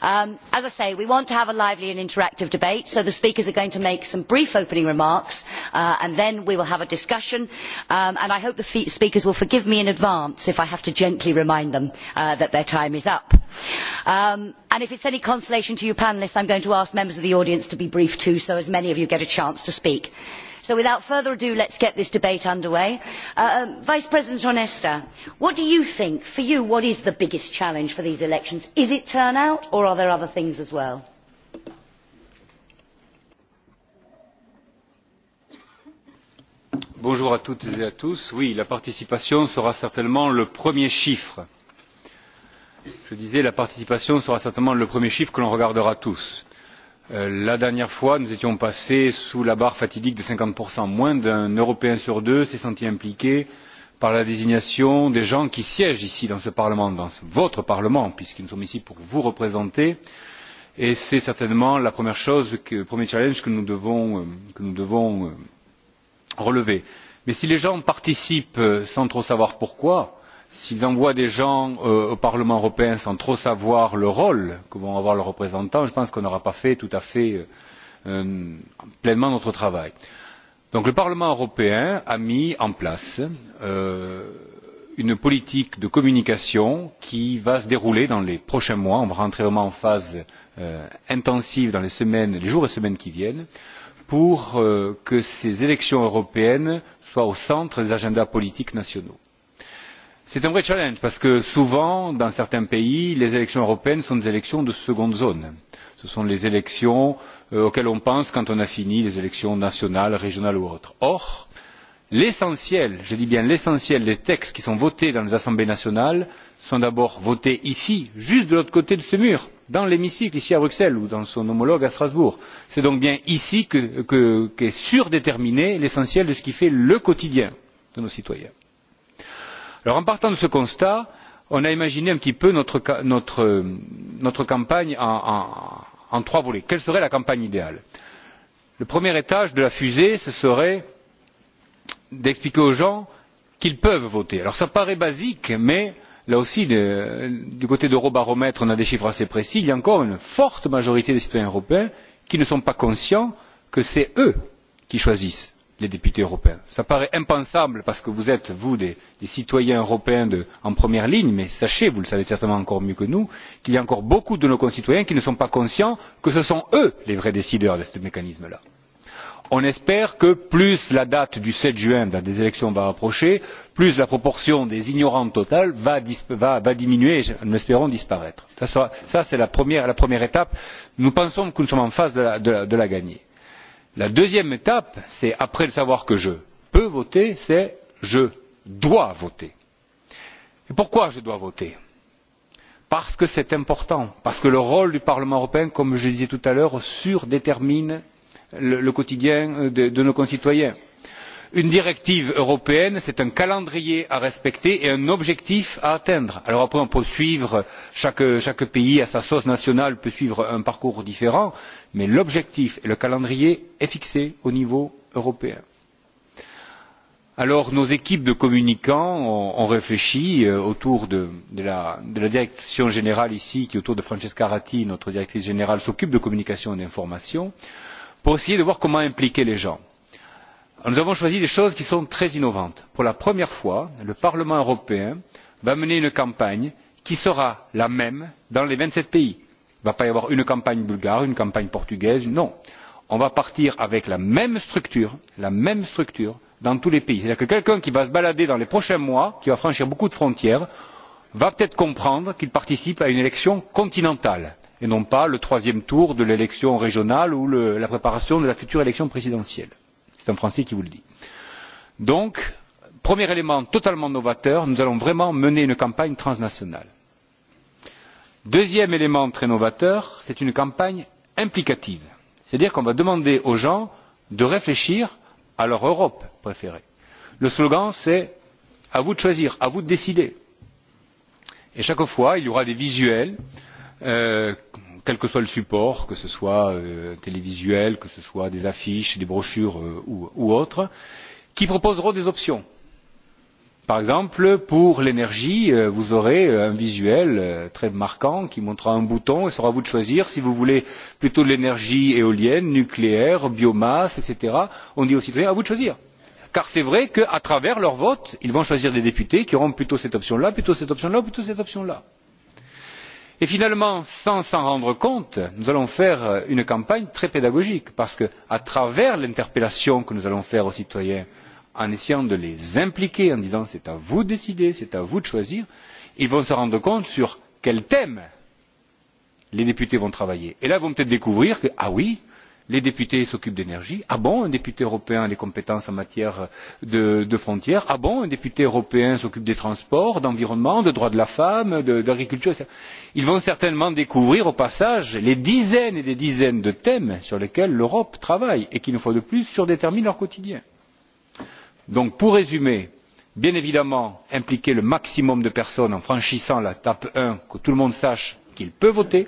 Um, as I say, we want to have a lively and interactive debate, so the speakers are going to make some brief opening remarks, uh, and then we will have a discussion. Um, and I hope the speakers will forgive me in advance if I have to gently remind them uh, that their time is up. If um, and if it's any consolation to you panellists, I'm going to ask members of the audience to be brief too, so as many of you get a chance to speak. So without further ado, let us get this debate underway. way. Uh, um, Vice President Onesta, what do you think, for you, what is the biggest challenge for these elections? Is it turnout or are there other things as well? Bonjour à toutes et à tous. Oui, la participation sera certainement le premier chiffre. Je disais, la participation sera certainement le premier chiffre que l'on regardera tous Euh, la dernière fois, nous étions passés sous la barre fatidique des 50%. Moins d'un Européen sur deux s'est senti impliqué par la désignation des gens qui siègent ici dans ce Parlement, dans votre Parlement, puisque nous sommes ici pour vous représenter. Et c'est certainement la première chose, que, le premier challenge que nous devons, euh, que nous devons euh, relever. Mais si les gens participent sans trop savoir pourquoi, s'ils envoient des gens euh, au Parlement européen sans trop savoir le rôle que vont avoir leurs représentants, je pense qu'on n'aura pas fait tout à fait euh, euh, pleinement notre travail. Donc le Parlement européen a mis en place euh, une politique de communication qui va se dérouler dans les prochains mois. On va rentrer vraiment en phase euh, intensive dans les semaines, les jours et semaines qui viennent pour euh, que ces élections européennes soient au centre des agendas politiques nationaux C'est un vrai challenge parce que souvent, dans certains pays, les élections européennes sont des élections de seconde zone. Ce sont les élections euh, auxquelles on pense quand on a fini les élections nationales, régionales ou autres. Or, l'essentiel, je dis bien l'essentiel des textes qui sont votés dans les assemblées nationales sont d'abord votés ici, juste de l'autre côté de ce mur, dans l'hémicycle, ici à Bruxelles ou dans son homologue à Strasbourg. C'est donc bien ici qu'est que qu surdéterminé l'essentiel de ce qui fait le quotidien de nos citoyens. Alors, en partant de ce constat, on a imaginé un petit peu notre, notre, notre campagne en, en, en trois volets. Quelle serait la campagne idéale Le premier étage de la fusée, ce serait d'expliquer aux gens qu'ils peuvent voter. Alors ça paraît basique, mais là aussi, de, du côté d'Eurobaromètre, on a des chiffres assez précis. Il y a encore une forte majorité des citoyens européens qui ne sont pas conscients que c'est eux qui choisissent les députés européens. Cela paraît impensable parce que vous êtes, vous, des, des citoyens européens de, en première ligne, mais sachez, vous le savez certainement encore mieux que nous, qu'il y a encore beaucoup de nos concitoyens qui ne sont pas conscients que ce sont eux les vrais décideurs de ce mécanisme-là. On espère que plus la date du sept juin, date des élections, va approcher, plus la proportion des ignorants totales va, va, va, diminuer et, nous espérons disparaître. Ça, ça c'est la première, la première étape. Nous pensons que nous sommes en phase de la, de la, de la gagner. La deuxième étape, c'est après le savoir que je peux voter, c'est je dois voter. Et pourquoi je dois voter Parce que c'est important, parce que le rôle du Parlement européen, comme je le disais tout à l'heure, surdétermine le, le quotidien euh, de, de nos concitoyens une directive européenne c'est un calendrier à respecter et un objectif à atteindre. alors après on peut suivre chaque, pays à sa sauce nationale peut suivre un parcours différent mais l'objectif et le calendrier sont fixés au niveau européen. Alors nos équipes de communicants ont, réfléchi euh, autour de, la, de la direction générale ici, qui autour de Francesca Ratti, notre directrice générale, s'occupe de communication et d'information, pour essayer de voir comment impliquer les gens nous avons choisi des choses qui sont très innovantes. pour la première fois le parlement européen va mener une campagne qui sera la même dans les vingt sept pays. il ne va pas y avoir une campagne bulgare une campagne portugaise non on va partir avec la même structure la même structure dans tous les pays. c'est à dire que quelqu'un qui va se balader dans les prochains mois qui va franchir beaucoup de frontières va peut être comprendre qu'il participe à une élection continentale et non pas le troisième tour de l'élection régionale ou le, la préparation de la future élection présidentielle C'est un Français qui vous le dit. Donc, premier élément totalement novateur, nous allons vraiment mener une campagne transnationale. Deuxième élément très novateur, c'est une campagne implicative. C'est-à-dire qu'on va demander aux gens de réfléchir à leur Europe préférée. Le slogan, c'est à vous de choisir, à vous de décider. Et chaque fois, il y aura des visuels euh, quel que soit le support, que ce soit euh, télévisuel, que ce soit des affiches, des brochures euh, ou, ou autres, qui proposeront des options. Par exemple, pour l'énergie, euh, vous aurez euh, un visuel euh, très marquant qui montrera un bouton et sera à vous de choisir si vous voulez plutôt de l'énergie éolienne, nucléaire, biomasse, etc. On dit aux citoyens à vous de choisir car c'est vrai qu'à travers leur vote, ils vont choisir des députés qui auront plutôt cette option-là, plutôt cette option-là, plutôt cette option-là et finalement sans s'en rendre compte nous allons faire euh, une campagne très pédagogique parce que à travers l'interpellation que nous allons faire aux citoyens en essayant de les impliquer en disant c'est à vous de décider c'est à vous de choisir ils vont se rendre compte sur quel thème les députés vont travailler et là ils vont peut être découvrir que ah oui les députés s'occupent d'énergie. Ah bon, un député européen a des compétences en matière de, de frontières. Ah bon, un député européen s'occupe des transports, d'environnement, de droits de la femme, d'agriculture. Ils vont certainement découvrir au passage les dizaines et des dizaines de thèmes sur lesquels l'Europe travaille et qui, une fois de plus, surdéterminent leur quotidien. Donc, pour résumer, bien évidemment, impliquer le maximum de personnes en franchissant la tape 1, que tout le monde sache qu'il peut voter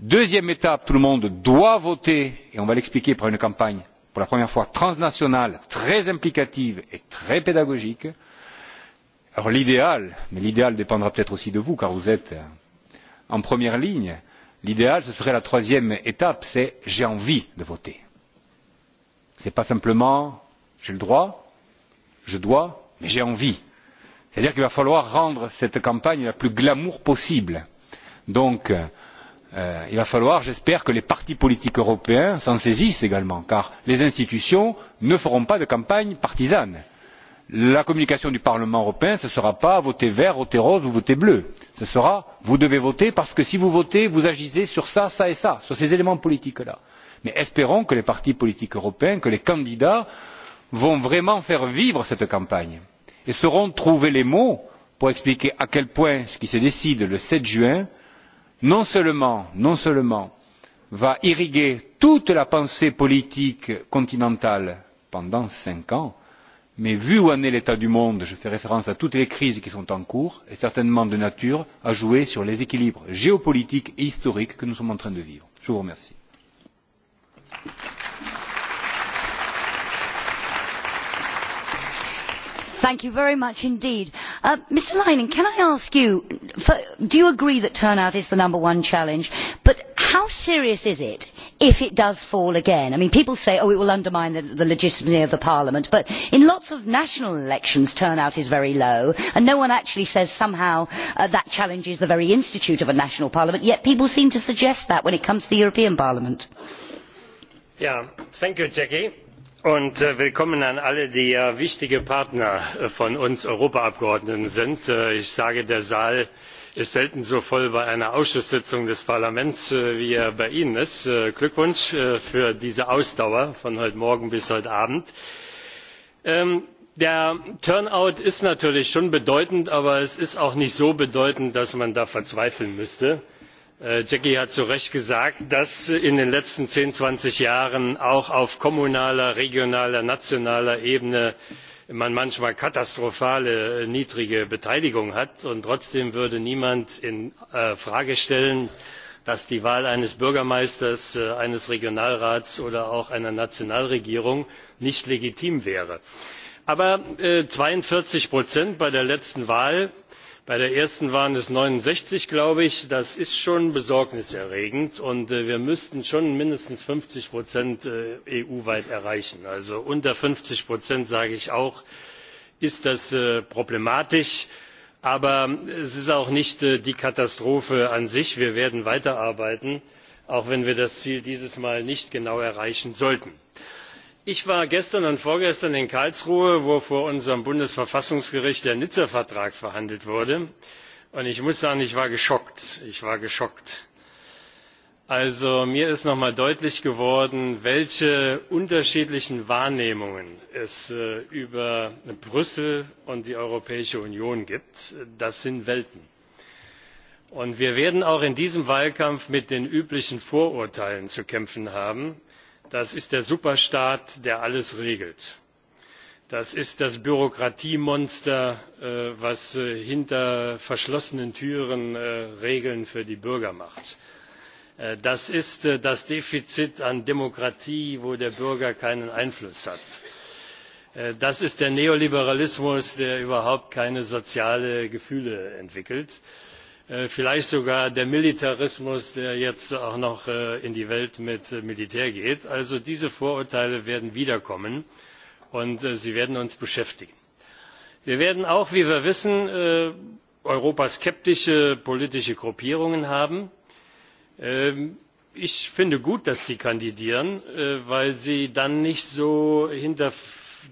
Deuxième étape, tout le monde doit voter, et on va l'expliquer par une campagne pour la première fois transnationale, très implicative et très pédagogique. Alors l'idéal, mais l'idéal dépendra peut-être aussi de vous, car vous êtes euh, en première ligne, l'idéal, ce serait la troisième étape, c'est j'ai envie de voter. Ce n'est pas simplement j'ai le droit, je dois, mais j'ai envie. C'est-à-dire qu'il va falloir rendre cette campagne la plus glamour possible. Donc, euh, Euh, il va falloir, j'espère, que les partis politiques européens s'en saisissent également, car les institutions ne feront pas de campagne partisane. La communication du Parlement européen, ce ne sera pas voter vert, voter rose ou voter bleu. Ce sera vous devez voter parce que si vous votez, vous agissez sur ça, ça et ça, sur ces éléments politiques-là. Mais espérons que les partis politiques européens, que les candidats vont vraiment faire vivre cette campagne et sauront trouver les mots pour expliquer à quel point ce qui se décide le sept juin non seulement, non seulement va irriguer toute la pensée politique continentale pendant cinq ans, mais vu où en est l'état du monde, je fais référence à toutes les crises qui sont en cours, est certainement de nature à jouer sur les équilibres géopolitiques et historiques que nous sommes en train de vivre. Je vous remercie. Thank you very much indeed. Uh, Mr. Leining, can I ask you, for, do you agree that turnout is the number one challenge? But how serious is it if it does fall again? I mean, people say, oh, it will undermine the, the legitimacy of the Parliament, but in lots of national elections, turnout is very low, and no one actually says somehow uh, that challenges the very institute of a national Parliament, yet people seem to suggest that when it comes to the European Parliament. Yeah, thank you, Jackie und äh, willkommen an alle die ja wichtige partner äh, von uns europaabgeordneten sind. Äh, ich sage der saal ist selten so voll bei einer ausschusssitzung des parlaments wie er bei ihnen ist. glückwunsch für diese ausdauer von heute morgen bis heute abend. Ähm, der turnout ist natürlich schon bedeutend aber es ist auch nicht so bedeutend dass man da verzweifeln müsste Äh, Jackie hat zu Recht gesagt, dass in den letzten zehn, zwanzig Jahren auch auf kommunaler, regionaler, nationaler Ebene man manchmal katastrophale äh, niedrige Beteiligung hat. Und trotzdem würde niemand in äh, Frage stellen, dass die Wahl eines Bürgermeisters, eines Regionalrats oder auch einer Nationalregierung nicht legitim wäre. Aber zweiundvierzig bei der letzten Wahl bei der ersten waren es neunundsechzig glaube ich das ist schon besorgniserregend und äh, wir müssten schon mindestens fünfzig äh, eu weit erreichen. also unter fünfzig sage ich auch ist das äh, problematisch aber es ist auch nicht die katastrophe an sich wir werden weiterarbeiten auch wenn wir das ziel dieses mal nicht genau erreichen sollten. Ich war gestern und vorgestern in Karlsruhe, wo vor unserem Bundesverfassungsgericht der Nizza-Vertrag verhandelt wurde. Und ich muss sagen, ich war geschockt. Ich war geschockt. Also mir ist noch einmal deutlich geworden, welche unterschiedlichen Wahrnehmungen es äh, über Brüssel und die Europäische Union gibt. Das sind Welten. Und wir werden auch in diesem Wahlkampf mit den üblichen Vorurteilen zu kämpfen haben das ist der superstaat der alles regelt das ist das bürokratiemonster das äh, äh, hinter verschlossenen türen äh, regeln für die bürger macht das ist das defizit an demokratie wo der bürger keinen einfluss hat das ist der neoliberalismus der überhaupt keine sozialen gefühle entwickelt. Äh, vielleicht sogar der Militarismus, der jetzt auch noch äh, in die Welt mit äh, Militär geht. Also diese Vorurteile werden wiederkommen und sie werden uns beschäftigen. Wir werden auch, wie wir wissen, europaskeptische politische Gruppierungen haben. Ähm, ich finde gut, dass sie kandidieren, weil sie dann nicht so hinter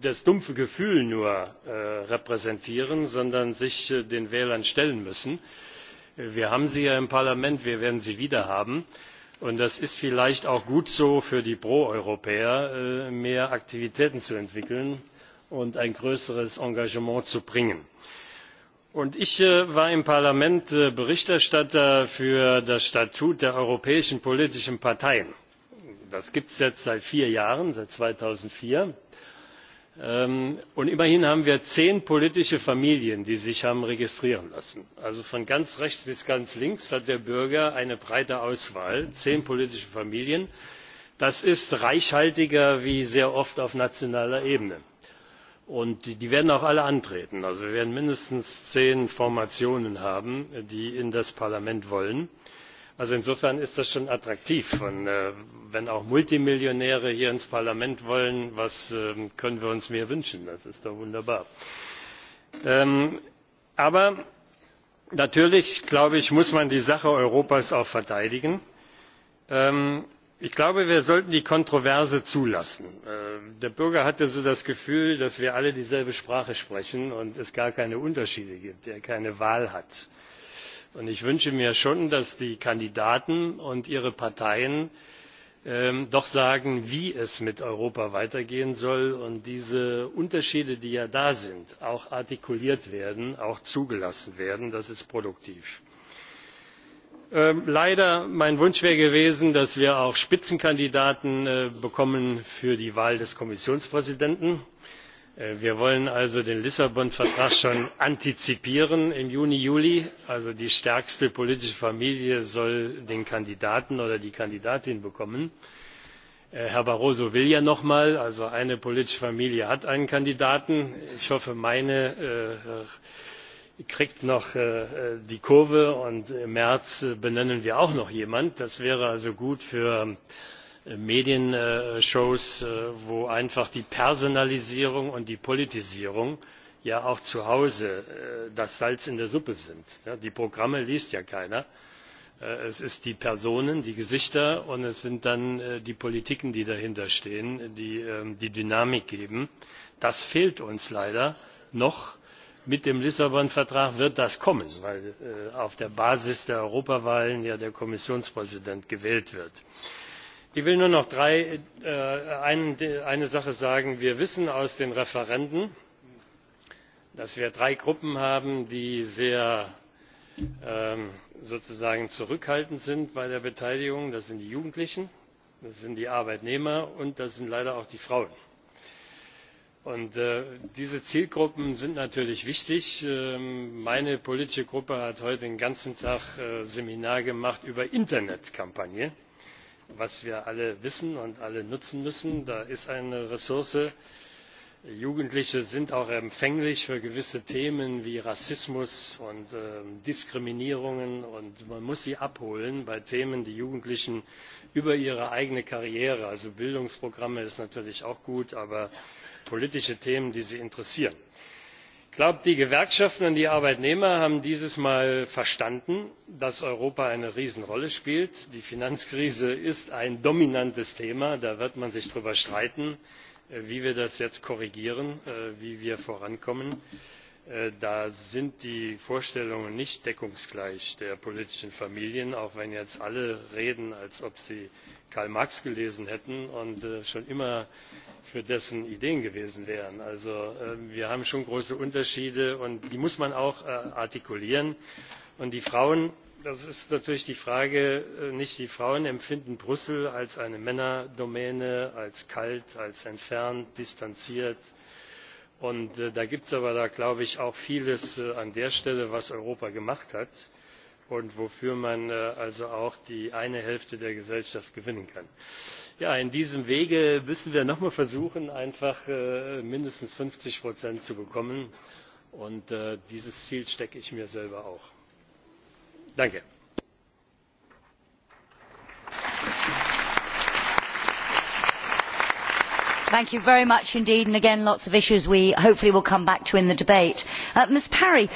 das dumpfe Gefühl nur repräsentieren, sondern sich den Wählern stellen müssen wir haben sie ja im parlament wir werden sie wieder haben und das ist vielleicht auch gut so für die pro europäer äh, mehr aktivitäten zu entwickeln und ein größeres engagement zu bringen. ich äh, war im parlament äh, berichterstatter für das statut der europäischen politischen parteien. das gibt es jetzt seit vier jahren seit zweitausendvier Ähm, und immerhin haben wir zehn politische Familien, die sich haben registrieren lassen. Also von ganz rechts bis ganz links hat der Bürger eine breite Auswahl, zehn politische Familien. Das ist reichhaltiger wie sehr oft auf nationaler Ebene. Und die, werden auch alle antreten. Also wir werden mindestens zehn Formationen haben, die in das Parlament wollen. Also insofern ist das schon attraktiv. Und äh, wenn auch Multimillionäre hier ins Parlament wollen, was ähm, können wir uns mehr wünschen? Das ist doch wunderbar. Ähm, aber natürlich, muss man die Sache Europas auch verteidigen. Ähm, ich glaube, wir sollten die Kontroverse zulassen. der Bürger hatte so das Gefühl, dass wir alle dieselbe Sprache sprechen und es gar keine Unterschiede gibt, er keine Wahl hat. Und ich wünsche mir schon, dass die Kandidaten und ihre Parteien ähm, doch sagen, wie es mit Europa weitergehen soll und diese Unterschiede, die ja da sind, auch artikuliert werden, auch zugelassen werden. Das ist produktiv. Ähm, leider wäre mein Wunsch gewesen, dass wir auch Spitzenkandidaten äh, bekommen für die Wahl des Kommissionspräsidenten. bekommen Äh, wir wollen also den lissabon vertrag schon antizipieren im juni juli also die stärkste politische familie soll den kandidaten oder die kandidatin bekommen. Äh, herr barroso will ja noch mal also eine politische familie hat einen kandidaten ich hoffe meine äh, kriegt noch äh, die kurve und im märz äh, benennen wir auch noch jemanden das wäre also gut für Äh, Medienshows, äh, äh, wo einfach die Personalisierung und die Politisierung ja auch zu Hause das Salz in der Suppe sind. Die Programme liest ja keiner. Es ist die Personen, die Gesichter und es sind dann die Politiken, die dahinter stehen, die ähm, die Dynamik geben. Das fehlt uns leider noch. Mit dem Lissabon-Vertrag wird das kommen, weil auf der Basis der Europawahlen ja der Kommissionspräsident gewählt wird. Ich will nur noch drei, äh, ein, eine Sache sagen. Wir wissen aus den Referenden, dass wir drei Gruppen haben, die sehr ähm, sozusagen zurückhaltend sind bei der Beteiligung. Das sind die Jugendlichen, das sind die Arbeitnehmer und das sind leider auch die Frauen. Und äh, diese Zielgruppen sind natürlich wichtig. Ähm, meine politische Gruppe hat heute den ganzen Tag äh, Seminar gemacht über Internetkampagne was wir alle wissen und alle nutzen müssen. Da ist eine Ressource. Jugendliche sind auch empfänglich für gewisse Themen wie Rassismus und ähm, Diskriminierungen und man muss sie abholen bei Themen, die Jugendlichen über ihre eigene Karriere, also Bildungsprogramme ist natürlich auch gut, aber politische Themen, die sie interessieren ich glaube die gewerkschaften und die arbeitnehmer haben dieses mal verstanden dass europa eine riesenrolle spielt. die finanzkrise ist ein dominantes thema da wird man sich darüber streiten äh, wie wir das jetzt korrigieren äh, wie wir vorankommen. Äh, da sind die vorstellungen nicht deckungsgleich der politischen familien auch wenn jetzt alle reden als ob sie karl marx gelesen hätten und äh, schon immer für dessen ideen gewesen wären. also äh, wir haben schon große unterschiede und die muss man auch artikulieren. und die frauen das ist natürlich die frage nicht die frauen empfinden brüssel als eine männerdomäne als kalt als entfernt distanziert Und äh, da gibt es aber, da glaube ich, auch vieles äh, an der Stelle, was Europa gemacht hat und wofür man äh, also auch die eine Hälfte der Gesellschaft gewinnen kann. Ja, in diesem Wege müssen wir nochmal versuchen, einfach äh, mindestens 50 Prozent zu bekommen. Und äh, dieses Ziel stecke ich mir selber auch. Danke. Thank you very much indeed, and again, lots of issues we hopefully will come back to in the debate. Uh, Ms. Parry,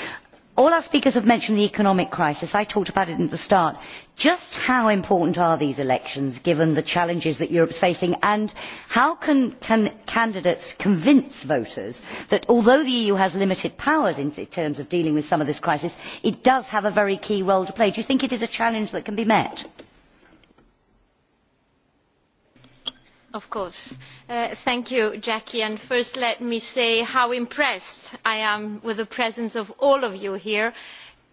all our speakers have mentioned the economic crisis. I talked about it at the start. Just how important are these elections, given the challenges that Europe is facing, and how can, can candidates convince voters that although the EU has limited powers in terms of dealing with some of this crisis, it does have a very key role to play? Do you think it is a challenge that can be met? Of course. Uh, thank you, Jackie. And first, let me say how impressed I am with the presence of all of you here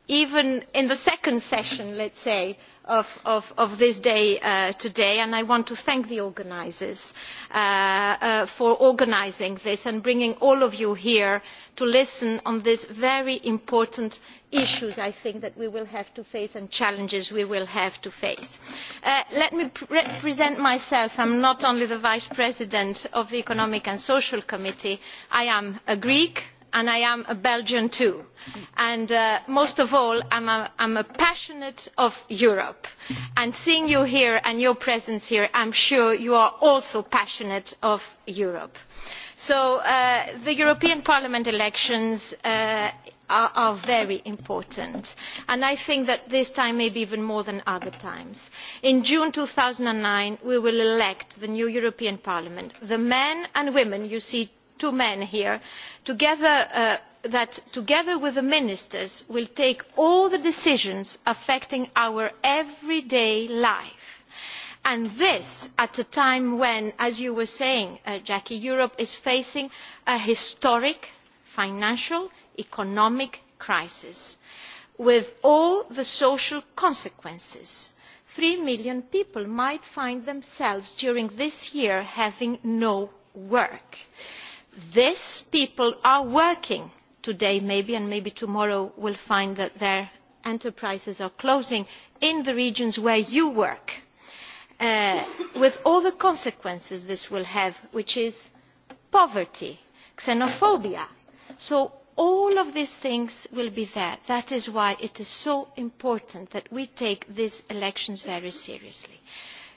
even in the second session, let's say, of, of, of this day uh, today, and I want to thank the organisers uh, uh, for organising this and bringing all of you here to listen on these very important issues, I think, that we will have to face and challenges we will have to face. Uh, let me pre present myself. I'm not only the Vice President of the Economic and Social Committee. I am a Greek and I am a Belgian too. And uh, most of all, I'm a, I'm a passionate of Europe. And seeing you here and your presence here, I'm sure you are also passionate of Europe. So uh, the European Parliament elections uh, are, are very important. And I think that this time maybe even more than other times. In June two thousand nine we will elect the new European Parliament, the men and women you see two men here together, uh, that together with the ministers will take all the decisions affecting our everyday life and this at a time when as you were saying uh, Jackie Europe is facing a historic financial economic crisis with all the social consequences Three million people might find themselves during this year having no work. Uh, This people are working today maybe and maybe tomorrow will find that their enterprises are closing in the regions where you work uh, with all the consequences this will have which is poverty xenophobia so all of these things will be there that is why it is so important that we take these elections very seriously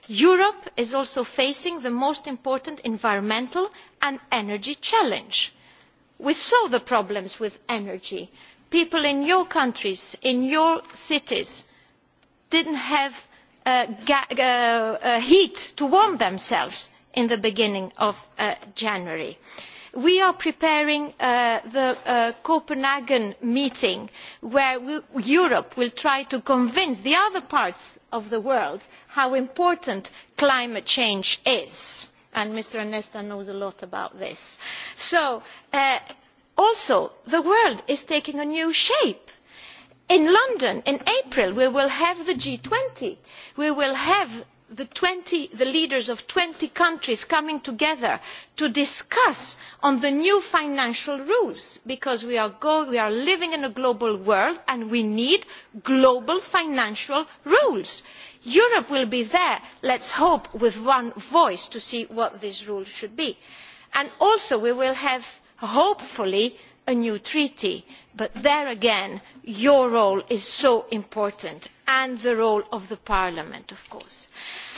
Europe is also facing the most important environmental and energy challenge. We saw the problems with energy. People in your countries, in your cities, did not have uh, uh, uh, heat to warm themselves in the beginning of uh, January. Uh, we are preparing uh, the uh, copenhagen meeting where we, europe will try to convince the other parts of the world how important climate change is and mr nesta knows a lot about this. so uh, also the world is taking a new shape. in london in april we will have the g twenty we will have the, leaders of twenty countries coming together to discuss the new financial rules because we are, living in a global world and we need global financial rules. europe will be there let us hope with one voice to see what these rules should be. also we will have hopefully a new treaty but there again your role is so important and the role of the parliament of course.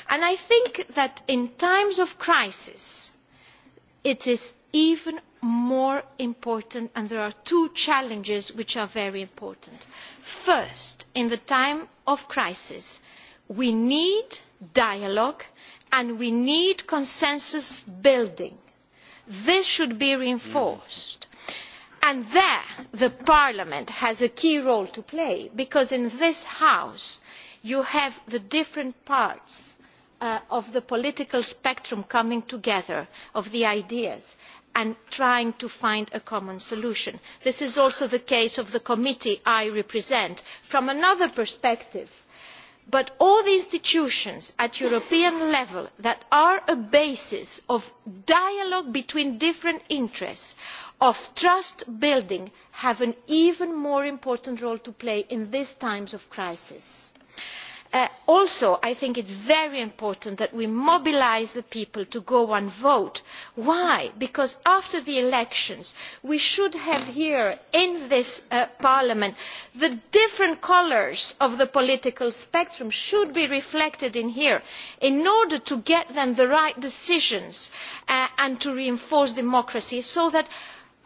And i think that in times of crisis it is even more important and there are two challenges which are very important. first in the time of crisis we need dialogue and we need consensus building. this should be reinforced and there the parliament has a key role to play because in this house you have the different parts uh, of the political spectrum coming together of the ideas and trying to find a common solution. This is also the case of the committee I represent from another perspective. But all the institutions at European level that are a basis of dialogue between different interests, of trust building have an even more important role to play in these times of crisis. Uh, also i think it is very important that we mobilise the people to go and vote. why? because after the elections we should have here in this uh, parliament the different colours of the political spectrum should be reflected in here in order to get them the right decisions uh, and to reinforce democracy so that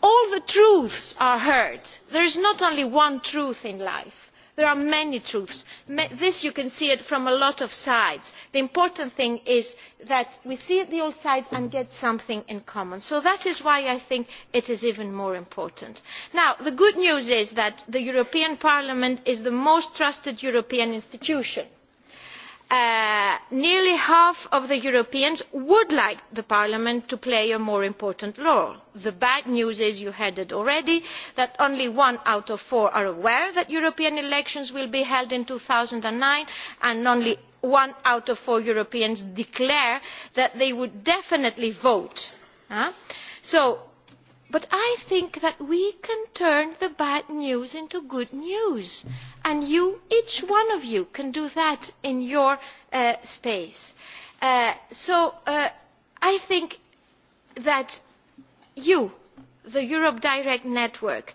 all the truths are heard. There is not only one truth in life. There are many truths. This you can see it from a lot of sides. The important thing is that we see the old sides and get something in common. So that is why I think it is even more important. Now, the good news is that the European Parliament is the most trusted European institution. Uh, nearly half of the Europeans would like Parliament to play a more important role. The bad news is you heard it already that only one out of four are aware that European elections will be held in two thousand nine and only one out of four Europeans declare that they would definitely vote. Huh? So But I think that we can turn the bad news into good news. And you, each one of you, can do that in your uh, space. Uh, so uh, I think that you, the Europe Direct Network, uh,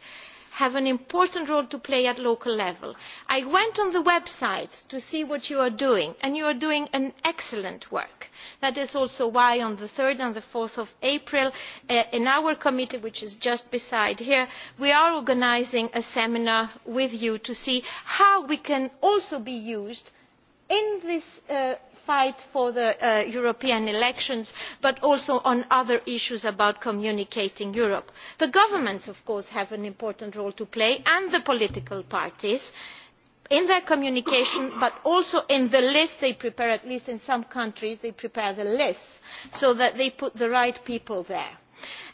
have an important role to play at local level. I went on the website to see what you are doing, and you are doing an excellent work. That is also why on the 3rd and the 4th of April, uh, in our committee, which is just beside here, we are organising a seminar with you to see how we can also be used in this uh, fight for the uh, European elections, but also on other issues about communicating Europe. The governments, of course, have an important role to play, and the political parties in their communication but also in the list they prepare at least in some countries they prepare the lists so that they put the right people there.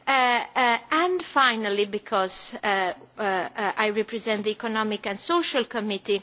Uh, uh, and finally because uh, uh, uh I represent the economic and social committee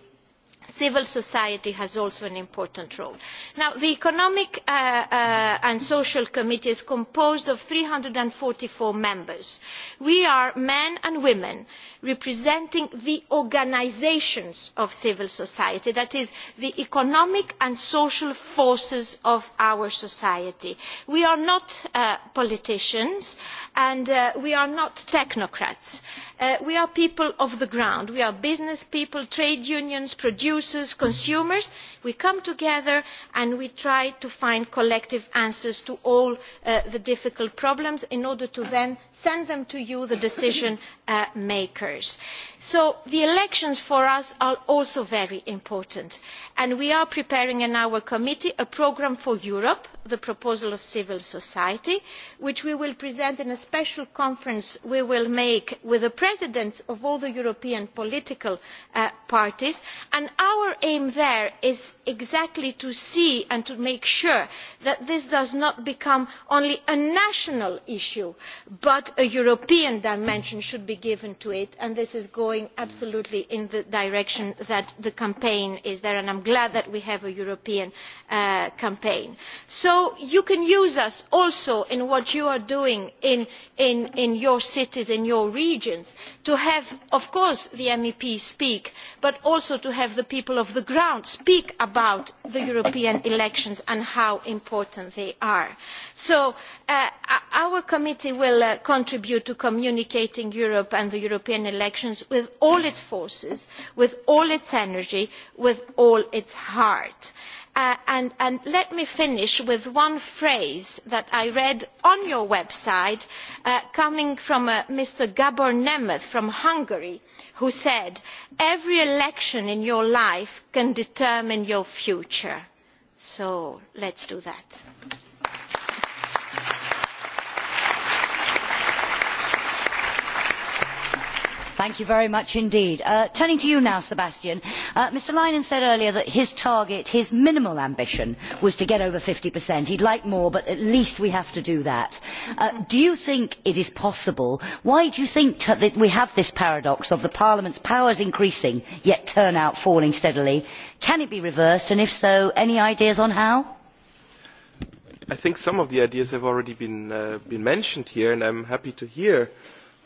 civil society has also an important role. Now, the Economic uh, uh, and Social Committee is composed of three hundred and forty four members. We are men and women representing the organisations of civil society, that is, the economic and social forces of our society. We are not uh, politicians and uh, we are not technocrats. Uh, we are people of the ground. We are business people, trade unions, producers, consumers. We come together and we try to find collective answers to all uh, the difficult problems in order to then send them to you, the decision uh, makers. So the elections for us are also very important and we are preparing in our committee a programme for Europe, the proposal of civil society, which we will present in a special conference we will make with the presidents of all the European political uh, parties and our aim there is exactly to see and to make sure that this does not become only a national issue but a European dimension should be given to it and this is going absolutely in the direction that the campaign is there, and I am glad that we have a European uh, campaign. So you can use us also in what you are doing in, in, in your cities, in your regions, to have, of course, the MEPs speak, but also to have the people of the ground speak about the European elections and how important they are. So uh, our committee will uh, contribute to communicating Europe and the European elections with with all its forces, with all its energy, with all its heart. Uh, and, and let me finish with one phrase that I read on your website uh, coming from uh, Mr. Gabor Nemeth from Hungary, who said, Every election in your life can determine your future. So let's do that. Thank you very much indeed. Uh, turning to you now, Sebastian. Uh, Mr. Leinen said earlier that his target, his minimal ambition, was to get over 50%. He'd like more, but at least we have to do that. Uh, do you think it is possible? Why do you think that we have this paradox of the Parliament's powers increasing, yet turnout falling steadily? Can it be reversed, and if so, any ideas on how? I think some of the ideas have already been, uh, been mentioned here, and I'm happy to hear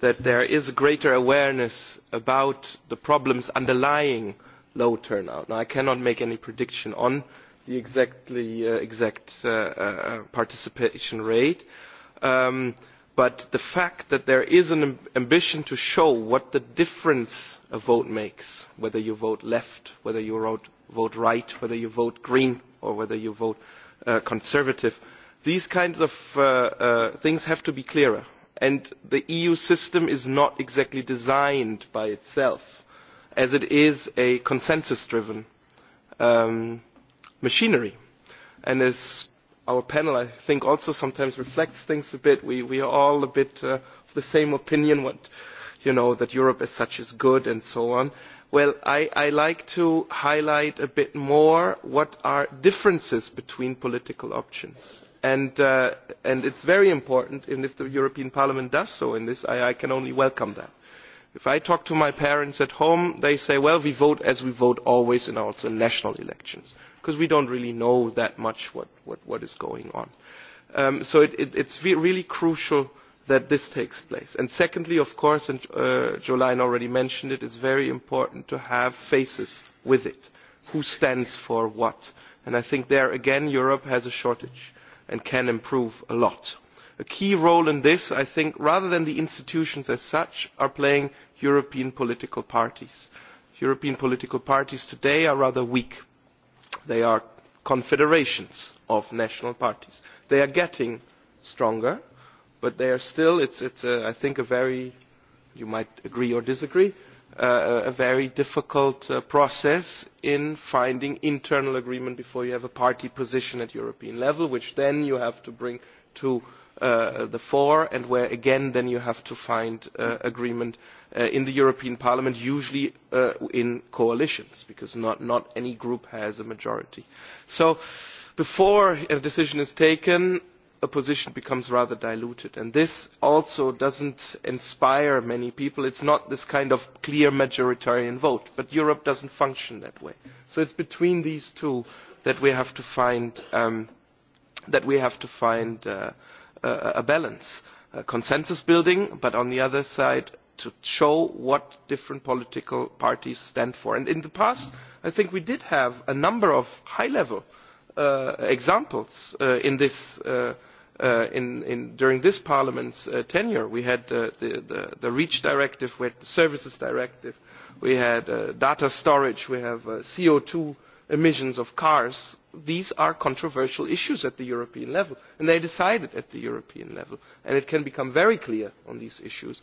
that there is greater awareness about the problems underlying low turnout. Now, I cannot make any prediction on the exactly, uh, exact uh, uh, participation rate, um, but the fact that there is an ambition to show what the difference a vote makes, whether you vote left, whether you vote, vote right, whether you vote green, or whether you vote uh, conservative, these kinds of uh, uh, things have to be clearer and the EU system is not exactly designed by itself, as it is a consensus-driven um, machinery. And as our panel, I think, also sometimes reflects things a bit, we, we are all a bit uh, of the same opinion, what, you know, that Europe as such is good and so on. Well, I, I like to highlight a bit more what are differences between political options. And, uh, and it's very important, and if the European Parliament does so in this, I, I can only welcome that. If I talk to my parents at home, they say, well, we vote as we vote always in our national elections, because we don't really know that much what, what, what is going on. Um, so it, it, it's really crucial that this takes place. And secondly, of course, and uh, Jolaine already mentioned it, it's very important to have faces with it. Who stands for what? And I think there again Europe has a shortage and can improve a lot. A key role in this, I think, rather than the institutions as such, are playing European political parties. European political parties today are rather weak. They are confederations of national parties. They are getting stronger, but they are still, it's, it's uh, I think, a very, you might agree or disagree, uh, a very difficult uh, process in finding internal agreement before you have a party position at European level, which then you have to bring to uh, the fore and where again then you have to find uh, agreement uh, in the European Parliament, usually uh, in coalitions, because not, not any group has a majority. So before a decision is taken, a position becomes rather diluted. And this also doesn't inspire many people. It's not this kind of clear majoritarian vote. But Europe doesn't function that way. So it's between these two that we have to find, um, that we have to find uh, a, a balance. A uh, consensus building, but on the other side, to show what different political parties stand for. And in the past, I think we did have a number of high-level uh, examples uh, in this uh, uh, in, in, during this Parliament's uh, tenure. We had uh, the, the, the REACH directive, we had the services directive, we had uh, data storage, we have uh, CO2 emissions of cars. These are controversial issues at the European level, and they decided at the European level. And it can become very clear on these issues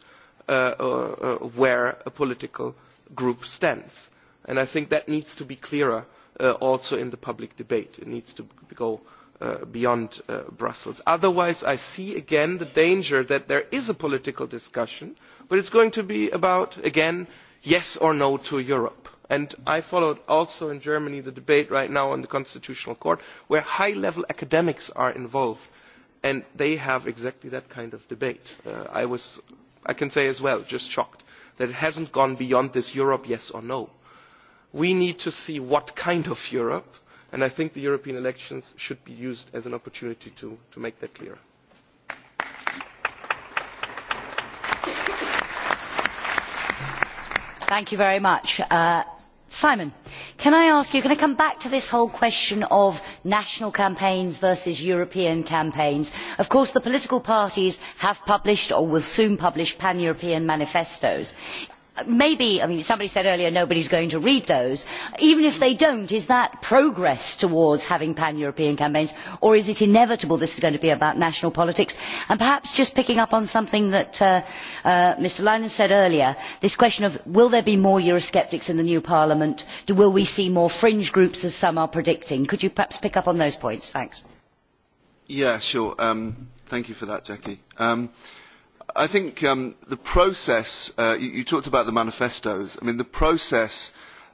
uh, uh, uh, where a political group stands. And I think that needs to be clearer uh, also in the public debate. It needs to go Uh, beyond uh, Brussels. Otherwise, I see again the danger that there is a political discussion, but it's going to be about, again, yes or no to Europe. And I followed also in Germany the debate right now on the Constitutional Court, where high-level academics are involved, and they have exactly that kind of debate. Uh, I was, I can say as well, just shocked that it hasn't gone beyond this Europe, yes or no. We need to see what kind of Europe, uh, And I think the European elections should be used as an opportunity to, to make that clear. Thank you very much. Uh, Simon, can I ask you, can I come back to this whole question of national campaigns versus European campaigns? Of course, the political parties have published or will soon publish pan-European manifestos maybe, I mean, somebody said earlier nobody's going to read those. Even if they don't, is that progress towards having pan-European campaigns, or is it inevitable this is going to be about national politics? And perhaps just picking up on something that uh, uh, Mr. Leinen said earlier, this question of will there be more Eurosceptics in the new Parliament? Do, will we see more fringe groups as some are predicting? Could you perhaps pick up on those points? Thanks. Yeah, sure. Um, thank you for that, Jackie. Um, I think um, the process, uh, you, you talked about the manifestos. I mean, the process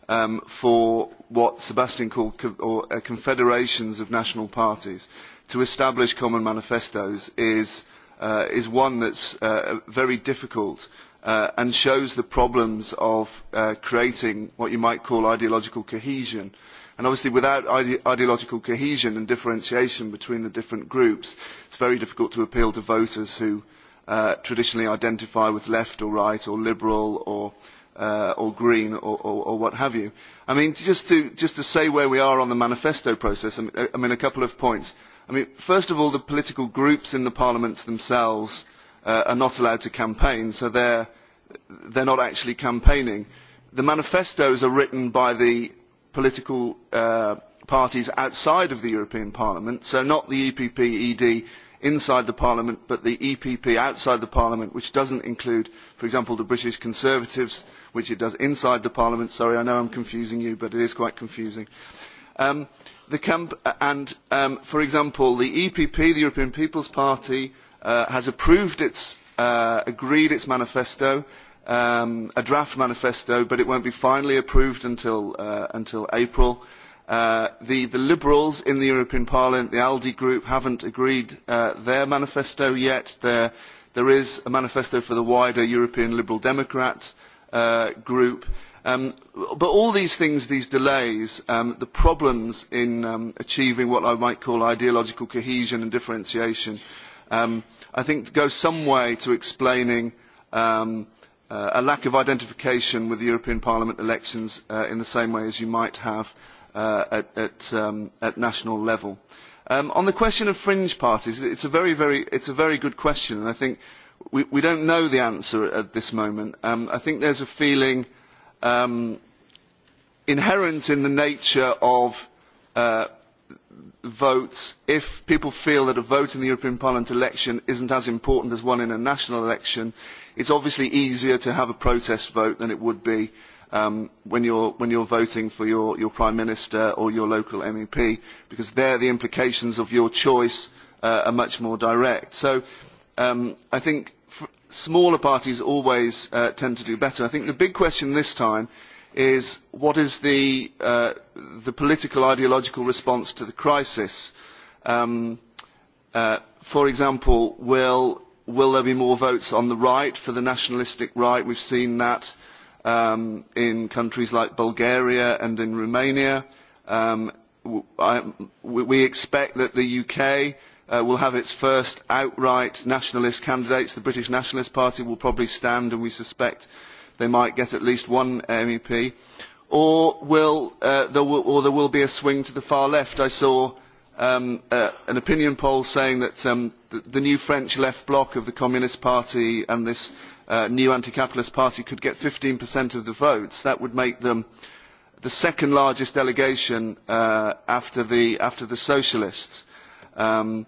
um, for what Sebastian called co or, uh, confederations of national parties to establish common manifestos is, uh, is one that's uh, very difficult uh, and shows the problems of uh, creating what you might call ideological cohesion. And obviously without ide ideological cohesion and differentiation between the different groups, it's very difficult to appeal to voters who uh, traditionally identify with left or right or liberal or, uh, or green or, or, or what have you. I mean, just to, just to say where we are on the manifesto process, I mean, uh, I mean a couple of points. I mean, first of all, the political groups in the parliaments themselves uh, are not allowed to campaign, so they're, they're not actually campaigning. The manifestos are written by the political uh, parties outside of the European Parliament, so not the EPP, ED, inside the Parliament but the EPP outside the Parliament which does not include for example the British Conservatives which it does inside the Parliament sorry I know I am confusing you but it is quite confusing um, the camp uh, and um, for example the EPP the European People's Party uh, has approved its uh, agreed its manifesto um, a draft manifesto but it won't be finally approved until uh, until April Uh, the, the Liberals in the European Parliament, the ALDE group, haven't agreed uh, their manifesto yet. There, there is a manifesto for the wider European Liberal Democrat uh, group. Um, but all these things, these delays, um, the problems in um, achieving what I might call ideological cohesion and differentiation, um, I think go some way to explaining um, uh, a lack of identification with the European Parliament elections uh, in the same way as you might have Uh, at, at, um, at national level. Um, on the question of fringe parties, it's a very, very, it's a very good question, and I think we, we don't know the answer at this moment. Um, I think there's a feeling um, inherent in the nature of uh, votes if people feel that a vote in the European Parliament election isn't as important as one in a national election, it's obviously easier to have a protest vote than it would be um, when, you're, when you're voting for your, your Prime Minister or your local MEP, because there the implications of your choice uh, are much more direct. So um, I think smaller parties always uh, tend to do better. I think the big question this time is what is the, uh, the political ideological response to the crisis? Um, uh, for example, will, will there be more votes on the right for the nationalistic right? We've seen that. Uh, um, in countries like Bulgaria and in Romania. Um, I, we expect that the UK uh, will have its first outright nationalist candidates. The British Nationalist Party will probably stand, and we suspect they might get at least one MEP. Or, will, uh, there, will, or there will be a swing to the far left. I saw um, uh, an opinion poll saying that um, the, the new French left bloc of the Communist Party and this uh, new anti-capitalist party could get 15% of the votes, that would make them the second largest delegation uh, after, the, after the socialists. Um,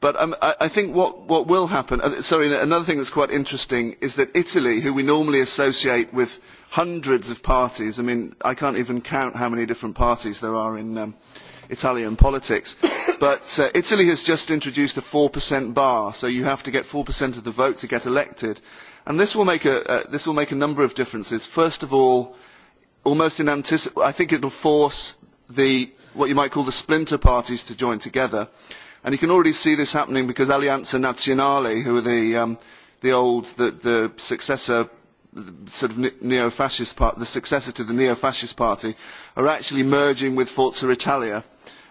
but um, I, I think what, what will happen, uh, sorry, another thing that's quite interesting is that Italy, who we normally associate with hundreds of parties, I mean, I can't even count how many different parties there are in um, Italian politics, [COUGHS] but uh, Italy has just introduced a 4% bar, so you have to get 4% of the vote to get elected. And this will make a, uh, this will make a number of differences. First of all, almost in anticip I think it will force the, what you might call the splinter parties to join together. And you can already see this happening because Alianza Nazionale, who are the, um, the old, the, the successor, the sort of neo-fascist part, the successor to the neo-fascist party, are actually merging with Forza Italia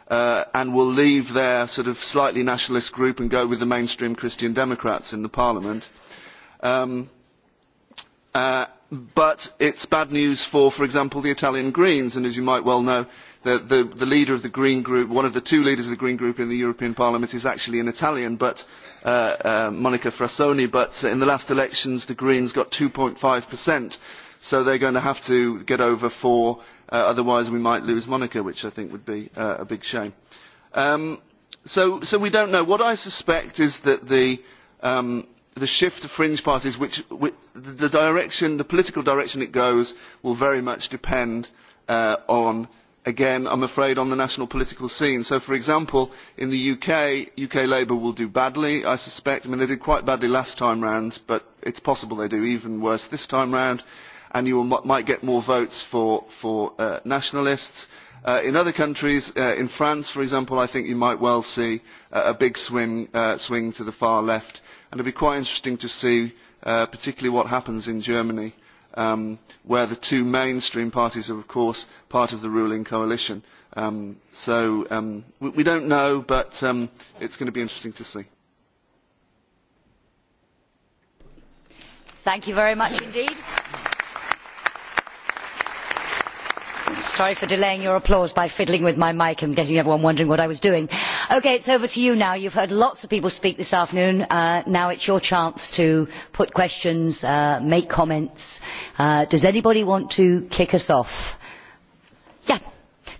uh, and will leave their sort of slightly nationalist group and go with the mainstream Christian Democrats in the parliament. Um, uh, but it's bad news for, for example, the Italian Greens. And as you might well know, the, the, the leader of the Green Group, one of the two leaders of the Green Group in the European Parliament is actually an Italian, but uh, uh, Monica Frassoni. But in the last elections, the Greens got 2.5%. So they're going to have to get over four, uh, otherwise we might lose Monica, which I think would be uh, a big shame. Um, so, so we don't know. What I suspect is that the... Um, the shift of fringe parties, which, which the direction, the political direction it goes, will very much depend uh, on, again, I'm afraid, on the national political scene. So, for example, in the UK, UK Labour will do badly, I suspect. I mean, they did quite badly last time round, but it's possible they do even worse this time round. And you will, might get more votes for, for uh, nationalists. Uh, in other countries, uh, in France, for example, I think you might well see uh, a big swing, uh, swing to the far left And it'll be quite interesting to see uh, particularly what happens in Germany, um, where the two mainstream parties are, of course, part of the ruling coalition. Um, so um, we, we don't know, but um, it's going to be interesting to see. Thank you very much indeed. Sorry for delaying your applause by fiddling with my mic and getting everyone wondering what I was doing. Okay, it's over to you now. You've heard lots of people speak this afternoon. Uh, now it's your chance to put questions, uh, make comments. Uh, does anybody want to kick us off? Yeah.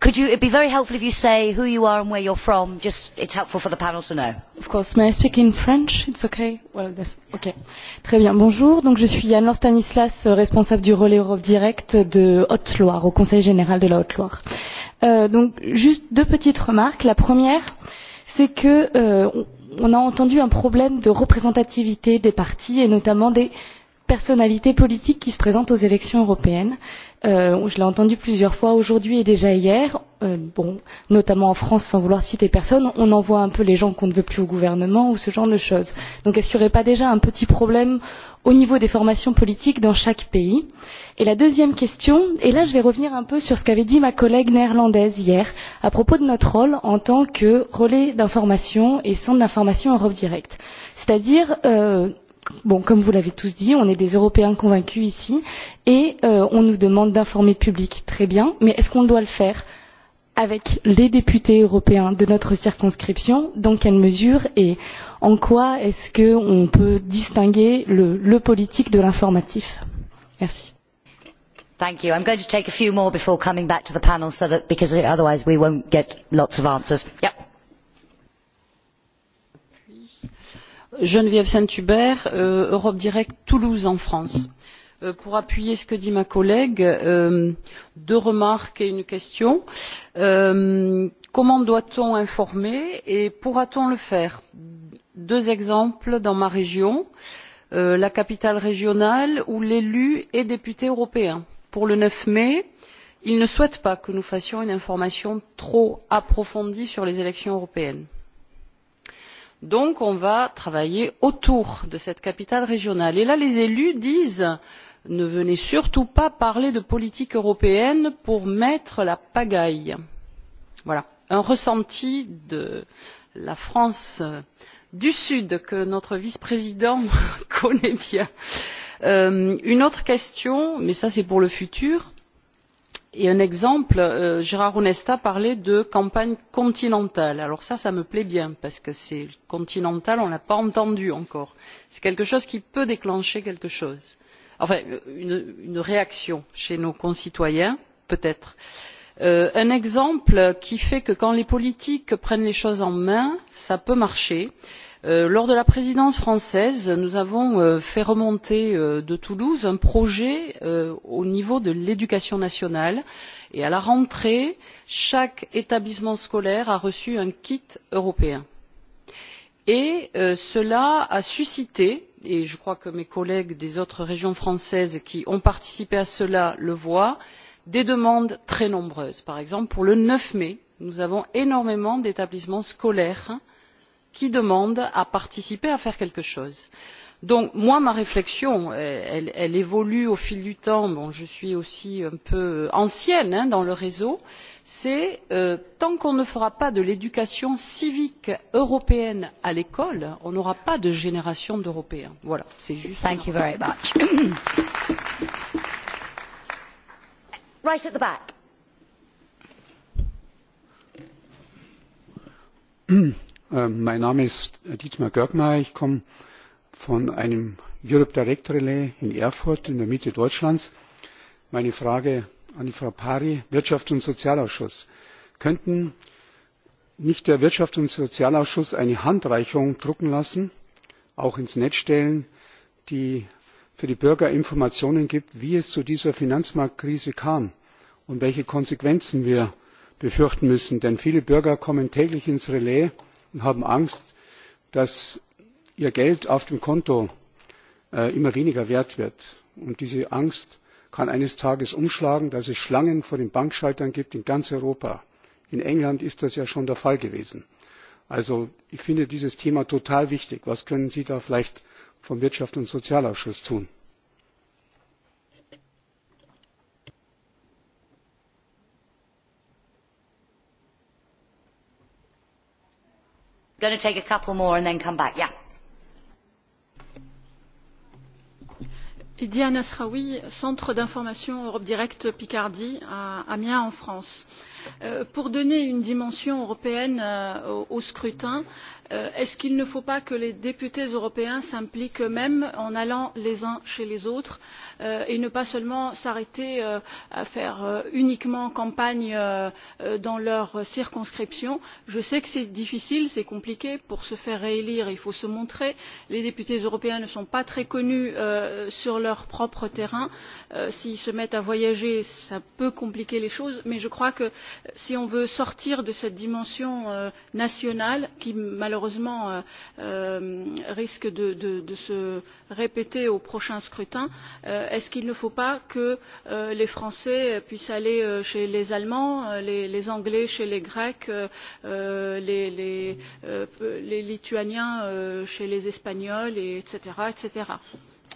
Could you, it'd be very helpful if you say who you are and where you're from, just, it's helpful for the panel to know. Of course, may I speak in French? It's okay? Well, that's okay. Très bien, bonjour. Donc, je suis Yann Stanislas, responsable du relais Europe Direct de Haute-Loire, au Conseil Général de la Haute-Loire. Euh, donc, juste deux petites remarques. La première, c'est que, euh, on a entendu un problème de représentativité des partis et notamment des personnalités politiques qui se présentent aux élections européennes euh, je l'ai entendu plusieurs fois aujourd'hui et déjà hier, euh, bon, notamment en France, sans vouloir citer personne, on envoie un peu les gens qu'on ne veut plus au gouvernement ou ce genre de choses. Donc est-ce qu'il n'y aurait pas déjà un petit problème au niveau des formations politiques dans chaque pays Et la deuxième question, et là je vais revenir un peu sur ce qu'avait dit ma collègue néerlandaise hier à propos de notre rôle en tant que relais d'information et centre d'information Europe Direct. C'est-à-dire, euh, Bon, comme vous l'avez tous dit, on est des Européens convaincus ici et euh, on nous demande d'informer le public très bien, mais est-ce qu'on doit le faire avec les députés européens de notre circonscription Dans quelle mesure et en quoi est-ce qu'on peut distinguer le, le politique de l'informatif Merci. Thank you. I'm going to take a few more before coming back to the panel so that because otherwise we won't get lots of answers. Yep. Geneviève Saint-Hubert, euh, Europe Direct Toulouse en France. Euh, pour appuyer ce que dit ma collègue, euh, deux remarques et une question. Euh, comment doit-on informer et pourra-t-on le faire Deux exemples dans ma région, euh, la capitale régionale où l'élu est député européen. Pour le 9 mai, il ne souhaite pas que nous fassions une information trop approfondie sur les élections européennes donc on va travailler autour de cette capitale régionale et là les élus disent ne venez surtout pas parler de politique européenne pour mettre la pagaille. voilà un ressenti de la france du sud que notre vice président [LAUGHS] connaît bien. Euh, une autre question mais ça c'est pour le futur Et un exemple, euh, Gérard Onesta parlait de campagne continentale. Alors ça, ça me plaît bien, parce que c'est continental, on ne l'a pas entendu encore. C'est quelque chose qui peut déclencher quelque chose. Enfin, une, une réaction chez nos concitoyens, peut-être. Euh, un exemple qui fait que quand les politiques prennent les choses en main, ça peut marcher. Euh, Euh, lors de la présidence française nous avons euh, fait remonter euh, de toulouse un projet au niveau de l'éducation nationale et à la rentrée chaque établissement scolaire a reçu un kit européen et cela a suscité et je crois que mes collègues des autres régions françaises qui ont participé à cela le voient des demandes très nombreuses. par exemple pour le neuf mai nous avons énormément d'établissements scolaires qui demandent à participer à faire quelque chose. donc moi, ma réflexion elle, elle évolue au fil du temps bon, je suis aussi un peu ancienne hein, dans le réseau c'est euh, tant qu'on ne fera pas de l'éducation civique européenne à l'école on n'aura pas de génération d'européens. voilà c'est juste. Thank you very much. [COUGHS] right at the back. [COUGHS] [COUGHS] Ähm, mein Name ist äh, Dietmar Görgmeier. Ich komme von einem Europe Direct Relay in Erfurt in der Mitte Deutschlands. Meine Frage an Frau Pari, Wirtschaft und Sozialausschuss. Könnten nicht der Wirtschaft und Sozialausschuss eine Handreichung drucken lassen, auch ins Netz stellen, die für die Bürger Informationen gibt, wie es zu dieser Finanzmarktkrise kam und welche Konsequenzen wir befürchten müssen. Denn viele Bürger kommen täglich ins Relais und haben Angst, dass ihr Geld auf dem Konto äh, immer weniger wert wird. Und diese Angst kann eines Tages umschlagen, dass es Schlangen vor den Bankschaltern gibt in ganz Europa. In England ist das ja schon der Fall gewesen. Also ich finde dieses Thema total wichtig. Was können Sie da vielleicht vom Wirtschafts- und Sozialausschuss tun? Going to take a couple more and then come back. Yeah. Idia Nasraoui, Centre d'information Europe Direct Picardie à Amiens en France. Euh, Euh, pour donner une dimension européenne euh, au scrutin, euh, est-ce qu'il ne faut pas que les députés européens s'impliquent eux-mêmes en allant les uns chez les autres et ne pas seulement s'arrêter à faire uniquement campagne dans leur circonscription Je sais que c'est difficile, c'est compliqué. Pour se faire réélire, il faut se montrer. Les députés européens ne sont pas très connus sur leur propre terrain. S'ils se mettent à voyager, ça peut compliquer les choses, mais je crois que si on veut sortir de cette dimension euh, nationale qui malheureusement euh, euh, risque de, de, de se répéter au prochain scrutin, euh, est-ce qu'il ne faut pas que euh, les Français puissent aller euh, chez les Allemands, euh, les, les Anglais chez les Grecs, euh, euh, les, les, euh, les Lituaniens euh, chez les Espagnols, et etc. etc.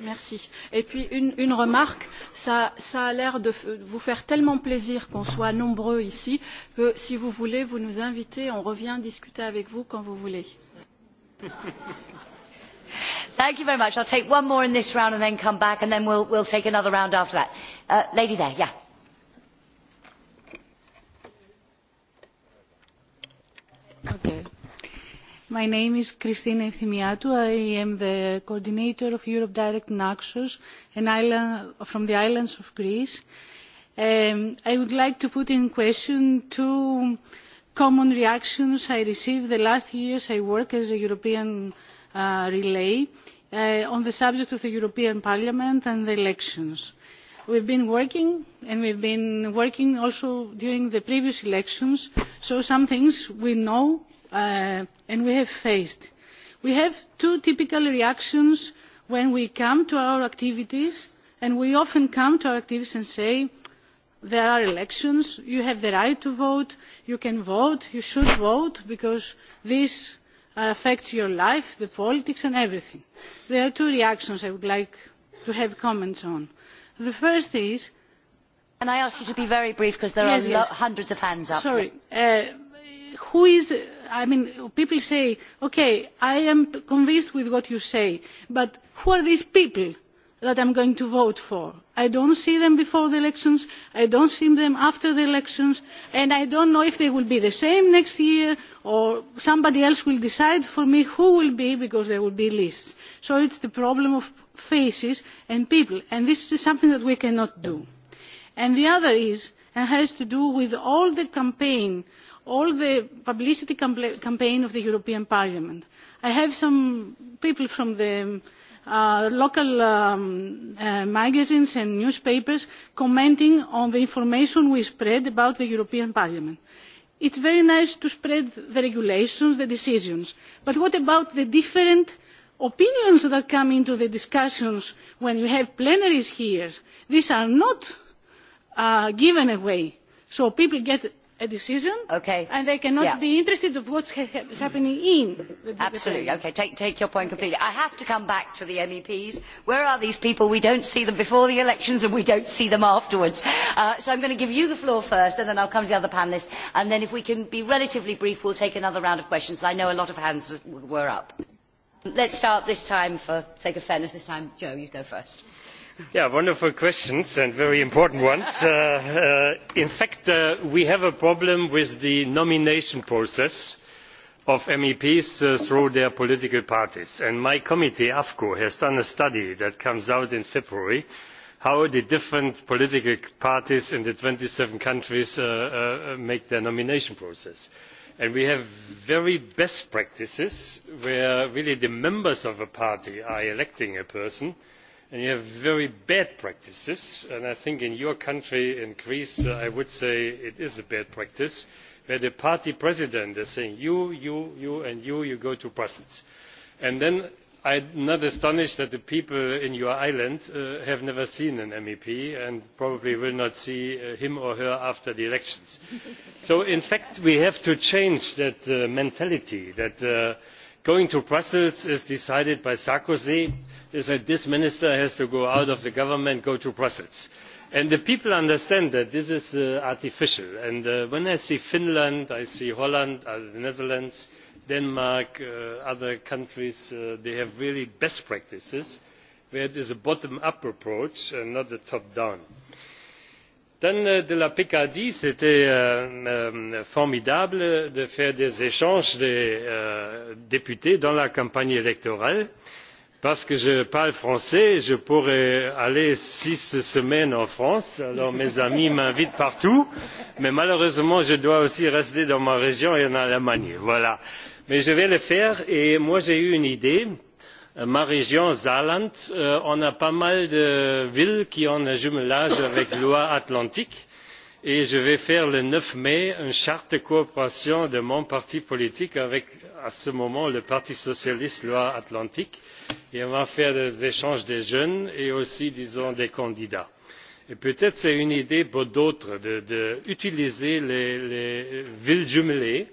Merci. Et puis une, une remarque, ça, ça a l'air de vous faire tellement plaisir qu'on soit nombreux ici que si vous voulez, vous nous invitez, on revient discuter avec vous quand vous voulez. [LAUGHS] Thank you very much. I'll take one more in this round and then come back and then we'll, we'll take another round after that. Uh, lady there, yeah. My name is Christina Efthimiatou. I am the coordinator of Europe Direct Naxos, an island from the islands of Greece. Um, I would like to put in question two common reactions I received the last years I work as a European uh, relay uh, on the subject of the European Parliament and the elections. We've been working and we've been working also during the previous elections, so some things we know uh, and we have faced. We have two typical reactions when we come to our activities and we often come to our activities and say there are elections, you have the right to vote, you can vote, you should vote because this affects your life, the politics and everything. There are two reactions I would like to have comments on. The first is... and I ask you to be very brief because there yes, are yes. hundreds of hands up. Sorry. Uh, who is I mean, people say, okay, I am convinced with what you say, but who are these people that I'm going to vote for? I don't see them before the elections, I don't see them after the elections, and I don't know if they will be the same next year or somebody else will decide for me who will be because there will be lists. So it's the problem of faces and people, and this is something that we cannot do. And the other is, and has to do with all the campaign all the publicity campaign of the European Parliament. I have some people from the uh, local um, uh, magazines and newspapers commenting on the information we spread about the European Parliament. It's very nice to spread the regulations, the decisions, but what about the different opinions that come into the discussions when you have plenaries here? These are not uh, given away. So people get a decision okay. and they cannot yeah. be interested in what's ha happening in the Absolutely. Okay, take, take your point completely. I have to come back to the MEPs. Where are these people? We don't see them before the elections and we don't see them afterwards. Uh, so I'm going to give you the floor first and then I'll come to the other panellists and then if we can be relatively brief we'll take another round of questions. I know a lot of hands were up. Let's start this time for sake of fairness this time. Joe, you go first. [LAUGHS] Yeah, wonderful questions and very important ones. Uh, uh, in fact, uh, we have a problem with the nomination process of MEPs uh, through their political parties. And my committee, AFCO, has done a study that comes out in February how the different political parties in the twenty seven countries uh, uh, make their nomination process. And we have very best practices where really the members of a party are electing a person and you have very bad practices and i think in your country in greece uh, i would say it is a bad practice where the party president is saying you you you and you you go to brussels and then i'm not astonished that the people in your island uh, have never seen an mep and probably will not see uh, him or her after the elections so in fact we have to change that uh, mentality that uh, going to brussels is decided by sarkozy he said this minister has to go out of the government go to brussels and the people understand that this is uh, artificial and uh, when i see finland i see holland uh, the netherlands denmark other countries they have really best practices where it is a bottom up approach and not a top down approach Dan de la PKD, c'était euh, euh, formidable de faire des échanges des euh, députés dans la campagne électorale. Parce que je parle français, je pourrais aller six semaines en France. Alors mes [LAUGHS] amis m'invitent partout. Mais malheureusement, je dois aussi rester dans ma région et en Allemagne. Voilà. Mais je vais le faire. Et moi, j'ai eu une idée ma région Saarland, euh, on a pas mal de villes qui ont un jumelage avec Loire Atlantique et je vais faire le neuf mai une charte de coopération de mon parti politique avec à ce moment le Parti socialiste Loire Atlantique et on va faire des échanges de jeunes et aussi disons des candidats. Et peut-être c'est une idée pour d'autres d'utiliser les, les villes jumelées.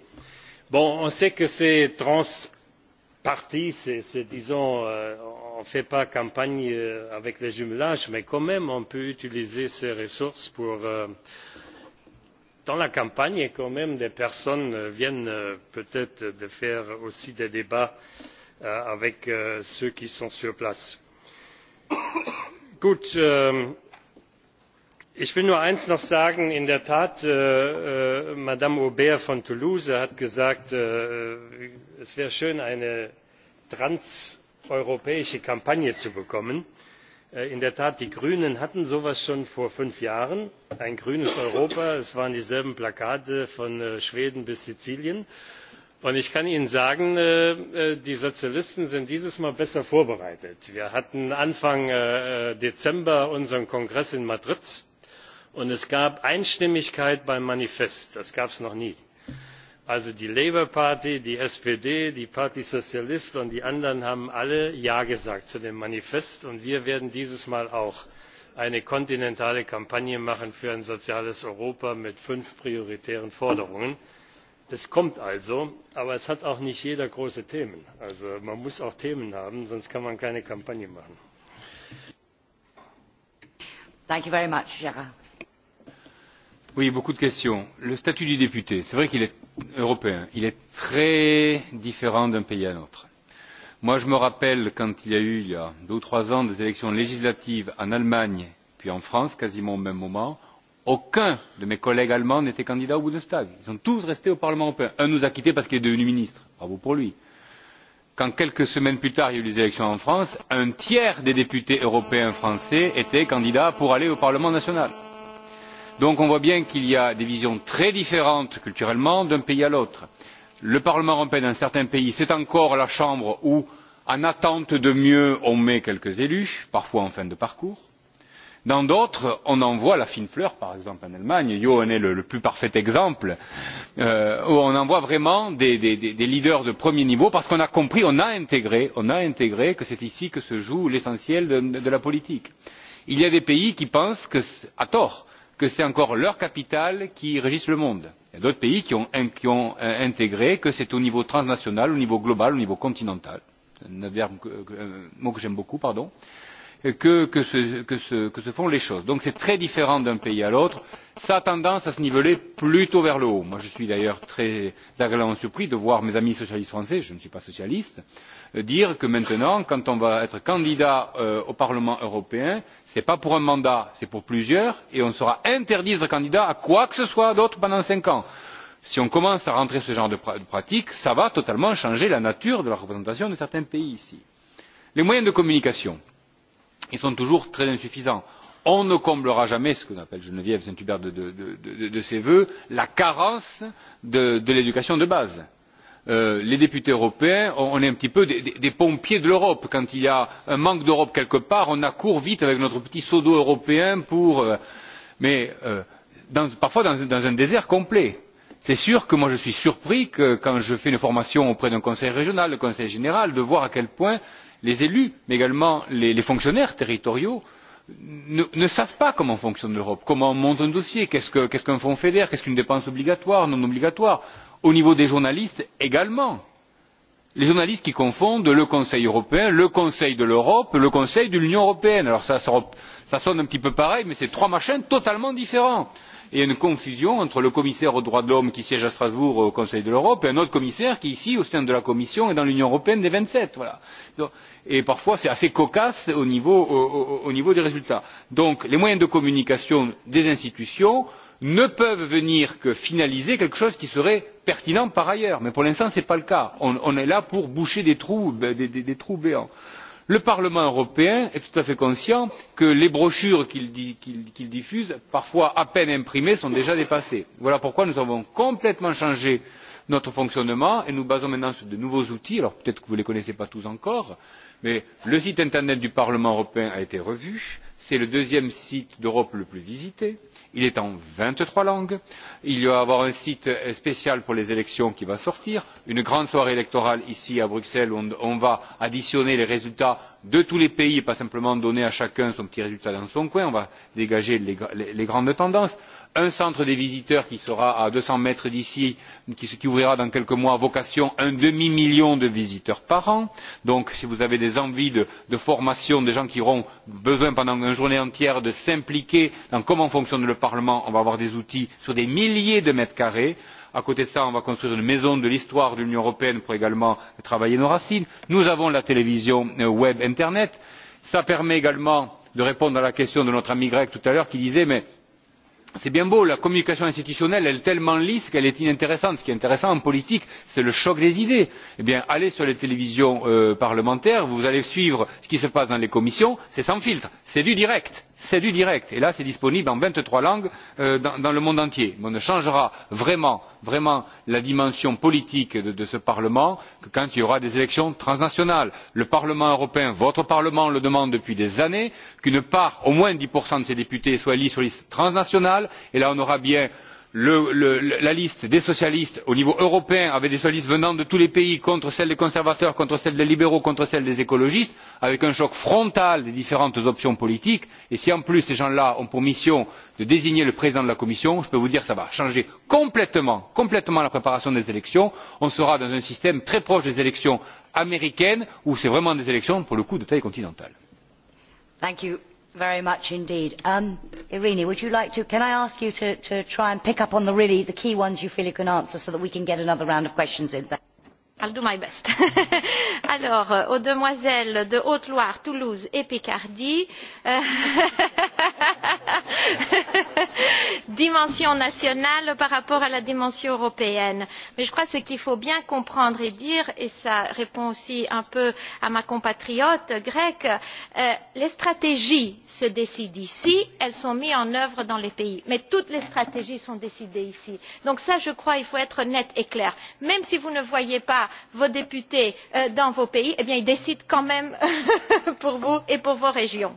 Bon, on sait que c'est trans parti, c'est, disons, euh, on ne fait pas campagne euh, avec les jumelages, mais quand même, on peut utiliser ces ressources pour. Euh, dans la campagne, et quand même, des personnes euh, viennent euh, peut-être de faire aussi des débats euh, avec ceux qui sont sur place. [COUGHS] Écoute, ich will nur eines noch sagen in der tat äh, äh, madame aubert von toulouse hat gesagt äh, es wäre schön eine transeuropäische kampagne zu bekommen. in der tat die grünen hatten so etwas schon vor fünf jahren ein grünes europa es waren dieselben plakate von schweden bis sizilien und ich kann ihnen sagen die sozialisten sind dieses mal besser vorbereitet. wir hatten anfang dezember unseren kongress in madrid und es gab einstimmigkeit beim manifest das gab es noch nie. also die labour party die spd die parti socialiste und die anderen haben alle ja gesagt zu dem manifest und wir werden dieses mal auch eine kontinentale kampagne machen für ein soziales europa mit fünf prioritären forderungen. es kommt also aber es hat auch nicht jeder große themen. also man muss auch themen haben sonst kann man keine kampagne machen. Thank you very much, Gerard. Oui, beaucoup de questions. Le statut du député, c'est vrai qu'il est européen. Il est très différent d'un pays à l'autre. Moi, je me rappelle quand il y a eu, il y a deux ou trois ans, des élections législatives en Allemagne, puis en France, quasiment au même moment. Aucun de mes collègues allemands n'était candidat au Bundestag. Ils sont tous restés au Parlement européen. Un nous a quittés parce qu'il est devenu ministre. Bravo pour lui. Quand quelques semaines plus tard, il y a eu les élections en France, un tiers des députés européens français étaient candidats pour aller au Parlement national. Donc on voit bien qu'il y a des visions très différentes culturellement d'un pays à l'autre. Le Parlement européen dans certains pays, c'est encore la chambre où, en attente de mieux, on met quelques élus, parfois en fin de parcours. Dans d'autres, on en voit la fine fleur, par exemple en Allemagne, Johan est le, le plus parfait exemple, euh, où on en voit vraiment des, des, des leaders de premier niveau parce qu'on a compris, on a intégré, on a intégré que c'est ici que se joue l'essentiel de, de la politique. Il y a des pays qui pensent que, à tort, que c'est encore leur capital qui régisse le monde. Il y a d'autres pays qui ont, qui ont euh, intégré que c'est au niveau transnational, au niveau global, au niveau continental, un, un mot que j'aime beaucoup, pardon, que, que, se, que, se, que se font les choses. Donc c'est très différent d'un pays à l'autre. Ça a tendance à se niveler plutôt vers le haut. Moi je suis d'ailleurs très agréablement surpris de voir mes amis socialistes français, je ne suis pas socialiste, euh, dire que maintenant, quand on va être candidat euh, au Parlement européen, ce n'est pas pour un mandat, c'est pour plusieurs, et on sera interdit d'être candidat à quoi que ce soit d'autre pendant cinq ans. Si on commence à rentrer ce genre de, pra de pratique, ça va totalement changer la nature de la représentation de certains pays ici. Les moyens de communication, ils sont toujours très insuffisants on ne comblera jamais ce qu'on appelle Geneviève Saint-Hubert de, de, de, de, de ses voeux, la carence de, de l'éducation de base. Euh, les députés européens, on est un petit peu des, des pompiers de l'Europe. Quand il y a un manque d'Europe quelque part, on accourt vite avec notre petit seau d'eau européen pour. Euh, mais euh, dans, parfois dans, dans un désert complet. C'est sûr que moi je suis surpris que quand je fais une formation auprès d'un conseil régional, d'un conseil général, de voir à quel point les élus, mais également les, les fonctionnaires territoriaux, ne, ne savent pas comment fonctionne l'Europe, comment on monte un dossier, qu'est-ce qu'un qu qu fonds fédère, qu'est-ce qu'une dépense obligatoire, non obligatoire Au niveau des journalistes également. Les journalistes qui confondent le Conseil européen, le Conseil de l'Europe, le Conseil de l'Union européenne. Alors ça, ça, ça sonne un petit peu pareil, mais c'est trois machins totalement différents. Il y a une confusion entre le commissaire aux droits de l'homme qui siège à Strasbourg au Conseil de l'Europe et un autre commissaire qui, ici, au sein de la Commission et dans l'Union européenne des vingt sept. Voilà. Et parfois, c'est assez cocasse au niveau, au, au, au niveau des résultats. Donc, les moyens de communication des institutions ne peuvent venir que finaliser quelque chose qui serait pertinent par ailleurs. Mais pour l'instant, ce n'est pas le cas. On, est là pour boucher des trous, des, trous béants. Le Parlement européen est tout à fait conscient que les brochures qu'il diffuse, parfois à peine imprimées, sont déjà dépassées. Voilà pourquoi nous avons complètement changé notre fonctionnement et nous basons maintenant sur de nouveaux outils. Alors peut-être que vous ne les connaissez pas tous encore, mais le site internet du Parlement européen a été revu c'est le deuxième site d'europe le plus visité il est en vingt trois langues il va y avoir un site spécial pour les élections qui va sortir une grande soirée électorale ici à bruxelles où on va additionner les résultats de tous les pays et pas simplement donner à chacun son petit résultat dans son coin on va dégager les, les, les grandes tendances un centre des visiteurs qui sera à deux cents mètres d'ici qui, qui ouvrira dans quelques mois vocation un demi million de visiteurs par an donc si vous avez des envies de, de formation des gens qui auront besoin pendant une journée entière de s'impliquer dans comment fonctionne le parlement on va avoir des outils sur des milliers de mètres carrés à côté de cela on va construire une maison de l'histoire de l'union européenne pour également travailler nos racines nous avons la télévision euh, web internet cela permet également de répondre à la question de notre ami grec tout à l'heure qui disait mais c'est bien beau la communication institutionnelle est tellement lisse qu'elle est inintéressante. ce qui est intéressant en politique c'est le choc des idées. eh bien allez sur les télévisions euh, parlementaires vous allez suivre ce qui se passe dans les commissions c'est sans filtre c'est du direct c'est du direct et là c'est disponible en vingt trois langues euh, dans, dans le monde entier. on ne changera vraiment vraiment la dimension politique de, de ce Parlement que quand il y aura des élections transnationales. Le Parlement européen, votre Parlement, le demande depuis des années, qu'une part, au moins dix de ses députés, soit élus sur liste transnationale, et là on aura bien le, le, la liste des socialistes au niveau européen avec des socialistes venant de tous les pays contre celle des conservateurs contre celle des libéraux contre celle des écologistes avec un choc frontal des différentes options politiques et si en plus ces gens là ont pour mission de désigner le président de la commission je peux vous dire que cela va changer complètement, complètement la préparation des élections on sera dans un système très proche des élections américaines où c'est vraiment des élections pour le coup de taille continentale very much indeed. Um, Irini, would you like to, can I ask you to, to try and pick up on the really, the key ones you feel you can answer so that we can get another round of questions in there? I'll do my best. [LAUGHS] Alors, euh, aux demoiselles de Haute-Loire, Toulouse et Picardie, euh, [LAUGHS] dimension nationale par rapport à la dimension européenne. Mais je crois que ce qu'il faut bien comprendre et dire, et ça répond aussi un peu à ma compatriote grecque, euh, les stratégies se décident ici, elles sont mises en œuvre dans les pays. Mais toutes les stratégies sont décidées ici. Donc ça, je crois, il faut être net et clair. Même si vous ne voyez pas pas vos députés euh, dans vos pays, eh bien, ils décident quand même [LAUGHS] pour vous et pour vos régions.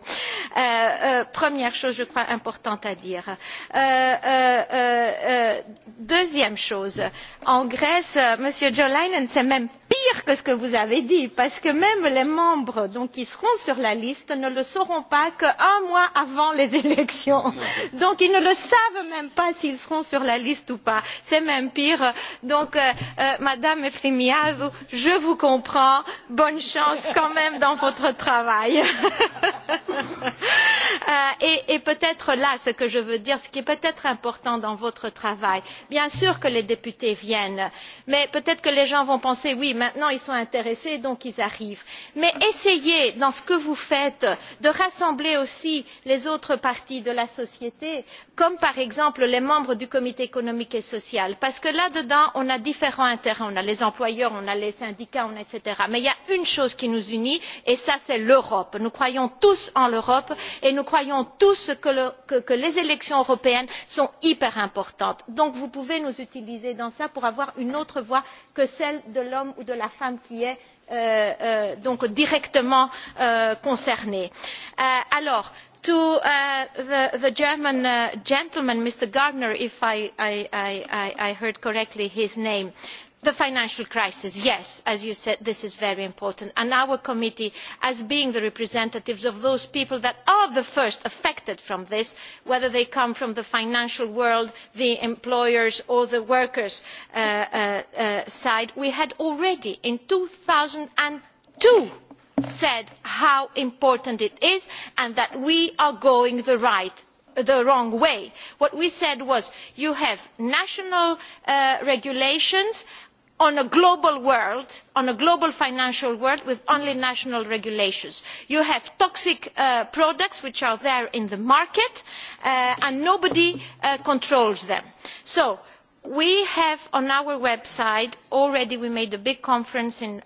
Euh, euh, première chose, je crois, importante à dire. Euh, euh, euh, euh deuxième chose, en Grèce, euh, Monsieur Jolainen, Leinen, c'est même pire que ce que vous avez dit, parce que même les membres donc, qui seront sur la liste ne le sauront pas qu'un mois avant les [LAUGHS] élections. Donc, ils ne le savent même pas s'ils seront sur la liste ou pas. C'est même pire. Donc, euh, euh, Madame Efremia, Gazo, je vous comprends. Bonne chance quand même dans votre travail. [LAUGHS] Euh, et et peut-être là, ce que je veux dire, ce qui est peut-être important dans votre travail, bien sûr que les députés viennent, mais peut-être que les gens vont penser, oui, maintenant ils sont intéressés, donc ils arrivent. Mais essayez, dans ce que vous faites, de rassembler aussi les autres parties de la société, comme par exemple les membres du comité économique et social, parce que là-dedans, on a différents intérêts. On a les employeurs, D'ailleurs, on a les syndicats etc. mais il y a une chose qui nous unit et c'est l'europe. nous croyons tous en l'europe et nous croyons tous que, les élections européennes sont hyper importantes. donc vous pouvez nous utiliser dans cela pour avoir une autre voix que celle de l'homme ou de la femme qui est euh, euh, donc directement euh, concerné. alors to the, German gentleman, Mr. Gardner, if I, heard correctly his name the financial crisis yes as you said this is very important and our committee as being the representatives of those people that are the first affected by this whether they come from the financial world the employers or the workers' uh, uh, uh, side we had already in two thousand and two said how important it is and that we are going the wrong way. what we said was you have national regulations and on a global world on a global financial world with only national regulations. you have toxic uh, products which are there in the market uh, and nobody uh, controls them. so we have on our website already we made a big conference in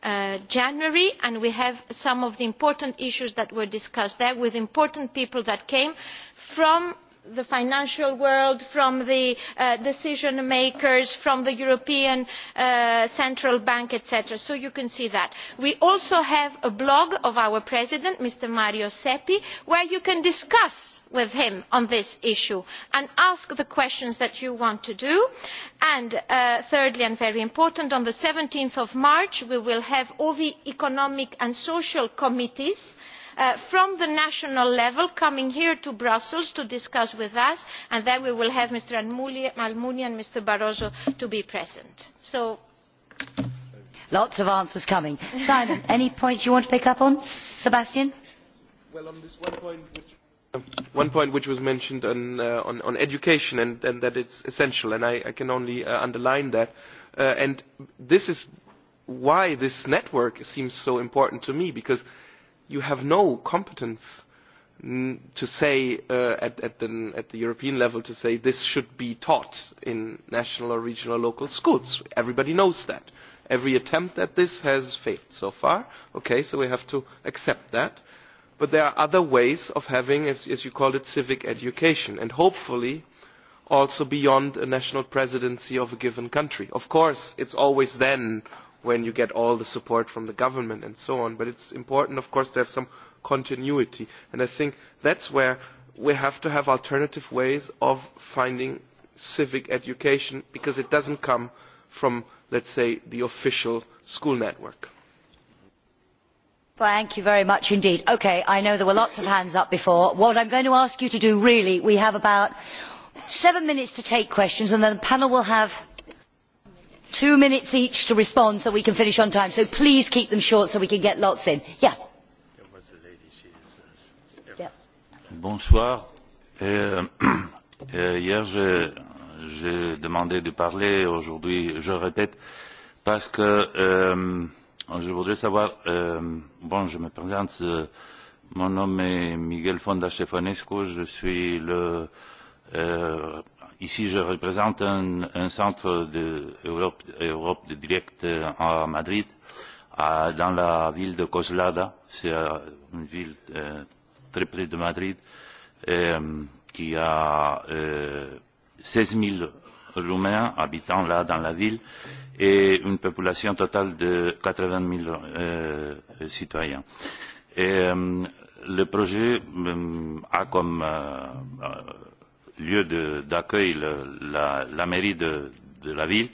january and we have some of the important issues that were discussed there with important people that came from the financial world, from the uh, decision makers, from the European uh, Central Bank, etc. So you can see that. We also have a blog of our president, Mr. Mario Seppi, where you can discuss with him on this issue and ask the questions that you want to do. And uh, thirdly, and very important, on the 17th of March, we will have all the economic and social committees uh, Uh, from the national level coming here to Brussels to discuss with us and then we will have Mr. Almunia and Mr. Barroso to be present. So, Lots of answers coming. Simon, any points you want to pick up on? Sebastian? Well, on this one point, which one point which was mentioned on, uh, on, on education and, and that it's essential, and I, I can only uh, underline that. Uh, and this is why this network seems so important to me, because you have no competence to say uh, at, at, the, at the European level to say this should be taught in national or regional or local schools. Everybody knows that. Every attempt at this has failed so far. Okay, so we have to accept that. But there are other ways of having, as, as you call it, civic education, and hopefully also beyond a national presidency of a given country. Of course, it's always then when you get all the support from the government and so on. But it's important, of course, to have some continuity. And I think that's where we have to have alternative ways of finding civic education because it doesn't come from, let's say, the official school network. Thank you very much indeed. Okay, I know there were lots of hands up before. What I'm going to ask you to do really, we have about seven minutes to take questions and then the panel will have two minutes each to respond so we can finish on time. So please keep them short so we can get lots in. Yeah. Bonsoir. Euh, [COUGHS] euh, hier, j'ai demandé de parler. Aujourd'hui, je répète parce que euh, je voudrais savoir. Euh, bon, je me présente. Euh, mon nom est Miguel Fonda Stefanescu. Je suis le euh, Ici, je représente un, un centre de Europe, Europe de direct euh, à Madrid, à, dans la ville de Coslada. C'est euh, une ville euh, très près de Madrid euh, qui a euh, 16 000 Roumains habitant là dans la ville et une population totale de 80 000 euh, citoyens. Et, euh, le projet euh, a comme euh, lieu d'accueil, la, la mairie de, de la ville.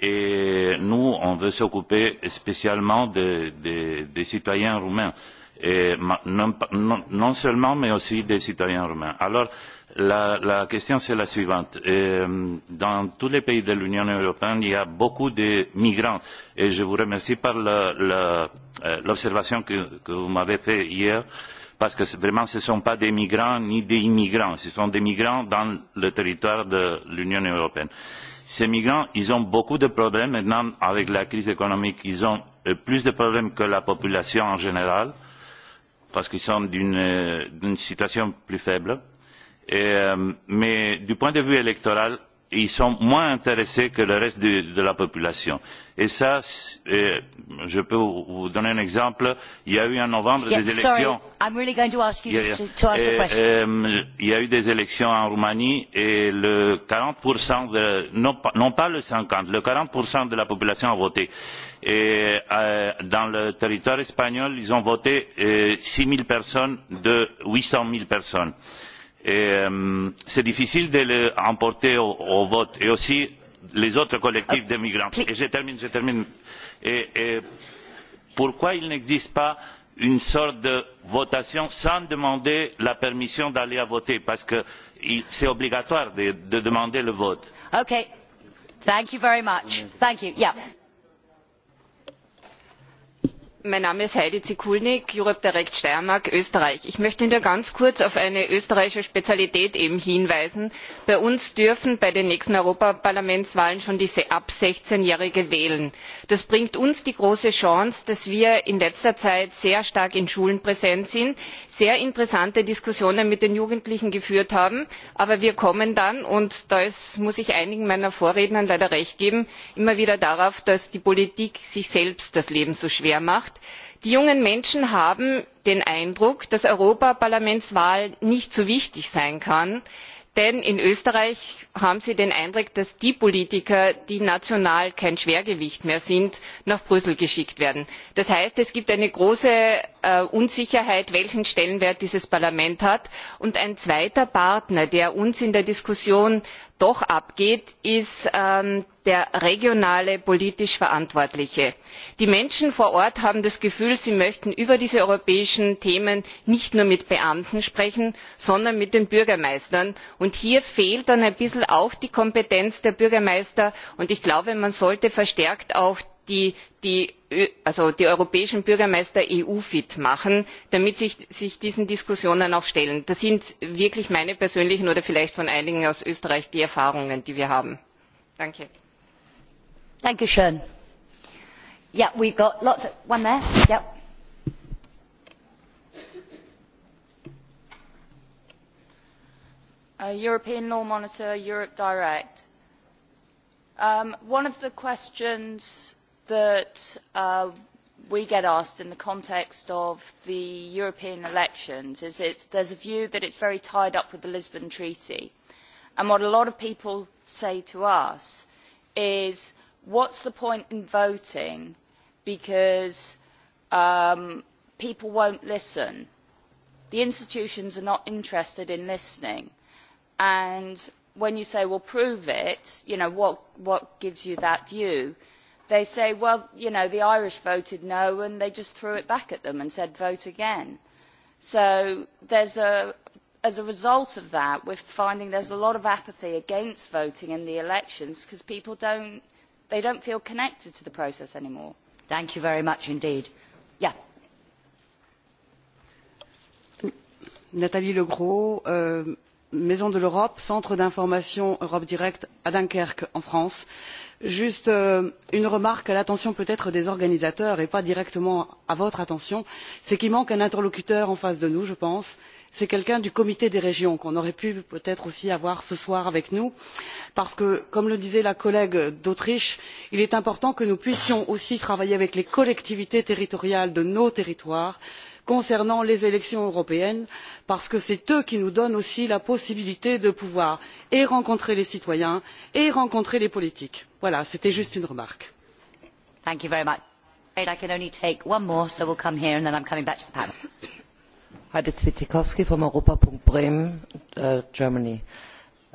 Et nous, on veut s'occuper spécialement des, des, des citoyens roumains. Et non, non, non seulement, mais aussi des citoyens roumains. Alors, la, la question, c'est la suivante. Et, euh, dans tous les pays de l'Union européenne, il y a beaucoup de migrants. Et je vous remercie par euh, l'observation que, que vous m'avez faite hier. Euh, parce que vraiment ce ne sont pas des migrants ni des immigrants, ce sont des migrants dans le territoire de l'Union européenne. Ces migrants, ils ont beaucoup de problèmes maintenant avec la crise économique, ils ont euh, plus de problèmes que la population en général, parce qu'ils sont d'une euh, situation plus faible. Et, euh, mais du point de vue électoral, ils sont moins intéressés que le reste de, de la population. Et ça, et euh, je peux vous donner un exemple. Il y a eu en novembre yeah, des élections. Sorry, really yeah, yeah. To, to et, euh, il y a eu des élections en Roumanie et le 40 de, non, non pas le 50, le 40 de la population a voté. Et euh, dans le territoire espagnol, ils ont voté euh, 6 000 personnes de 800 000 personnes. Ehm, c'est difficile de les emporter au, au vote et aussi les autres collectifs ah, de migrants. Et je termine, je termine. Et, et pourquoi il n'existe pas une sorte de votation sans demander la permission d'aller à voter parce que c'est obligatoire de, de demander le vote. OK. Thank you very much. Thank you. Yeah. Mein Name ist Heidi Zikulnik, Europe Direct Steiermark, Österreich. Ich möchte nur ganz kurz auf eine österreichische Spezialität eben hinweisen. Bei uns dürfen bei den nächsten Europaparlamentswahlen schon diese ab 16-Jährige wählen. Das bringt uns die große Chance, dass wir in letzter Zeit sehr stark in Schulen präsent sind, sehr interessante Diskussionen mit den Jugendlichen geführt haben, aber wir kommen dann, und da muss ich einigen meiner Vorrednern leider recht geben, immer wieder darauf, dass die Politik sich selbst das Leben so schwer macht macht. die jungen menschen haben den eindruck dass europaparlamentswahl nicht so wichtig sein kann denn in österreich haben sie den eindruck dass die politiker die national kein schwergewicht mehr sind nach brüssel geschickt werden. das heißt es gibt eine große äh, unsicherheit welchen stellenwert dieses parlament hat. und ein zweiter partner der uns in der diskussion doch abgeht ist ähm, der regionale politisch verantwortliche. die menschen vor ort haben das gefühl sie möchten über diese europäischen themen nicht nur mit beamten sprechen sondern mit den bürgermeistern und hier fehlt dann ein bisschen auch die kompetenz der bürgermeister und ich glaube man sollte verstärkt auch die, die, also die europäischen Bürgermeister EU-fit machen, damit sich, sich diesen Diskussionen auch stellen. Das sind wirklich meine persönlichen oder vielleicht von einigen aus Österreich die Erfahrungen, die wir haben. Danke. Danke Dankeschön. Yeah, we got lots of, one there. Yep. A uh, European Law Monitor, Europe Direct. Um, one of the questions that uh, we get asked in the context of the European elections is it's, there's a view that it's very tied up with the Lisbon Treaty. And what a lot of people say to us is, what's the point in voting because um, people won't listen? The institutions are not interested in listening. And when you say, well, prove it, you know, what, what gives you that view? they say, well, you know, the Irish voted no and they just threw it back at them and said vote again. So there's a, as a result of that, we're finding there's a lot of apathy against voting in the elections because people don't, they don't feel connected to the process anymore. Thank you very much indeed. Yeah. Nathalie Legros, euh, maison de l'Europe, centre d'information Europe Direct à Dunkerque en France. Juste euh, une remarque à l'attention peut-être des organisateurs et pas directement à votre attention, c'est qu'il manque un interlocuteur en face de nous, je pense. C'est quelqu'un du comité des régions qu'on aurait pu peut-être aussi avoir ce soir avec nous, parce que, comme le disait la collègue d'Autriche, il est important que nous puissions aussi travailler avec les collectivités territoriales de nos territoires concernant les élections européennes parce que c'est eux qui nous donnent aussi la possibilité de pouvoir et rencontrer les citoyens et rencontrer les politiques. voilà c'était juste une remarque. Bremen, äh, Germany.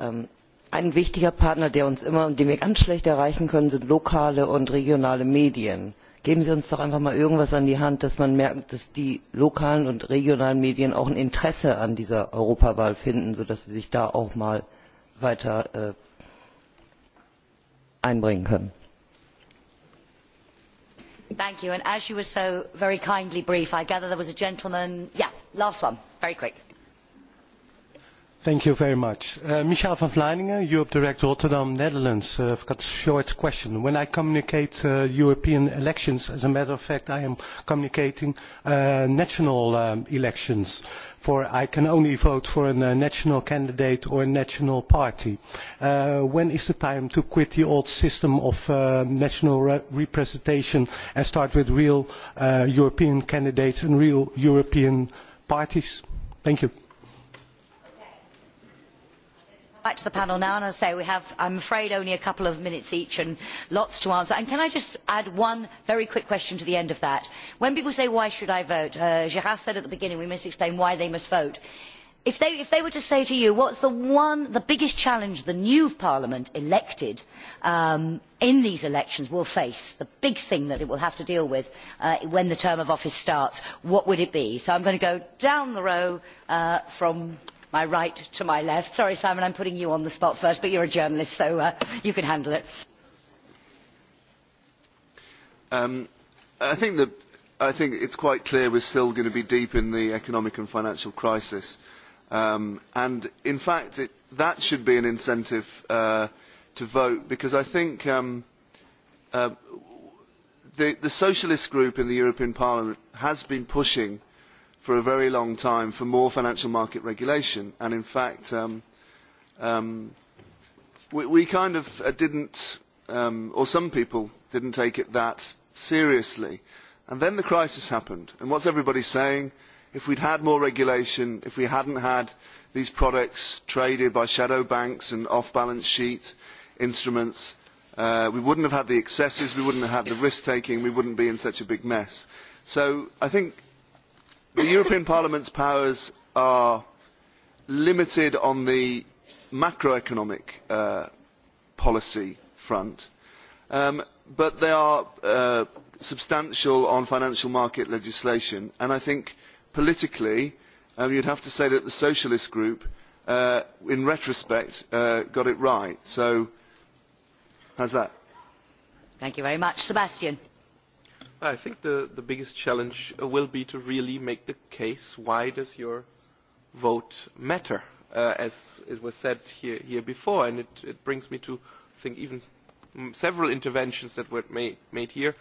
Ähm, ein wichtiger Partner, der uns immer und den wir ganz schlecht erreichen können, sind lokale und regionale Medien geben Sie uns doch einfach mal irgendwas an die Hand, dass man merkt, dass die lokalen und regionalen Medien auch ein Interesse an dieser Europawahl finden, sodass sie sich da auch mal weiter äh, einbringen können. Thank you. And as you were so very kindly brief, I gather there was a gentleman. Yeah, last one, very quick. Thank you very much. Uh, Michel van Vleiningen, Europe Director, Rotterdam, Netherlands. Uh, I've got a short question. When I communicate uh, European elections, as a matter of fact, I am communicating uh, national um, elections. For I can only vote for a uh, national candidate or a national party. Uh, when is the time to quit the old system of uh, national re representation and start with real uh, European candidates and real European parties? Thank you back to the panel now and I say we have I'm afraid only a couple of minutes each and lots to answer and can I just add one very quick question to the end of that when people say why should I vote uh, Gerard said at the beginning we must explain why they must vote if they, if they were to say to you what's the one the biggest challenge the new parliament elected um, in these elections will face the big thing that it will have to deal with uh, when the term of office starts what would it be so I'm going to go down the row uh, from my right to my left. Sorry, Simon, I'm putting you on the spot first, but you're a journalist, so uh, you can handle it. Um, I think that I think it's quite clear we're still going to be deep in the economic and financial crisis. Um, and in fact, it, that should be an incentive uh, to vote because I think um, uh, the, the socialist group in the European Parliament has been pushing for a very long time for more financial market regulation, and in fact, um, um, we, we kind of uh, didn't, um, or some people didn't take it that seriously. And then the crisis happened, and what's everybody saying? If we'd had more regulation, if we hadn't had these products traded by shadow banks and off-balance sheet instruments, uh, we wouldn't have had the excesses, we wouldn't have had the risk-taking, we wouldn't be in such a big mess. So I think the European Parliament's powers are limited on the macroeconomic uh, policy front, um, but they are uh, substantial on financial market legislation. And I think politically, um, you'd have to say that the Socialist Group, uh, in retrospect, uh, got it right. So, how's that? Thank you very much. Sebastian. I think the, the biggest challenge uh, will be to really make the case why does your vote matter, uh, as it was said here, here before. And it, it brings me to, I think, even several interventions that were made, made here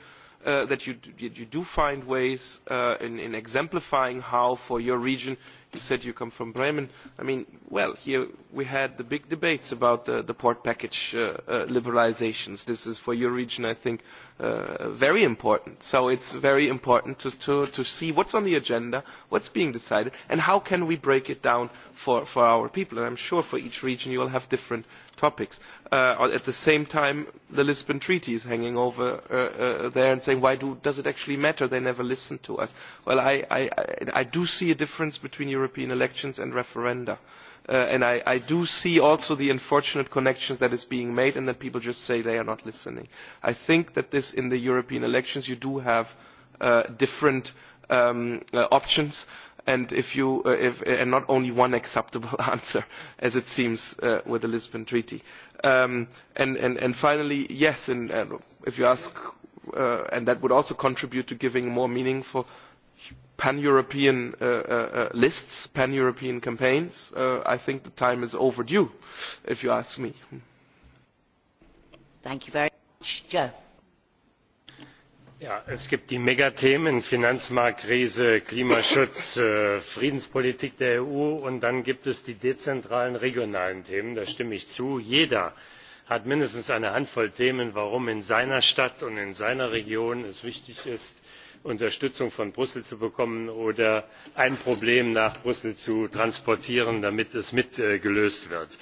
Uh, that you, you do find ways uh, in, in exemplifying how for your region, you said you come from Bremen, I mean, well, here we had the big debates about the, the port package uh, uh, liberalizations. This is for your region, I think, uh, very important. So it's very important to, to, to see what's on the agenda, what's being decided, and how can we break it down for, for our people. And I'm sure for each region you will have different topics. Uh, at the same time, the Lisbon Treaty is hanging over uh, uh, there and saying, why do, does it actually matter? They never listen to us. Well, I, I, I do see a difference between European elections and referenda. Uh, and I, I do see also the unfortunate connections that is being made and that people just say they are not listening. I think that this in the European elections you do have uh, different um, uh, options and if you uh, if uh, and not only one acceptable [LAUGHS] answer as it seems uh, with the Lisbon Treaty um, and, and and finally yes and, uh if you ask uh, and that would also contribute to giving more meaning for pan-European uh, uh, uh, lists, pan-European campaigns, uh, I think the time is overdue, if you ask me. Thank you very much. Joe es gibt die megathemen finanzmarktkrise klimaschutz [LAUGHS] äh, friedenspolitik der eu und dann gibt es die dezentralen regionalen themen da stimme ich zu. jeder hat mindestens eine handvoll themen warum es in seiner stadt und in seiner region wichtig ist unterstützung von brüssel zu bekommen oder ein problem nach brüssel zu transportieren damit es mitgelöst äh, wird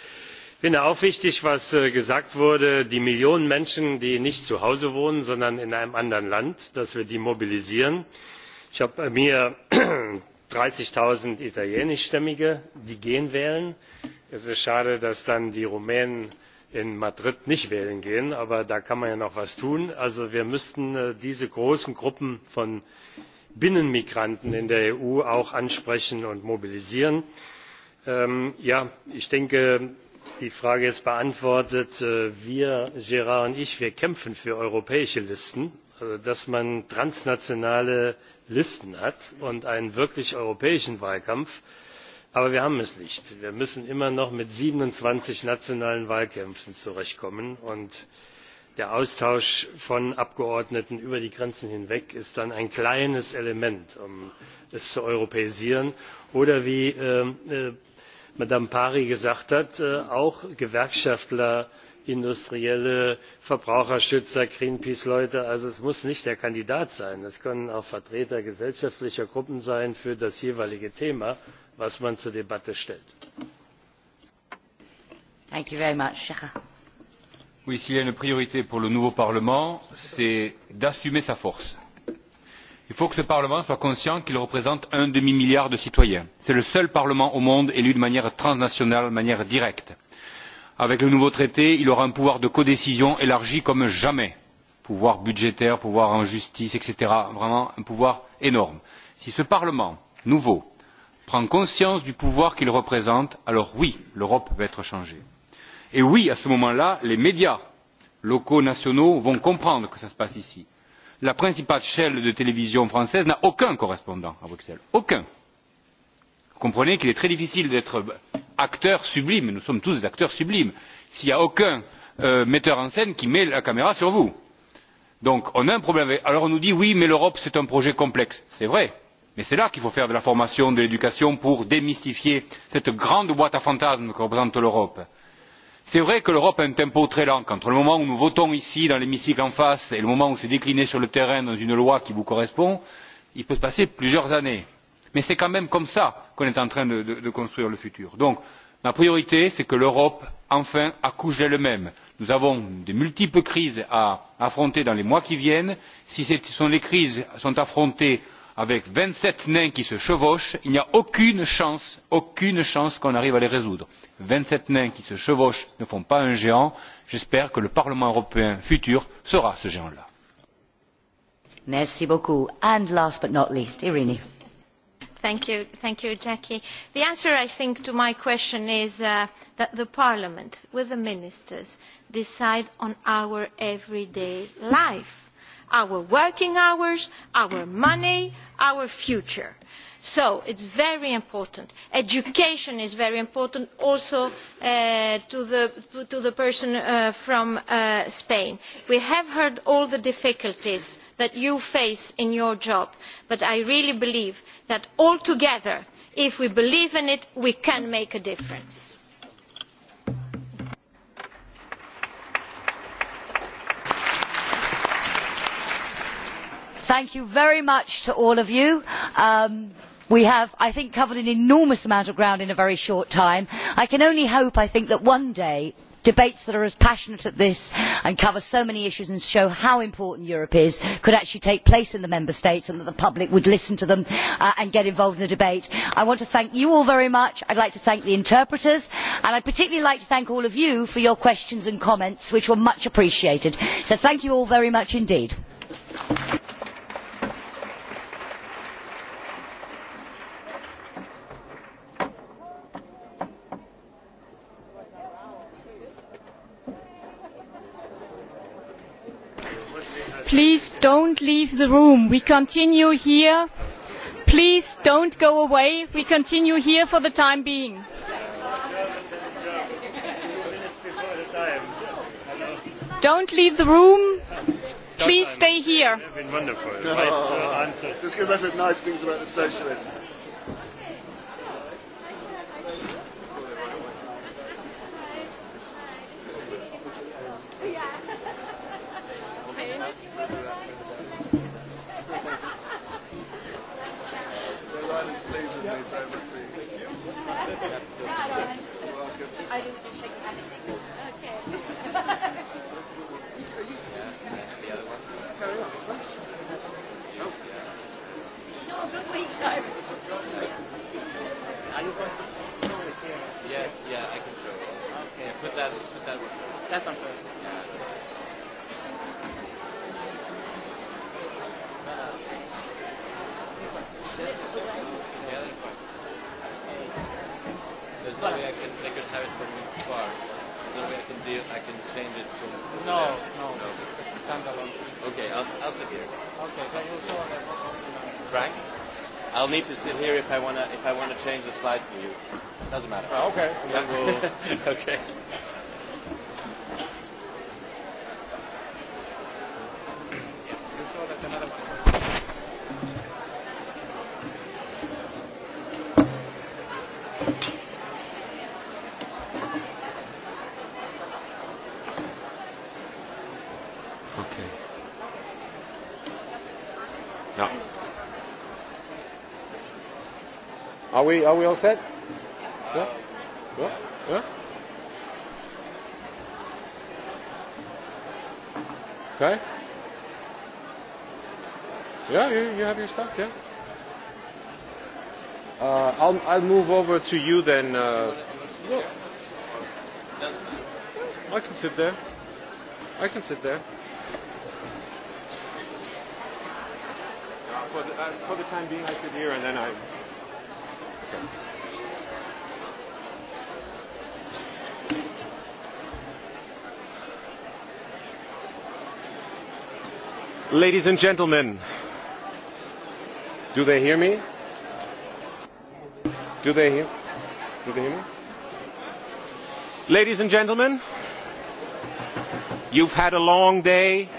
Ich finde auch wichtig, was äh, gesagt wurde, die Millionen Menschen, die nicht zu Hause wohnen, sondern in einem anderen Land, dass wir die mobilisieren. Ich habe bei äh, mir 30.000 [CLEARS THROAT] italienischstämmige, die gehen wählen. Es ist schade, dass dann die Rumänen in Madrid nicht wählen gehen, aber da kann man ja noch was tun. Also wir müssten äh, diese großen Gruppen von Binnenmigranten in der EU auch ansprechen und mobilisieren. Ähm, ja, ich denke, die frage ist beantwortet äh, wir gerard und ich wir kämpfen für europäische listen also dass man transnationale listen hat und einen wirklich europäischen wahlkampf aber wir haben es nicht. wir müssen immer noch mit siebenundzwanzig nationalen wahlkämpfen zurechtkommen und der austausch von abgeordneten über die grenzen hinweg ist dann ein kleines element um es zu europäisieren oder wie äh, äh, Madame Pari gesagt hat, äh, auch Gewerkschaftler, Industrielle, Verbraucherschützer, Greenpeace-Leute. Also es muss nicht der Kandidat sein. Es können auch Vertreter gesellschaftlicher Gruppen sein für das jeweilige Thema, das man zur Debatte stellt. s'il y a une priorité pour le nouveau Parlement, c'est d'assumer sa force il faut que ce parlement soit conscient qu'il représente un demi milliard de citoyens. c'est le seul parlement au monde élu de manière transnationale de manière directe. avec le nouveau traité il aura un pouvoir de codécision élargi comme jamais pouvoir budgétaire pouvoir en justice etc. vraiment un pouvoir énorme. si ce parlement nouveau prend conscience du pouvoir qu'il représente alors oui l'europe va être changée. et oui à ce moment là les médias locaux nationaux vont comprendre que ça se passe ici la principale chaîne de télévision française n'a aucun correspondant à Bruxelles. Aucun. Vous comprenez qu'il est très difficile d'être acteur sublime, nous sommes tous des acteurs sublimes, s'il n'y a aucun euh, metteur en scène qui met la caméra sur vous. Donc on a un problème. Avec... Alors on nous dit oui, mais l'Europe c'est un projet complexe. C'est vrai, mais c'est là qu'il faut faire de la formation, de l'éducation pour démystifier cette grande boîte à fantasmes que représente l'Europe c'est vrai que l'europe a un tempo très lent entre le moment où nous votons ici dans l'hémicycle en face et le moment où c'est décliné sur le terrain dans une loi qui vous correspond il peut se passer plusieurs années mais c'est quand même comme cela qu'on est en train de, de, de construire le futur. donc ma priorité c'est que l'europe enfin accouche d'elle même. nous avons de multiples crises à affronter dans les mois qui viennent si ce sont les crises sont affrontées avec vingt sept nains qui se chevauchent il n'y a aucune chance aucune chance qu'on arrive à les résoudre. vingt sept nains qui se chevauchent ne font pas un géant j'espère que le parlement européen futur sera ce géant là. Merci beaucoup. And last but not least, Irini. Thank you, thank you, Jackie. The answer, I think, to my question is uh, that the Parliament, with the ministers, decide on our everyday life our working hours, our money, our future. So it is very important. Education is very important also uh, to, the, to, the, person uh, from uh, Spain. We have heard all the difficulties that you face in your job, but I really believe that all together, if we believe in it, we can make a difference. thank you very much to all of you. Um, we have i think covered an enormous amount of ground in a very short time. i can only hope I think, that one day debates that are as passionate as this and cover so many issues and show how important europe is could actually take place in the member states and that the public would listen to them uh, and get involved in the debate. i want to thank you all very much. i would like to thank the interpreters and i would particularly like to thank all of you for your questions and comments which were much appreciated. so thank you all very much indeed. don't leave the room. We continue here. Please don't go away. We continue here for the time being. Don't leave the room. Please stay here. It's been wonderful. No. Just because I said nice things about the socialists. that, one first. Yeah. yeah, that's fine. There's no way I can, have it from There's no way I can deal, I can change it from. no, no, Okay, I'll, I'll sit here. Okay, so show Frank? I'll need to sit here if I wanna if I wanna change the slides for you. Doesn't matter. Oh, okay. Yeah. [LAUGHS] okay. we, are we all set? Yeah? Yeah? Yeah? Okay? Yeah, you, you have your stuff, yeah? Uh, I'll, I'll move over to you then. Uh, look. I can sit there. I can sit there. Uh, for the, uh, for the time being, I sit here and then I. Ladies and gentlemen, do they hear me? Do they hear? Do they hear me? Ladies and gentlemen, you've had a long day.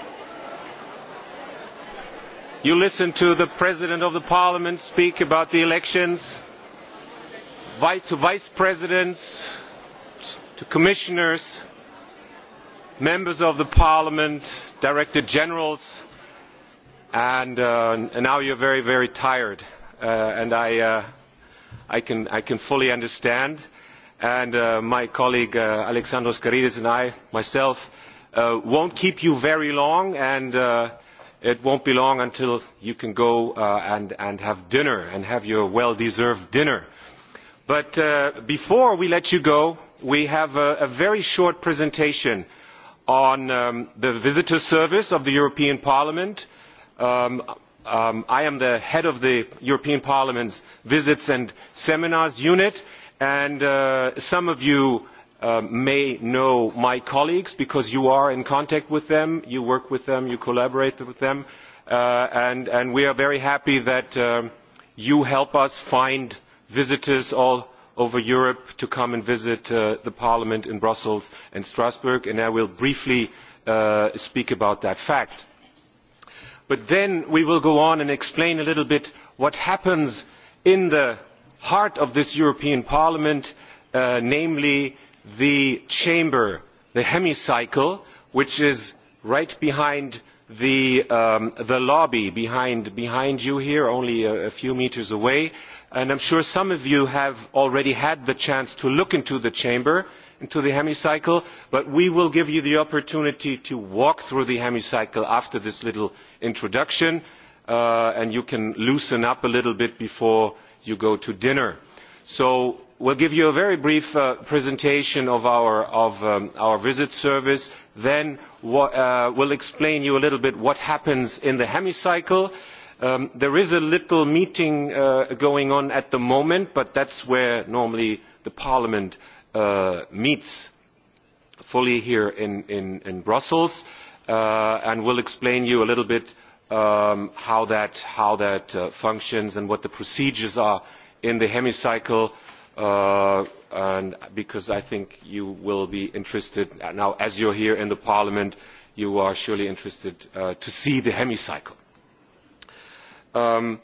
You listened to the President of the Parliament speak about the elections to vice presidents, to commissioners, members of the parliament, director generals, and, uh, and now you're very, very tired, uh, and I, uh, I, can, I can fully understand. And uh, my colleague uh, Alexandros Karidis and I, myself, uh, won't keep you very long, and uh, it won't be long until you can go uh, and, and have dinner and have your well-deserved dinner But uh, before we let you go, we have a, a very short presentation on um, the visitor service of the European Parliament. Um, um, I am the head of the European Parliament's visits and seminars unit, and uh, some of you uh, may know my colleagues because you are in contact with them, you work with them, you collaborate with them, uh, and, and we are very happy that um, you help us find visitors all over Europe to come and visit uh, the Parliament in Brussels and Strasbourg, and I will briefly uh, speak about that fact. But then we will go on and explain a little bit what happens in the heart of this European Parliament, uh, namely the chamber, the hemicycle, which is right behind the, um, the lobby, behind, behind you here, only a, a few meters away, and I am sure some of you have already had the chance to look into the chamber, into the hemicycle, but we will give you the opportunity to walk through the hemicycle after this little introduction, uh, and you can loosen up a little bit before you go to dinner. So will give you a very brief uh, presentation of our, of, um, our visit service, then uh, we will explain to you a little bit what happens in the hemicycle, Um, there is a little meeting uh, going on at the moment, but that's where normally the Parliament uh, meets fully here in, in, in Brussels, uh, and we'll explain you a little bit um, how that, how that uh, functions and what the procedures are in the hemicycle, uh, and because I think you will be interested, now as you're here in the Parliament, you are surely interested uh, to see the hemicycle. Um,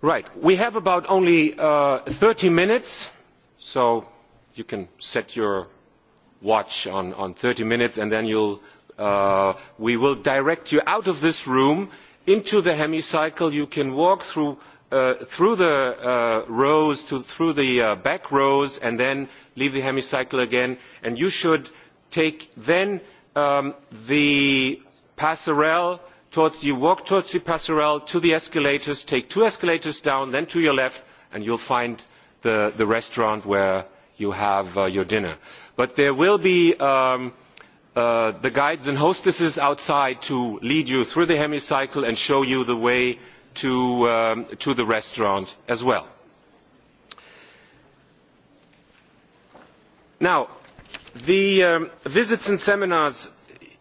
right, we have about only uh, 30 minutes, so you can set your watch on, on 30 minutes and then you'll, uh, we will direct you out of this room into the hemicycle. You can walk through, uh, through the uh, rows, to, through the uh, back rows and then leave the hemicycle again and you should take then um, the passerelle towards you walk towards the passerelle to the escalators take two escalators down then to your left and you'll find the, the restaurant where you have uh, your dinner but there will be um, uh, the guides and hostesses outside to lead you through the hemicycle and show you the way to, um, to the restaurant as well. Now, the um, visits and seminars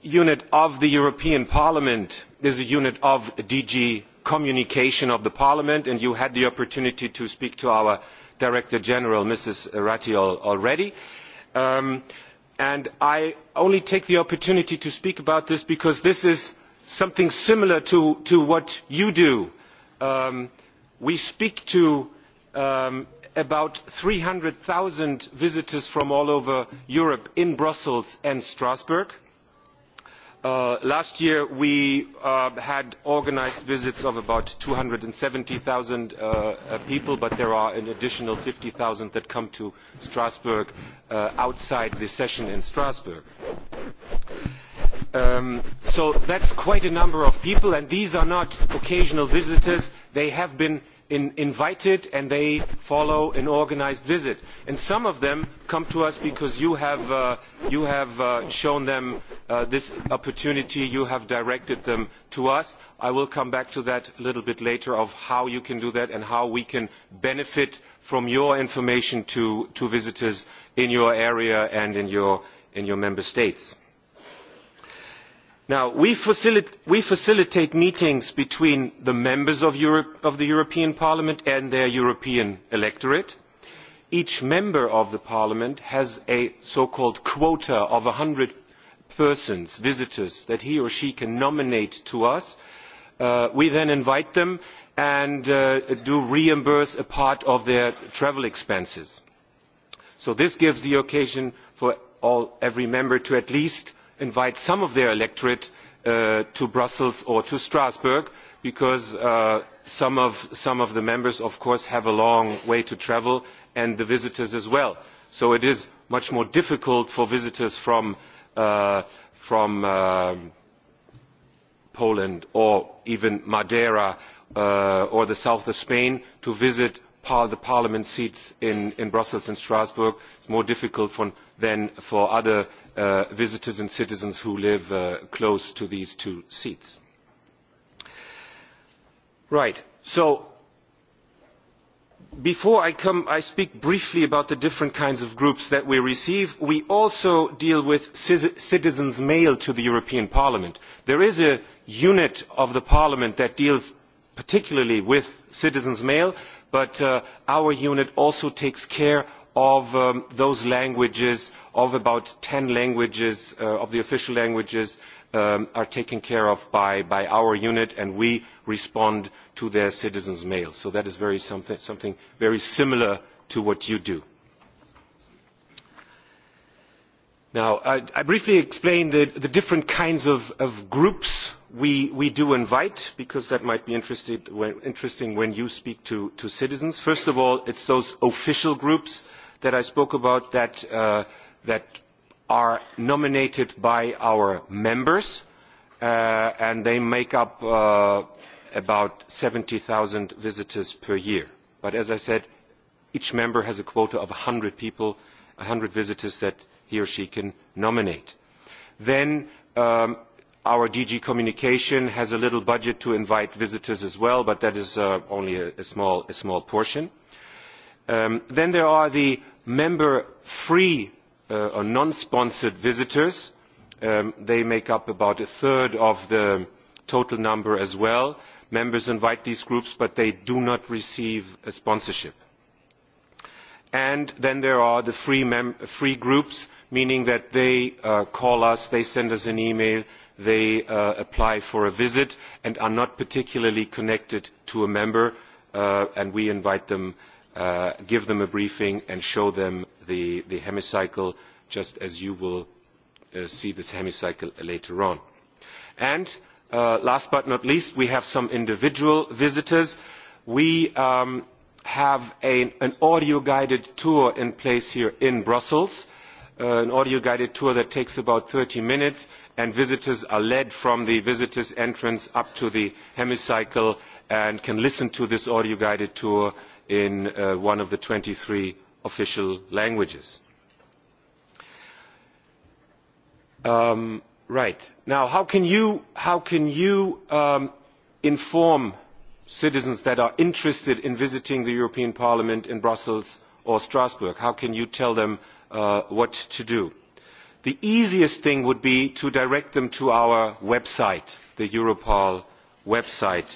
unit of the European Parliament is a unit of DG Communication of the Parliament, and you had the opportunity to speak to our Director General, Mrs. Ratiol, already. Um, and I only take the opportunity to speak about this because this is something similar to, to what you do. Um, we speak to um, about 300,000 visitors from all over Europe in Brussels and Strasbourg. Uh, last year we uh, had organised visits of about two hundred and seventy thousand uh, people, but there are an additional fifty 50,000 that come to Strasbourg outside the session in Strasbourg. Um, so that's quite a number of people, and these are not occasional visitors. They have been in, invited and they follow an organised visit. And some of them come to us because you have, uh, you have uh, shown them uh, this opportunity, you have directed them to us. I will come back to that a little bit later of how you can do that and how we can benefit from your information to, to visitors in your area and in your, in your member states. Now, we, facilita we facilitate meetings between the members of, Europe, of the European Parliament and their European electorate. Each member of the Parliament has a so-called quota of 100 persons, visitors, that he or she can nominate to us. Uh, we then invite them and uh, do reimburse a part of their travel expenses. So this gives the occasion for all, every member to at least invite some of their electorate uh, to Brussels or to Strasbourg because uh, some, of, some of the members, of course, have a long way to travel and the visitors as well. So it is much more difficult for visitors from, uh, from uh, Poland or even Madeira uh, or the south of Spain to visit par the parliament seats in, in Brussels and Strasbourg. It's more difficult for, than for other uh, visitors and citizens who live uh, close to these two seats. Right, so before I, come, I speak briefly about the different kinds of groups that we receive, we also deal with citizens' mail to the European Parliament. There is a unit of the Parliament that deals particularly with citizens' mail, but uh, our unit also takes care of um, those languages, of about 10 languages, uh, of the official languages, um, are taken care of by, by our unit and we respond to their citizens' mail. So that is very something, something very similar to what you do. Now, I, I briefly explain the, the different kinds of, of groups we, we do invite, because that might be interesting when, interesting when you speak to, to citizens. First of all, it's those official groups that I spoke about that, uh, that are nominated by our members uh, and they make up uh, about 70,000 visitors per year. But as I said, each member has a quota of 100 people, 100 visitors that he or she can nominate. Then um, our DG Communication has a little budget to invite visitors as well, but that is uh, only a, a, small, a small portion. Um, then there are the member free uh, or non sponsored visitors. Um, they make up about a third of the total number as well. Members invite these groups, but they do not receive a sponsorship. And then there are the free, mem free groups, meaning that they uh, call us, they send us an email, they uh, apply for a visit, and are not particularly connected to a member, uh, and we invite them uh, give them a briefing and show them the, the hemicycle just as you will uh, see this hemicycle later on. And uh, last but not least, we have some individual visitors. We um, have a, an audio-guided tour in place here in Brussels, uh, an audio-guided tour that takes about 30 minutes, and visitors are led from the visitors' entrance up to the hemicycle and can listen to this audio-guided tour in uh, one of the twenty three official languages. Um, right. Now, how can you, how can you um, inform citizens that are interested in visiting the European Parliament in Brussels or Strasbourg? How can you tell them uh, what to do? The easiest thing would be to direct them to our website, the Europol website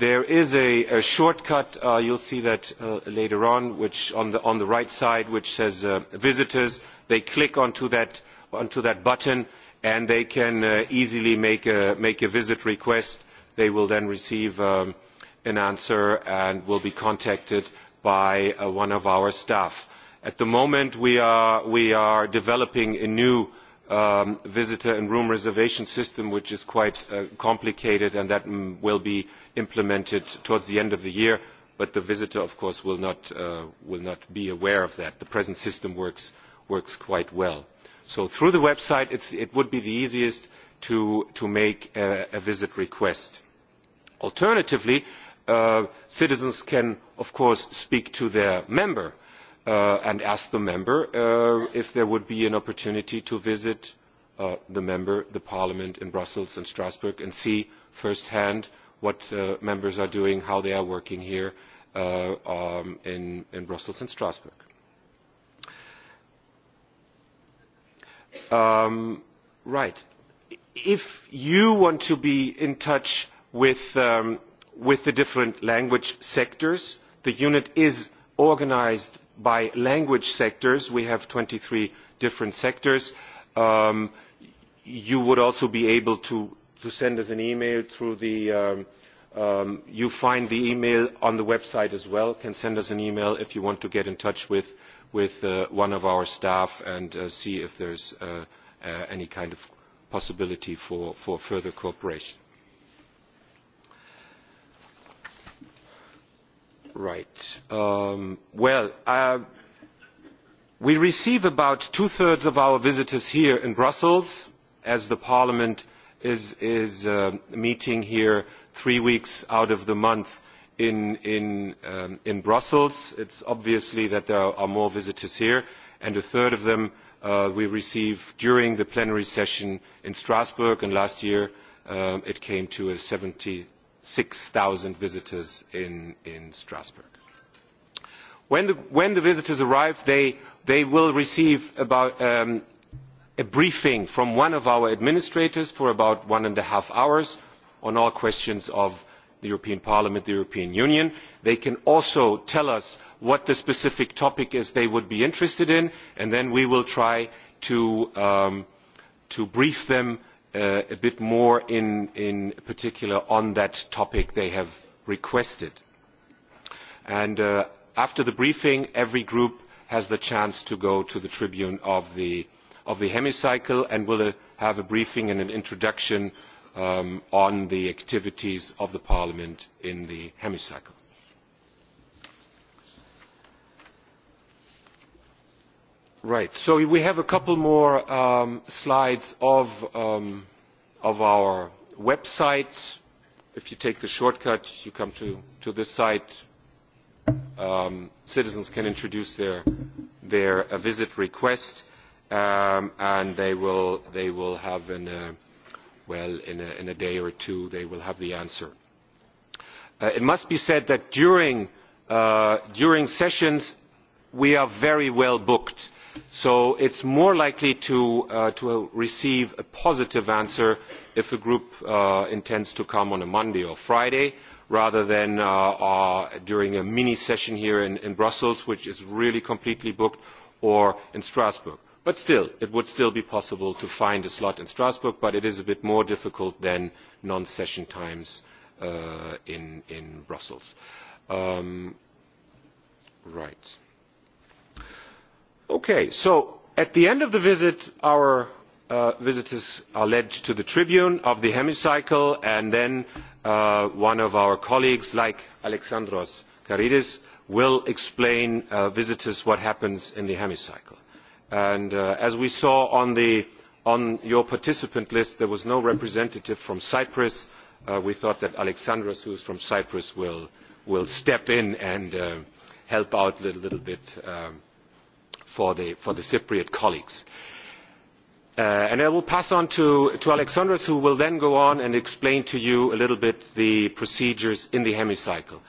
There is a, a shortcut, uh, you'll see that uh, later on, which on the, on the right side, which says uh, visitors. They click onto that, onto that button and they can uh, easily make a, make a visit request. They will then receive um, an answer and will be contacted by uh, one of our staff. At the moment, we are, we are developing a new um, visitor and room reservation system, which is quite uh, complicated and that mm, will be implemented towards the end of the year. But the visitor, of course, will not, uh, will not be aware of that. The present system works, works quite well. So through the website, it's, it would be the easiest to, to make a, a visit request. Alternatively, uh, citizens can, of course, speak to their member uh, and ask the member uh, if there would be an opportunity to visit uh, the member, the parliament in Brussels and Strasbourg and see firsthand what uh, members are doing, how they are working here uh, um, in, in Brussels and Strasbourg. Um, right. If you want to be in touch with, um, with the different language sectors, the unit is organized by language sectors. We have twenty three different sectors. Um, you would also be able to, to send us an email through the, um, um, you find the email on the website as well, can send us an email if you want to get in touch with, with uh, one of our staff and uh, see if there's uh, uh, any kind of possibility for, for further cooperation. Right. Um, well, uh, we receive about two-thirds of our visitors here in Brussels as the Parliament is, is uh, meeting here three weeks out of the month in, in, um, in Brussels. It's obviously that there are more visitors here, and a third of them uh, we receive during the plenary session in Strasbourg, and last year um, it came to a 6,000 visitors in, in Strasbourg. When the, when the visitors arrive, they, they will receive about, um, a briefing from one of our administrators for about one and a half hours on all questions of the European Parliament, the European Union. They can also tell us what the specific topic is they would be interested in, and then we will try to, um, to brief them uh, a bit more in, in particular on that topic they have requested. And uh, after the briefing, every group has the chance to go to the tribune of the, of the hemicycle and will uh, have a briefing and an introduction um, on the activities of the parliament in the hemicycle. Right. So we have a couple more um, slides of, um, of our website. If you take the shortcut, you come to, to this site. Um, citizens can introduce their, their a uh, visit request, um, and they will, they will have, in a, well, in a, in a day or two, they will have the answer. Uh, it must be said that during, uh, during sessions, we are very well booked So it is more likely to, uh, to, receive a positive answer if a group uh, intends to come on a Monday or Friday rather than uh, uh, during a mini session here in, in, Brussels, which is really completely booked, or in Strasbourg. But still, it would still be possible to find a slot in Strasbourg, but it is a bit more difficult than non-session times uh, in, in, Brussels. Um, right. Okay, so at the end of the visit, our uh, visitors are led to the tribune of the hemicycle, and then uh, one of our colleagues, like Alexandros Karidis, will explain uh, visitors what happens in the hemicycle. And uh, as we saw on, the, on your participant list, there was no representative from Cyprus. Uh, we thought that Alexandros, who is from Cyprus, will, will step in and uh, help out a little, little bit. Um, for the, for the Cypriot colleagues. Uh, and I will pass on to, to Alexandros, who will then go on and explain to you a little bit the procedures in the hemicycle.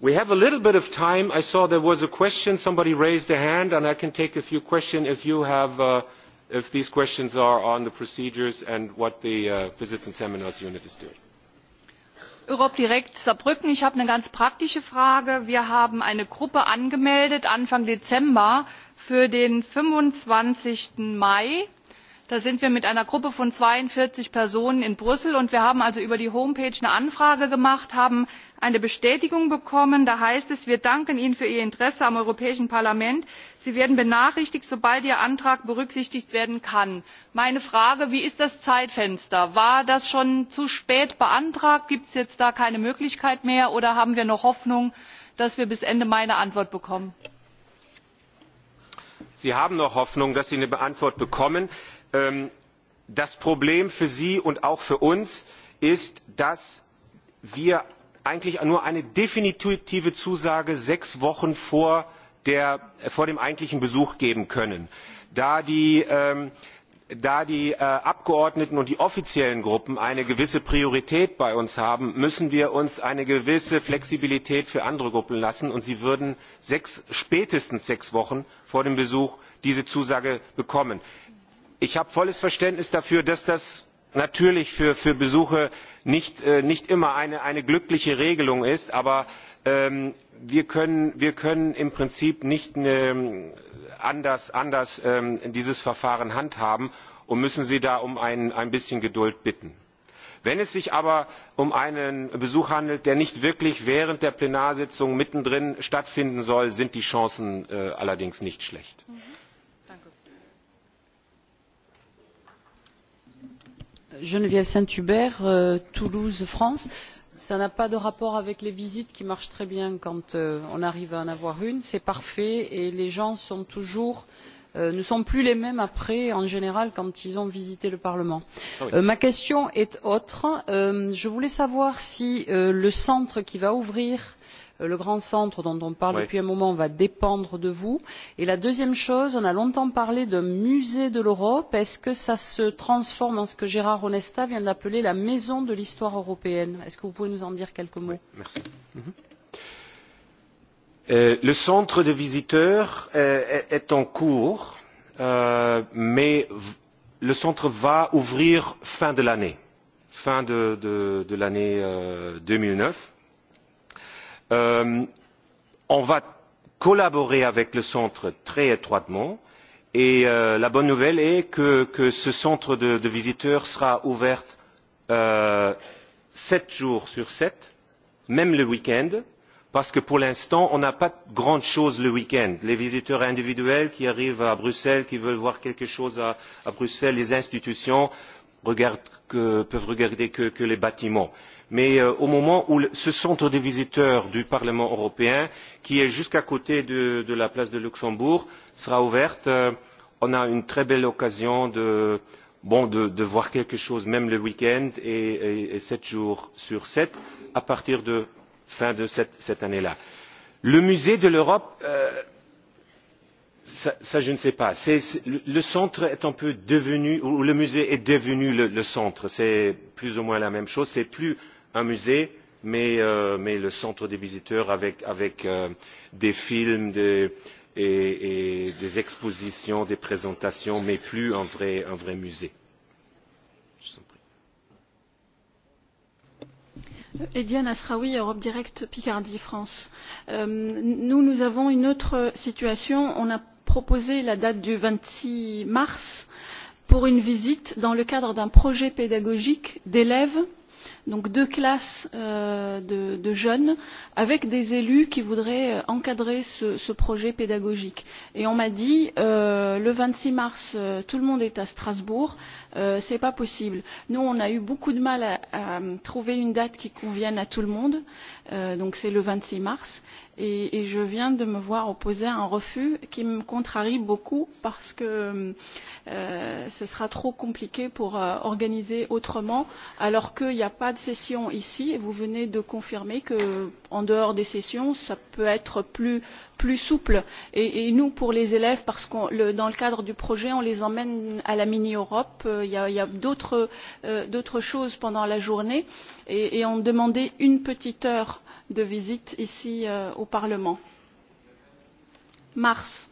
We have a little bit of time. I saw there was a question. Somebody raised a hand, and I can take a few questions if you have, uh, if these questions are on the procedures and what the uh, visits and seminars unit is doing. Europe direkt Saarbrücken. Ich habe eine ganz praktische Frage. Wir haben eine Gruppe angemeldet Anfang Dezember für den 25. Mai. Da sind wir mit einer Gruppe von 42 Personen in Brüssel und wir haben also über die Homepage eine Anfrage gemacht, haben eine Bestätigung bekommen. Da heißt es, wir danken Ihnen für Ihr Interesse am Europäischen Parlament. Sie werden benachrichtigt, sobald Ihr Antrag berücksichtigt werden kann. Meine Frage, wie ist das Zeitfenster? War das schon zu spät beantragt? Gibt es jetzt da keine Möglichkeit mehr oder haben wir noch Hoffnung, dass wir bis Ende Mai eine Antwort bekommen? Sie haben noch Hoffnung, dass Sie eine Antwort bekommen. Ähm, das Problem für Sie und auch für uns ist, dass wir eigentlich nur eine definitive Zusage sechs Wochen vor, dem eigentlichen Besuch geben können. Da die ähm, da die äh, Abgeordneten und die offiziellen Gruppen eine gewisse Priorität bei uns haben, müssen wir uns eine gewisse Flexibilität für andere Gruppen lassen und sie würden sechs, spätestens sechs Wochen vor dem Besuch diese Zusage bekommen. Ich habe volles Verständnis dafür, dass das natürlich für, für Besuche nicht, äh, nicht immer eine, eine glückliche Regelung ist, aber ähm, wir, können, wir können im Prinzip nicht ne, ähm, anders, anders ähm, dieses Verfahren handhaben und müssen Sie da um ein, ein bisschen Geduld bitten. Wenn es sich aber um einen Besuch handelt, der nicht wirklich während der Plenarsitzung mittendrin stattfinden soll, sind die Chancen äh, allerdings nicht schlecht. Mhm. Geneviève Saint-Hubert, euh, Toulouse, France ça n'a pas de rapport avec les visites qui marchent très bien quand euh, on arrive à en avoir une, c'est parfait et les gens sont toujours euh, ne sont plus les mêmes après en général quand ils ont visité le Parlement. Ah oui. euh, ma question est autre. Euh, je voulais savoir si euh, le centre qui va ouvrir Euh, le grand centre dont on parle oui. depuis un moment va dépendre de vous. Et la deuxième chose, on a longtemps parlé d'un musée de l'Europe. Est-ce que ça se transforme en ce que Gérard Onesta vient d'appeler la maison de l'histoire européenne Est-ce que vous pouvez nous en dire quelques mots oui, merci. Mm -hmm. euh, le centre de visiteurs euh, est, est en cours, euh, mais le centre va ouvrir fin de l'année, fin de, de, de l'année euh, 2009 Euh, on va collaborer avec le centre très étroitement et euh, la bonne nouvelle est que, que ce centre de, de visiteurs sera ouvert euh, jours sur sept, même le week-end, parce que pour l'instant, on n'a pas grand chose le week-end. Les visiteurs individuels qui arrivent à Bruxelles, qui veulent voir quelque chose à, à Bruxelles, les institutions, regardent que, peuvent regarder que, que les bâtiments. Mais euh, au moment où le, ce centre des visiteurs du Parlement européen, qui est juste à côté de, de la place de Luxembourg, sera ouverte, euh, on a une très belle occasion de, bon, de, de voir quelque chose, même le week-end et, sept jours sur sept, à partir de fin de cette, cette année-là. Le musée de l'Europe, euh, Ça, ça, je ne sais pas. C est, c est, le centre est un peu devenu, ou le musée est devenu le, le centre. C'est plus ou moins la même chose. C'est plus un musée, mais, euh, mais le centre des visiteurs avec, avec euh, des films des, et, et des expositions, des présentations, mais plus un vrai, un vrai musée. Ediane Asraoui, Europe Direct Picardie France. Euh, nous, nous avons une autre situation. On a proposé la date du vingt six mars pour une visite dans le cadre d'un projet pédagogique d'élèves donc deux classes euh, de, de jeunes avec des élus qui voudraient euh, encadrer ce, ce projet pédagogique. Et on m'a dit euh, le 26 mars, euh, tout le monde est à Strasbourg, euh, c'est pas possible. Nous, on a eu beaucoup de mal à, à trouver une date qui convienne à tout le monde, euh, donc c'est le 26 mars et, et je viens de me voir opposer un refus qui me contrarie beaucoup parce que euh, ce sera trop compliqué pour euh, organiser autrement alors qu'il n'y a pas de session ici et vous venez de confirmer que en dehors des sessions ça peut être plus plus souple et, et nous pour les élèves parce que le, dans le cadre du projet on les emmène à la mini Europe euh, il euh, y a, a d'autres euh, choses pendant la journée et, et on demandait une petite heure de visite ici euh, au Parlement. Mars.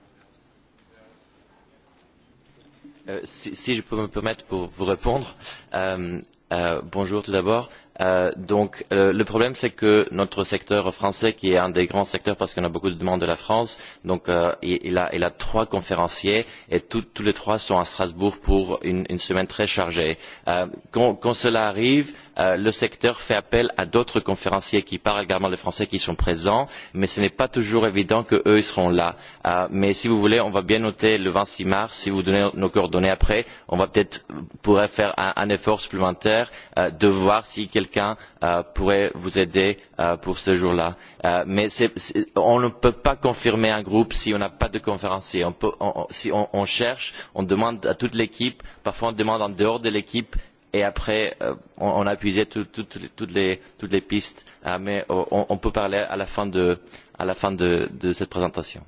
Euh, si, si je peux me permettre pour vous répondre, euh, euh, bonjour tout d'abord. Euh, donc euh, le problème c'est que notre secteur français qui est un des grands secteurs parce qu'on a beaucoup de demandes de la France donc euh, il, il, a, il a trois conférenciers et tout, tous les trois sont à Strasbourg pour une, une semaine très chargée. Euh, quand, quand cela arrive euh, le secteur fait appel à d'autres conférenciers qui parlent également le français qui sont présents mais ce n'est pas toujours évident qu'eux seront là. Euh, mais si vous voulez on va bien noter le 26 mars si vous donnez nos coordonnées après on va peut-être pourrait faire un, un effort supplémentaire euh, de voir si quelqu'un quelqu'un euh, pourrait vous aider euh, pour ce jour-là. Euh, mais c est, c est, on ne peut pas confirmer un groupe si on n'a pas de conférencier. On peut, on, si on, on cherche, on demande à toute l'équipe, parfois on demande en dehors de l'équipe et après euh, on, on a puisé tout, tout, tout, toutes, les, toutes les pistes, euh, mais euh, on, on peut parler à la fin de, à la fin de, de cette présentation.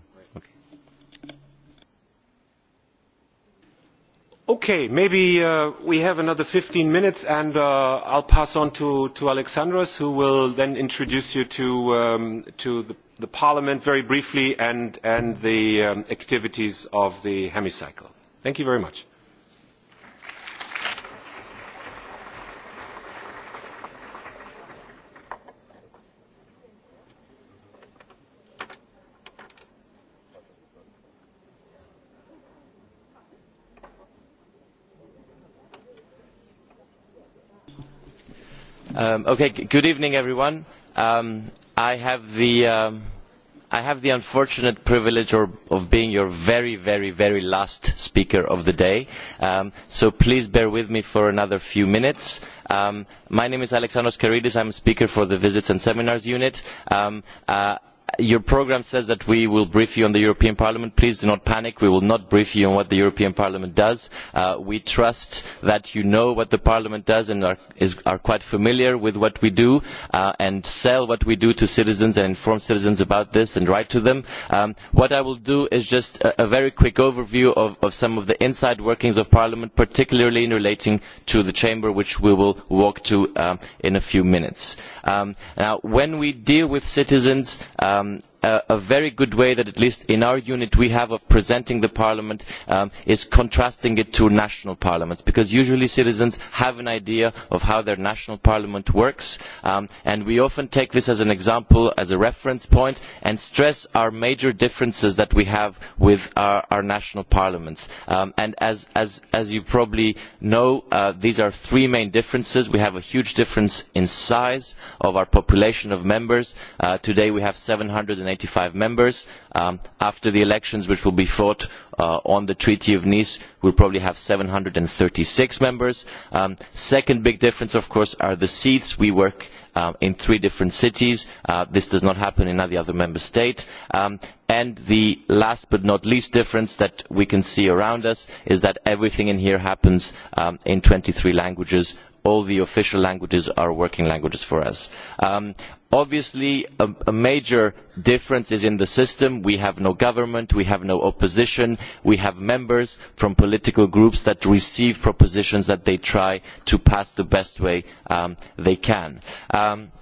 Okay, maybe uh, we have another 15 minutes and uh, I'll pass on to, to Alexandros who will then introduce you to, um, to the, the Parliament very briefly and, and the um, activities of the hemicycle. Thank you very much. Um, okay, good evening, everyone. Um, I have the um, I have the unfortunate privilege or, of being your very, very, very last speaker of the day. Um, so please bear with me for another few minutes. Um, my name is Alexandros Karidis. I'm a speaker for the Visits and Seminars Unit. Um, uh, your programme says that we will brief you on the European Parliament. Please do not panic. We will not brief you on what the European Parliament does. Uh, we trust that you know what the Parliament does and are, is, are quite familiar with what we do uh, and sell what we do to citizens and inform citizens about this and write to them. Um, what I will do is just a, a very quick overview of, of some of the inside workings of Parliament, particularly in relating to the Chamber, which we will walk to um, in a few minutes. Um, now, when we deal with citizens, um, um, a, very good way that at least in our unit we have of presenting the parliament um, is contrasting it to national parliaments because usually citizens have an idea of how their national parliament works um, and we often take this as an example as a reference point and stress our major differences that we have with our, our national parliaments um, and as, as, as you probably know uh, these are three main differences we have a huge difference in size of our population of members uh, today we have seven hundred eighty five members. Um, after the elections, which will be fought uh, on the Treaty of Nice, we will probably have seven hundred and thirty six members. Um, second big difference, of course, are the seats. We work um, in three different cities. Uh, this does not happen in any other member state. Um, and the last but not least difference that we can see around us is that everything in here happens um, in twenty three languages all the official languages are working languages for us. Um, obviously, a, a major difference is in the system. We have no government, we have no opposition, we have members from political groups that receive propositions that they try to pass the best way um, they can. Um,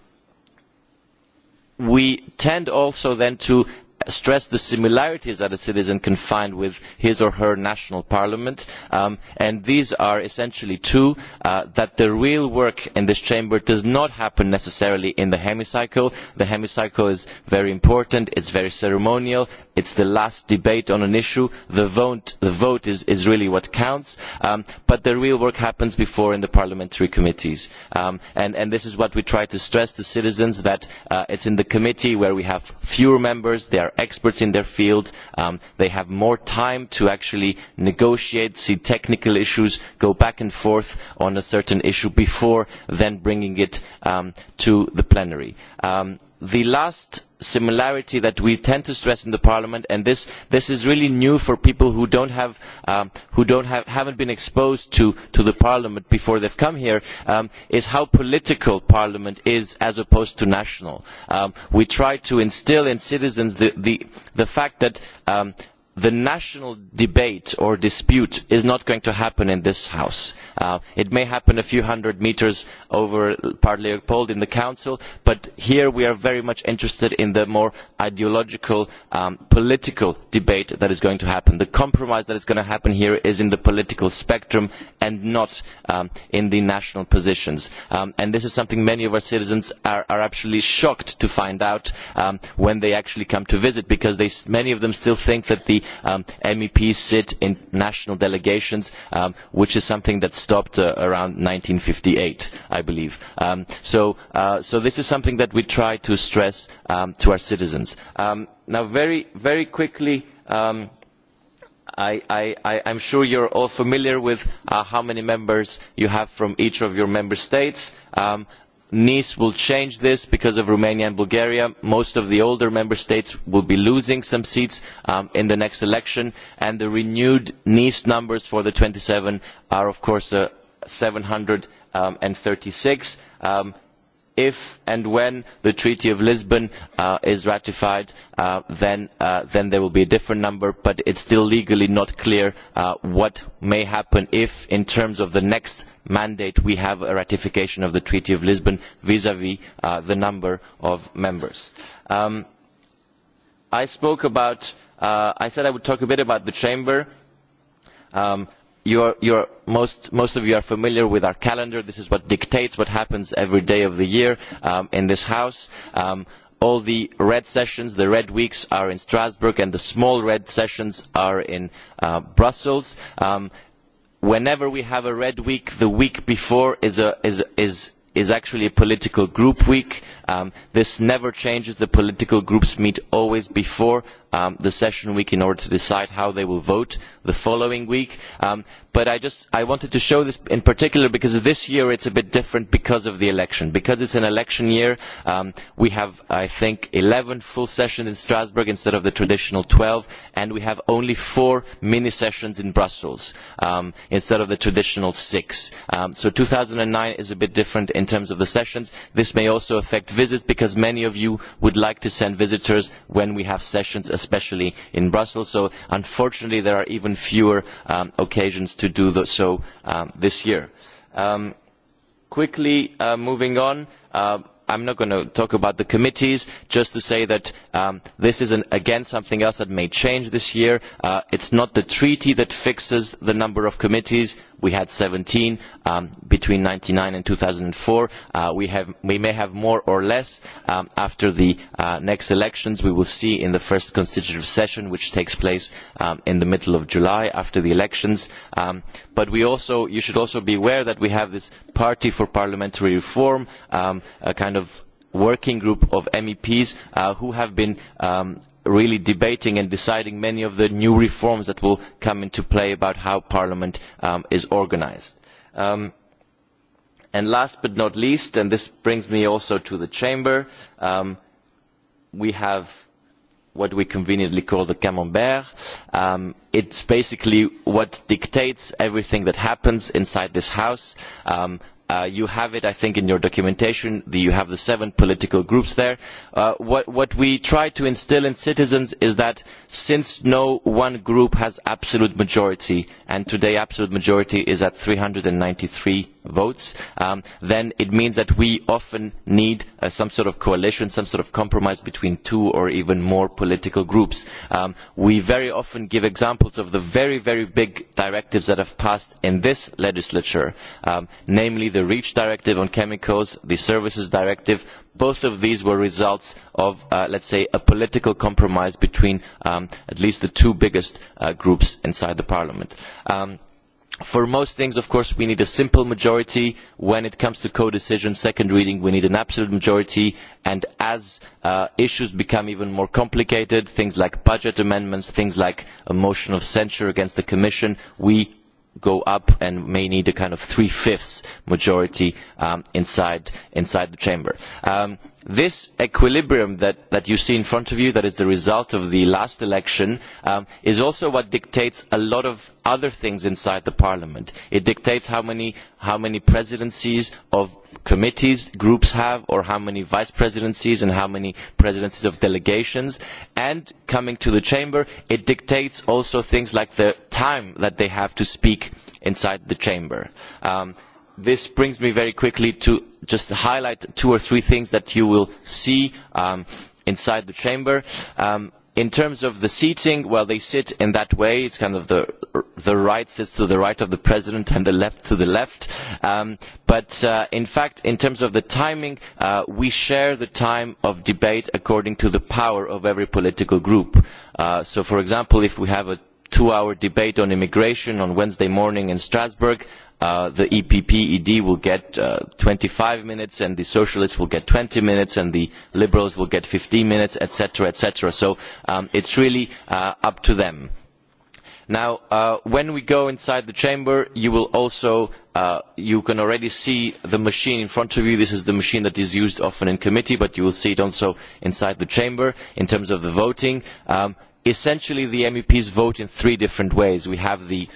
we tend also then to stress the similarities that a citizen can find with his or her national parliament. Um, and these are essentially two, uh, that the real work in this chamber does not happen necessarily in the hemicycle. The hemicycle is very important, it's very ceremonial, it's the last debate on an issue, the vote, the vote is, is really what counts, um, but the real work happens before in the parliamentary committees. Um, and, and this is what we try to stress to citizens, that uh, it's in the committee where we have fewer members, they are experts in their field. Um, they have more time to actually negotiate, see technical issues, go back and forth on a certain issue before then bringing it um, to the plenary. Um, the last similarity that we tend to stress in parliament and this, this is really new for people who don't have um, who don't have haven't been exposed to to the parliament before they've come here um, is how political parliament is as opposed to national um, we try to instill in citizens the the, the fact that um, the national debate or dispute is not going to happen in this house. Uh, it may happen a few hundred metres over Part Leopold in the council, but here we are very much interested in the more ideological, um, political debate that is going to happen. The compromise that is going to happen here is in the political spectrum and not um, in the national positions. Um, and this is something many of our citizens are, are actually shocked to find out um, when they actually come to visit, because they, many of them still think that the um, MEPs sit in national delegations, um, which is something that stopped uh, around 1958, I believe. Um, so, uh, so this is something that we try to stress um, to our citizens. Um, now, very, very quickly, um, I, I, I'm sure you're all familiar with uh, how many members you have from each of your member states. Um, Nice will change this because of Romania and Bulgaria. Most of the older member states will be losing some seats um, in the next election, and the renewed Nice numbers for the twenty seven are, of course, uh, seven hundred um, and thirty six um, if and when the Treaty of Lisbon uh, is ratified, uh, then, uh, then, there will be a different number, but it is still legally not clear uh, what may happen if, in terms of the next mandate, we have a ratification of the Treaty of Lisbon vis-à-vis uh, the number of members. Um, I spoke about, uh, I said I would talk a bit about the Chamber. Um, most, most of you are familiar with our calendar. This is what dictates what happens every day of the year um, in this House. Um, all the red sessions, the red weeks are in Strasbourg and the small red sessions are in uh, Brussels. Um, whenever we have a red week, the week before is, a, is, is, is actually a political group week. Um, this never changes. The political groups meet always before um, the session week in order to decide how they will vote the following week. Um, but I just I wanted to show this in particular because this year it's a bit different because of the election. Because it's an election year, um, we have I think 11 full sessions in Strasbourg instead of the traditional 12, and we have only four mini sessions in Brussels um, instead of the traditional six. Um, so 2009 is a bit different in terms of the sessions. This may also affect visits because many of you would like to send visitors when we have sessions especially in Brussels. So unfortunately there are even fewer um, occasions to do so um, this year. Um, quickly uh, moving on. Uh, I'm not going to talk about the committees, just to say that um, this is, an, again, something else that may change this year. Uh, it's not the treaty that fixes the number of committees we had 17 um, between 99 and 2004. Uh, we, have, we may have more or less um, after the uh, next elections. We will see in the first constitutive session, which takes place um, in the middle of July after the elections. Um, but we also, you should also be aware that we have this Party for Parliamentary Reform, um, a kind of working group of MEPs uh, who have been um, really debating and deciding many of the new reforms that will come into play about how Parliament um, is organised. Um, and last but not least, and this brings me also to the Chamber, um, we have what we conveniently call the camembert. Um, it's basically what dictates everything that happens inside this house. Um, Uh, you have it, I think, in your documentation. The, you have the seven political groups there. Uh, what, what we try to instill in citizens is that since no one group has absolute majority, and today absolute majority is at three hundred and ninety three votes, um, then it means that we often need uh, some sort of coalition, some sort of compromise between two or even more political groups. Um, we very often give examples of the very, very big directives that have passed in this legislature, um, namely the the REACH directive on chemicals, the services directive, both of these were results of, uh, let's say, a political compromise between um, at least the two biggest uh, groups inside the parliament. Um, for most things, of course, we need a simple majority. When it comes to co-decision, second reading, we need an absolute majority. And as uh, issues become even more complicated, things like budget amendments, things like a motion of censure against the Commission, we go up and may need a kind of three-fifths majority um, inside, inside the chamber. Um, this equilibrium that, that you see in front of you, that is the result of the last election, um, is also what dictates a lot of other things inside the parliament. It dictates how many, how many presidencies of committees groups have, or how many vice presidencies and how many presidencies of delegations. And coming to the chamber, it dictates also things like the time that they have to speak inside the chamber. Um, this brings me very quickly to just highlight two or three things that you will see um, inside the chamber. Um, in terms of the seating, well, they sit in that way. It's kind of the, the right sits to the right of the president and the left to the left. Um, but uh, in fact, in terms of the timing, uh, we share the time of debate according to the power of every political group. Uh, so, for example, if we have a two hour debate on immigration on Wednesday morning in Strasbourg. Uh, the EPP ED will get uh, 25 minutes and the socialists will get 20 minutes and the liberals will get 15 minutes, etc., etc. So um, it's really uh, up to them. Now, uh, when we go inside the chamber, you will also, uh, you can already see the machine in front of you. This is the machine that is used often in committee, but you will see it also inside the chamber in terms of the voting. Um, essentially, the MEPs vote in three different ways. We have the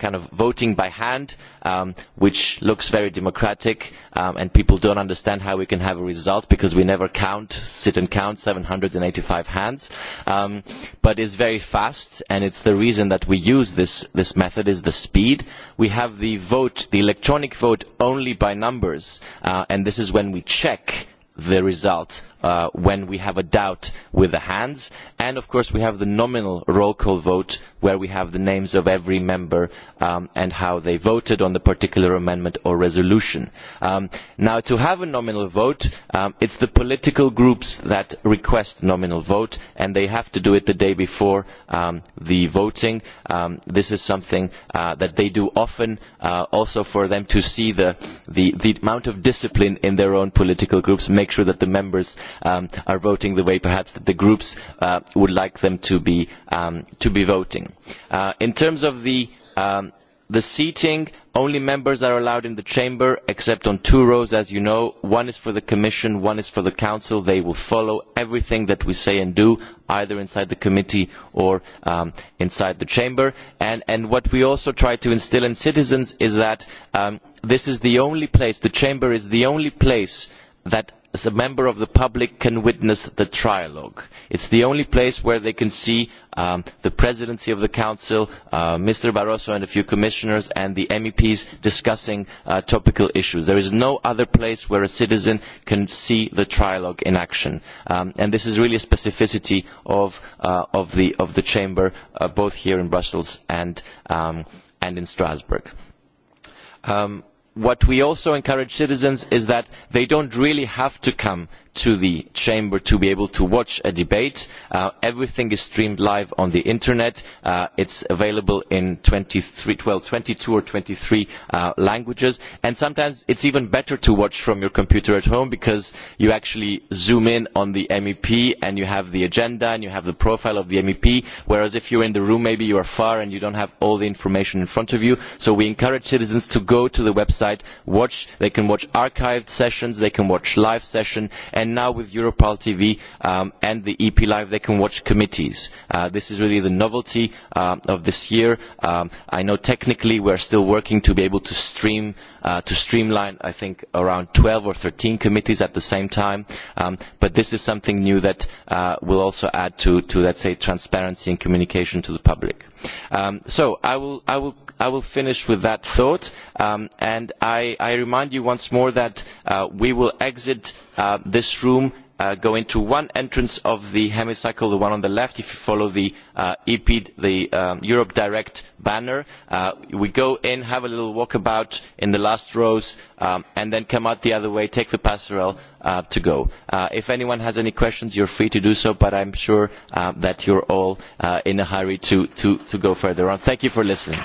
kind of voting by hand, um, which looks very democratic, um, and people don't understand how we can have a result because we never count, sit and count 785 hands. Um, but it's very fast, and it's the reason that we use this, this method is the speed. We have the vote, the electronic vote only by numbers, uh, and this is when we check the result uh, when we have a doubt with the hands. And of course we have the nominal roll call vote where we have the names of every member um, and how they voted on the particular amendment or resolution. Um, now to have a nominal vote, um, it's the political groups that request nominal vote and they have to do it the day before um, the voting. Um, this is something uh, that they do often uh, also for them to see the, the, the amount of discipline in their own political groups, make sure that the members um, are voting the way perhaps that the groups uh, would like them to be, um, to be voting. Uh, in terms of the, um, the seating, only members are allowed in the chamber except on two rows as you know one is for the commission one is for the council they will follow everything that we say and do either inside the committee or um, inside the chamber and, and what we also try to instill in citizens is that um, this is the only place the chamber is the only place that as a member of the public can witness the trialogue. It is the only place where they can see um, the presidency of the council, uh, Mr. Barroso and a few commissioners and the MEPs discussing uh, topical issues. There is no other place where a citizen can see the trialogue in action. Um, and this is really a specificity of, uh, of, the, of the chamber, uh, both here in Brussels and, um, and in Strasbourg. Um, what we also encourage citizens is that they do not really have to come to the chamber to be able to watch a debate. Uh, everything is streamed live on the internet. Uh, it's available in 23, 12, 22 or 23 uh, languages. And sometimes it's even better to watch from your computer at home because you actually zoom in on the MEP and you have the agenda and you have the profile of the MEP. Whereas if you're in the room, maybe you are far and you don't have all the information in front of you. So we encourage citizens to go to the website, watch. They can watch archived sessions, they can watch live sessions, and and now with Europol TV um, and the EP Live, they can watch committees. Uh, this is really the novelty uh, of this year. Um, I know technically we're still working to be able to stream, uh, to streamline, I think, around 12 or 13 committees at the same time. Um, but this is something new that uh, will also add to, to, let's say, transparency and communication to the public. Um, so I will, I, will, I will finish with that thought. Um, and I, I remind you once more that uh, we will exit Uh, this room uh, go into one entrance of the hemicycle, the one on the left, if you follow the uh, e the um, Europe Direct banner. Uh, we go in, have a little walkabout in the last rows, um, and then come out the other way, take the passerelle to go. if anyone has any questions, you are free to do so, but I am sure that you are all in a hurry to, to go further on. Thank you for listening.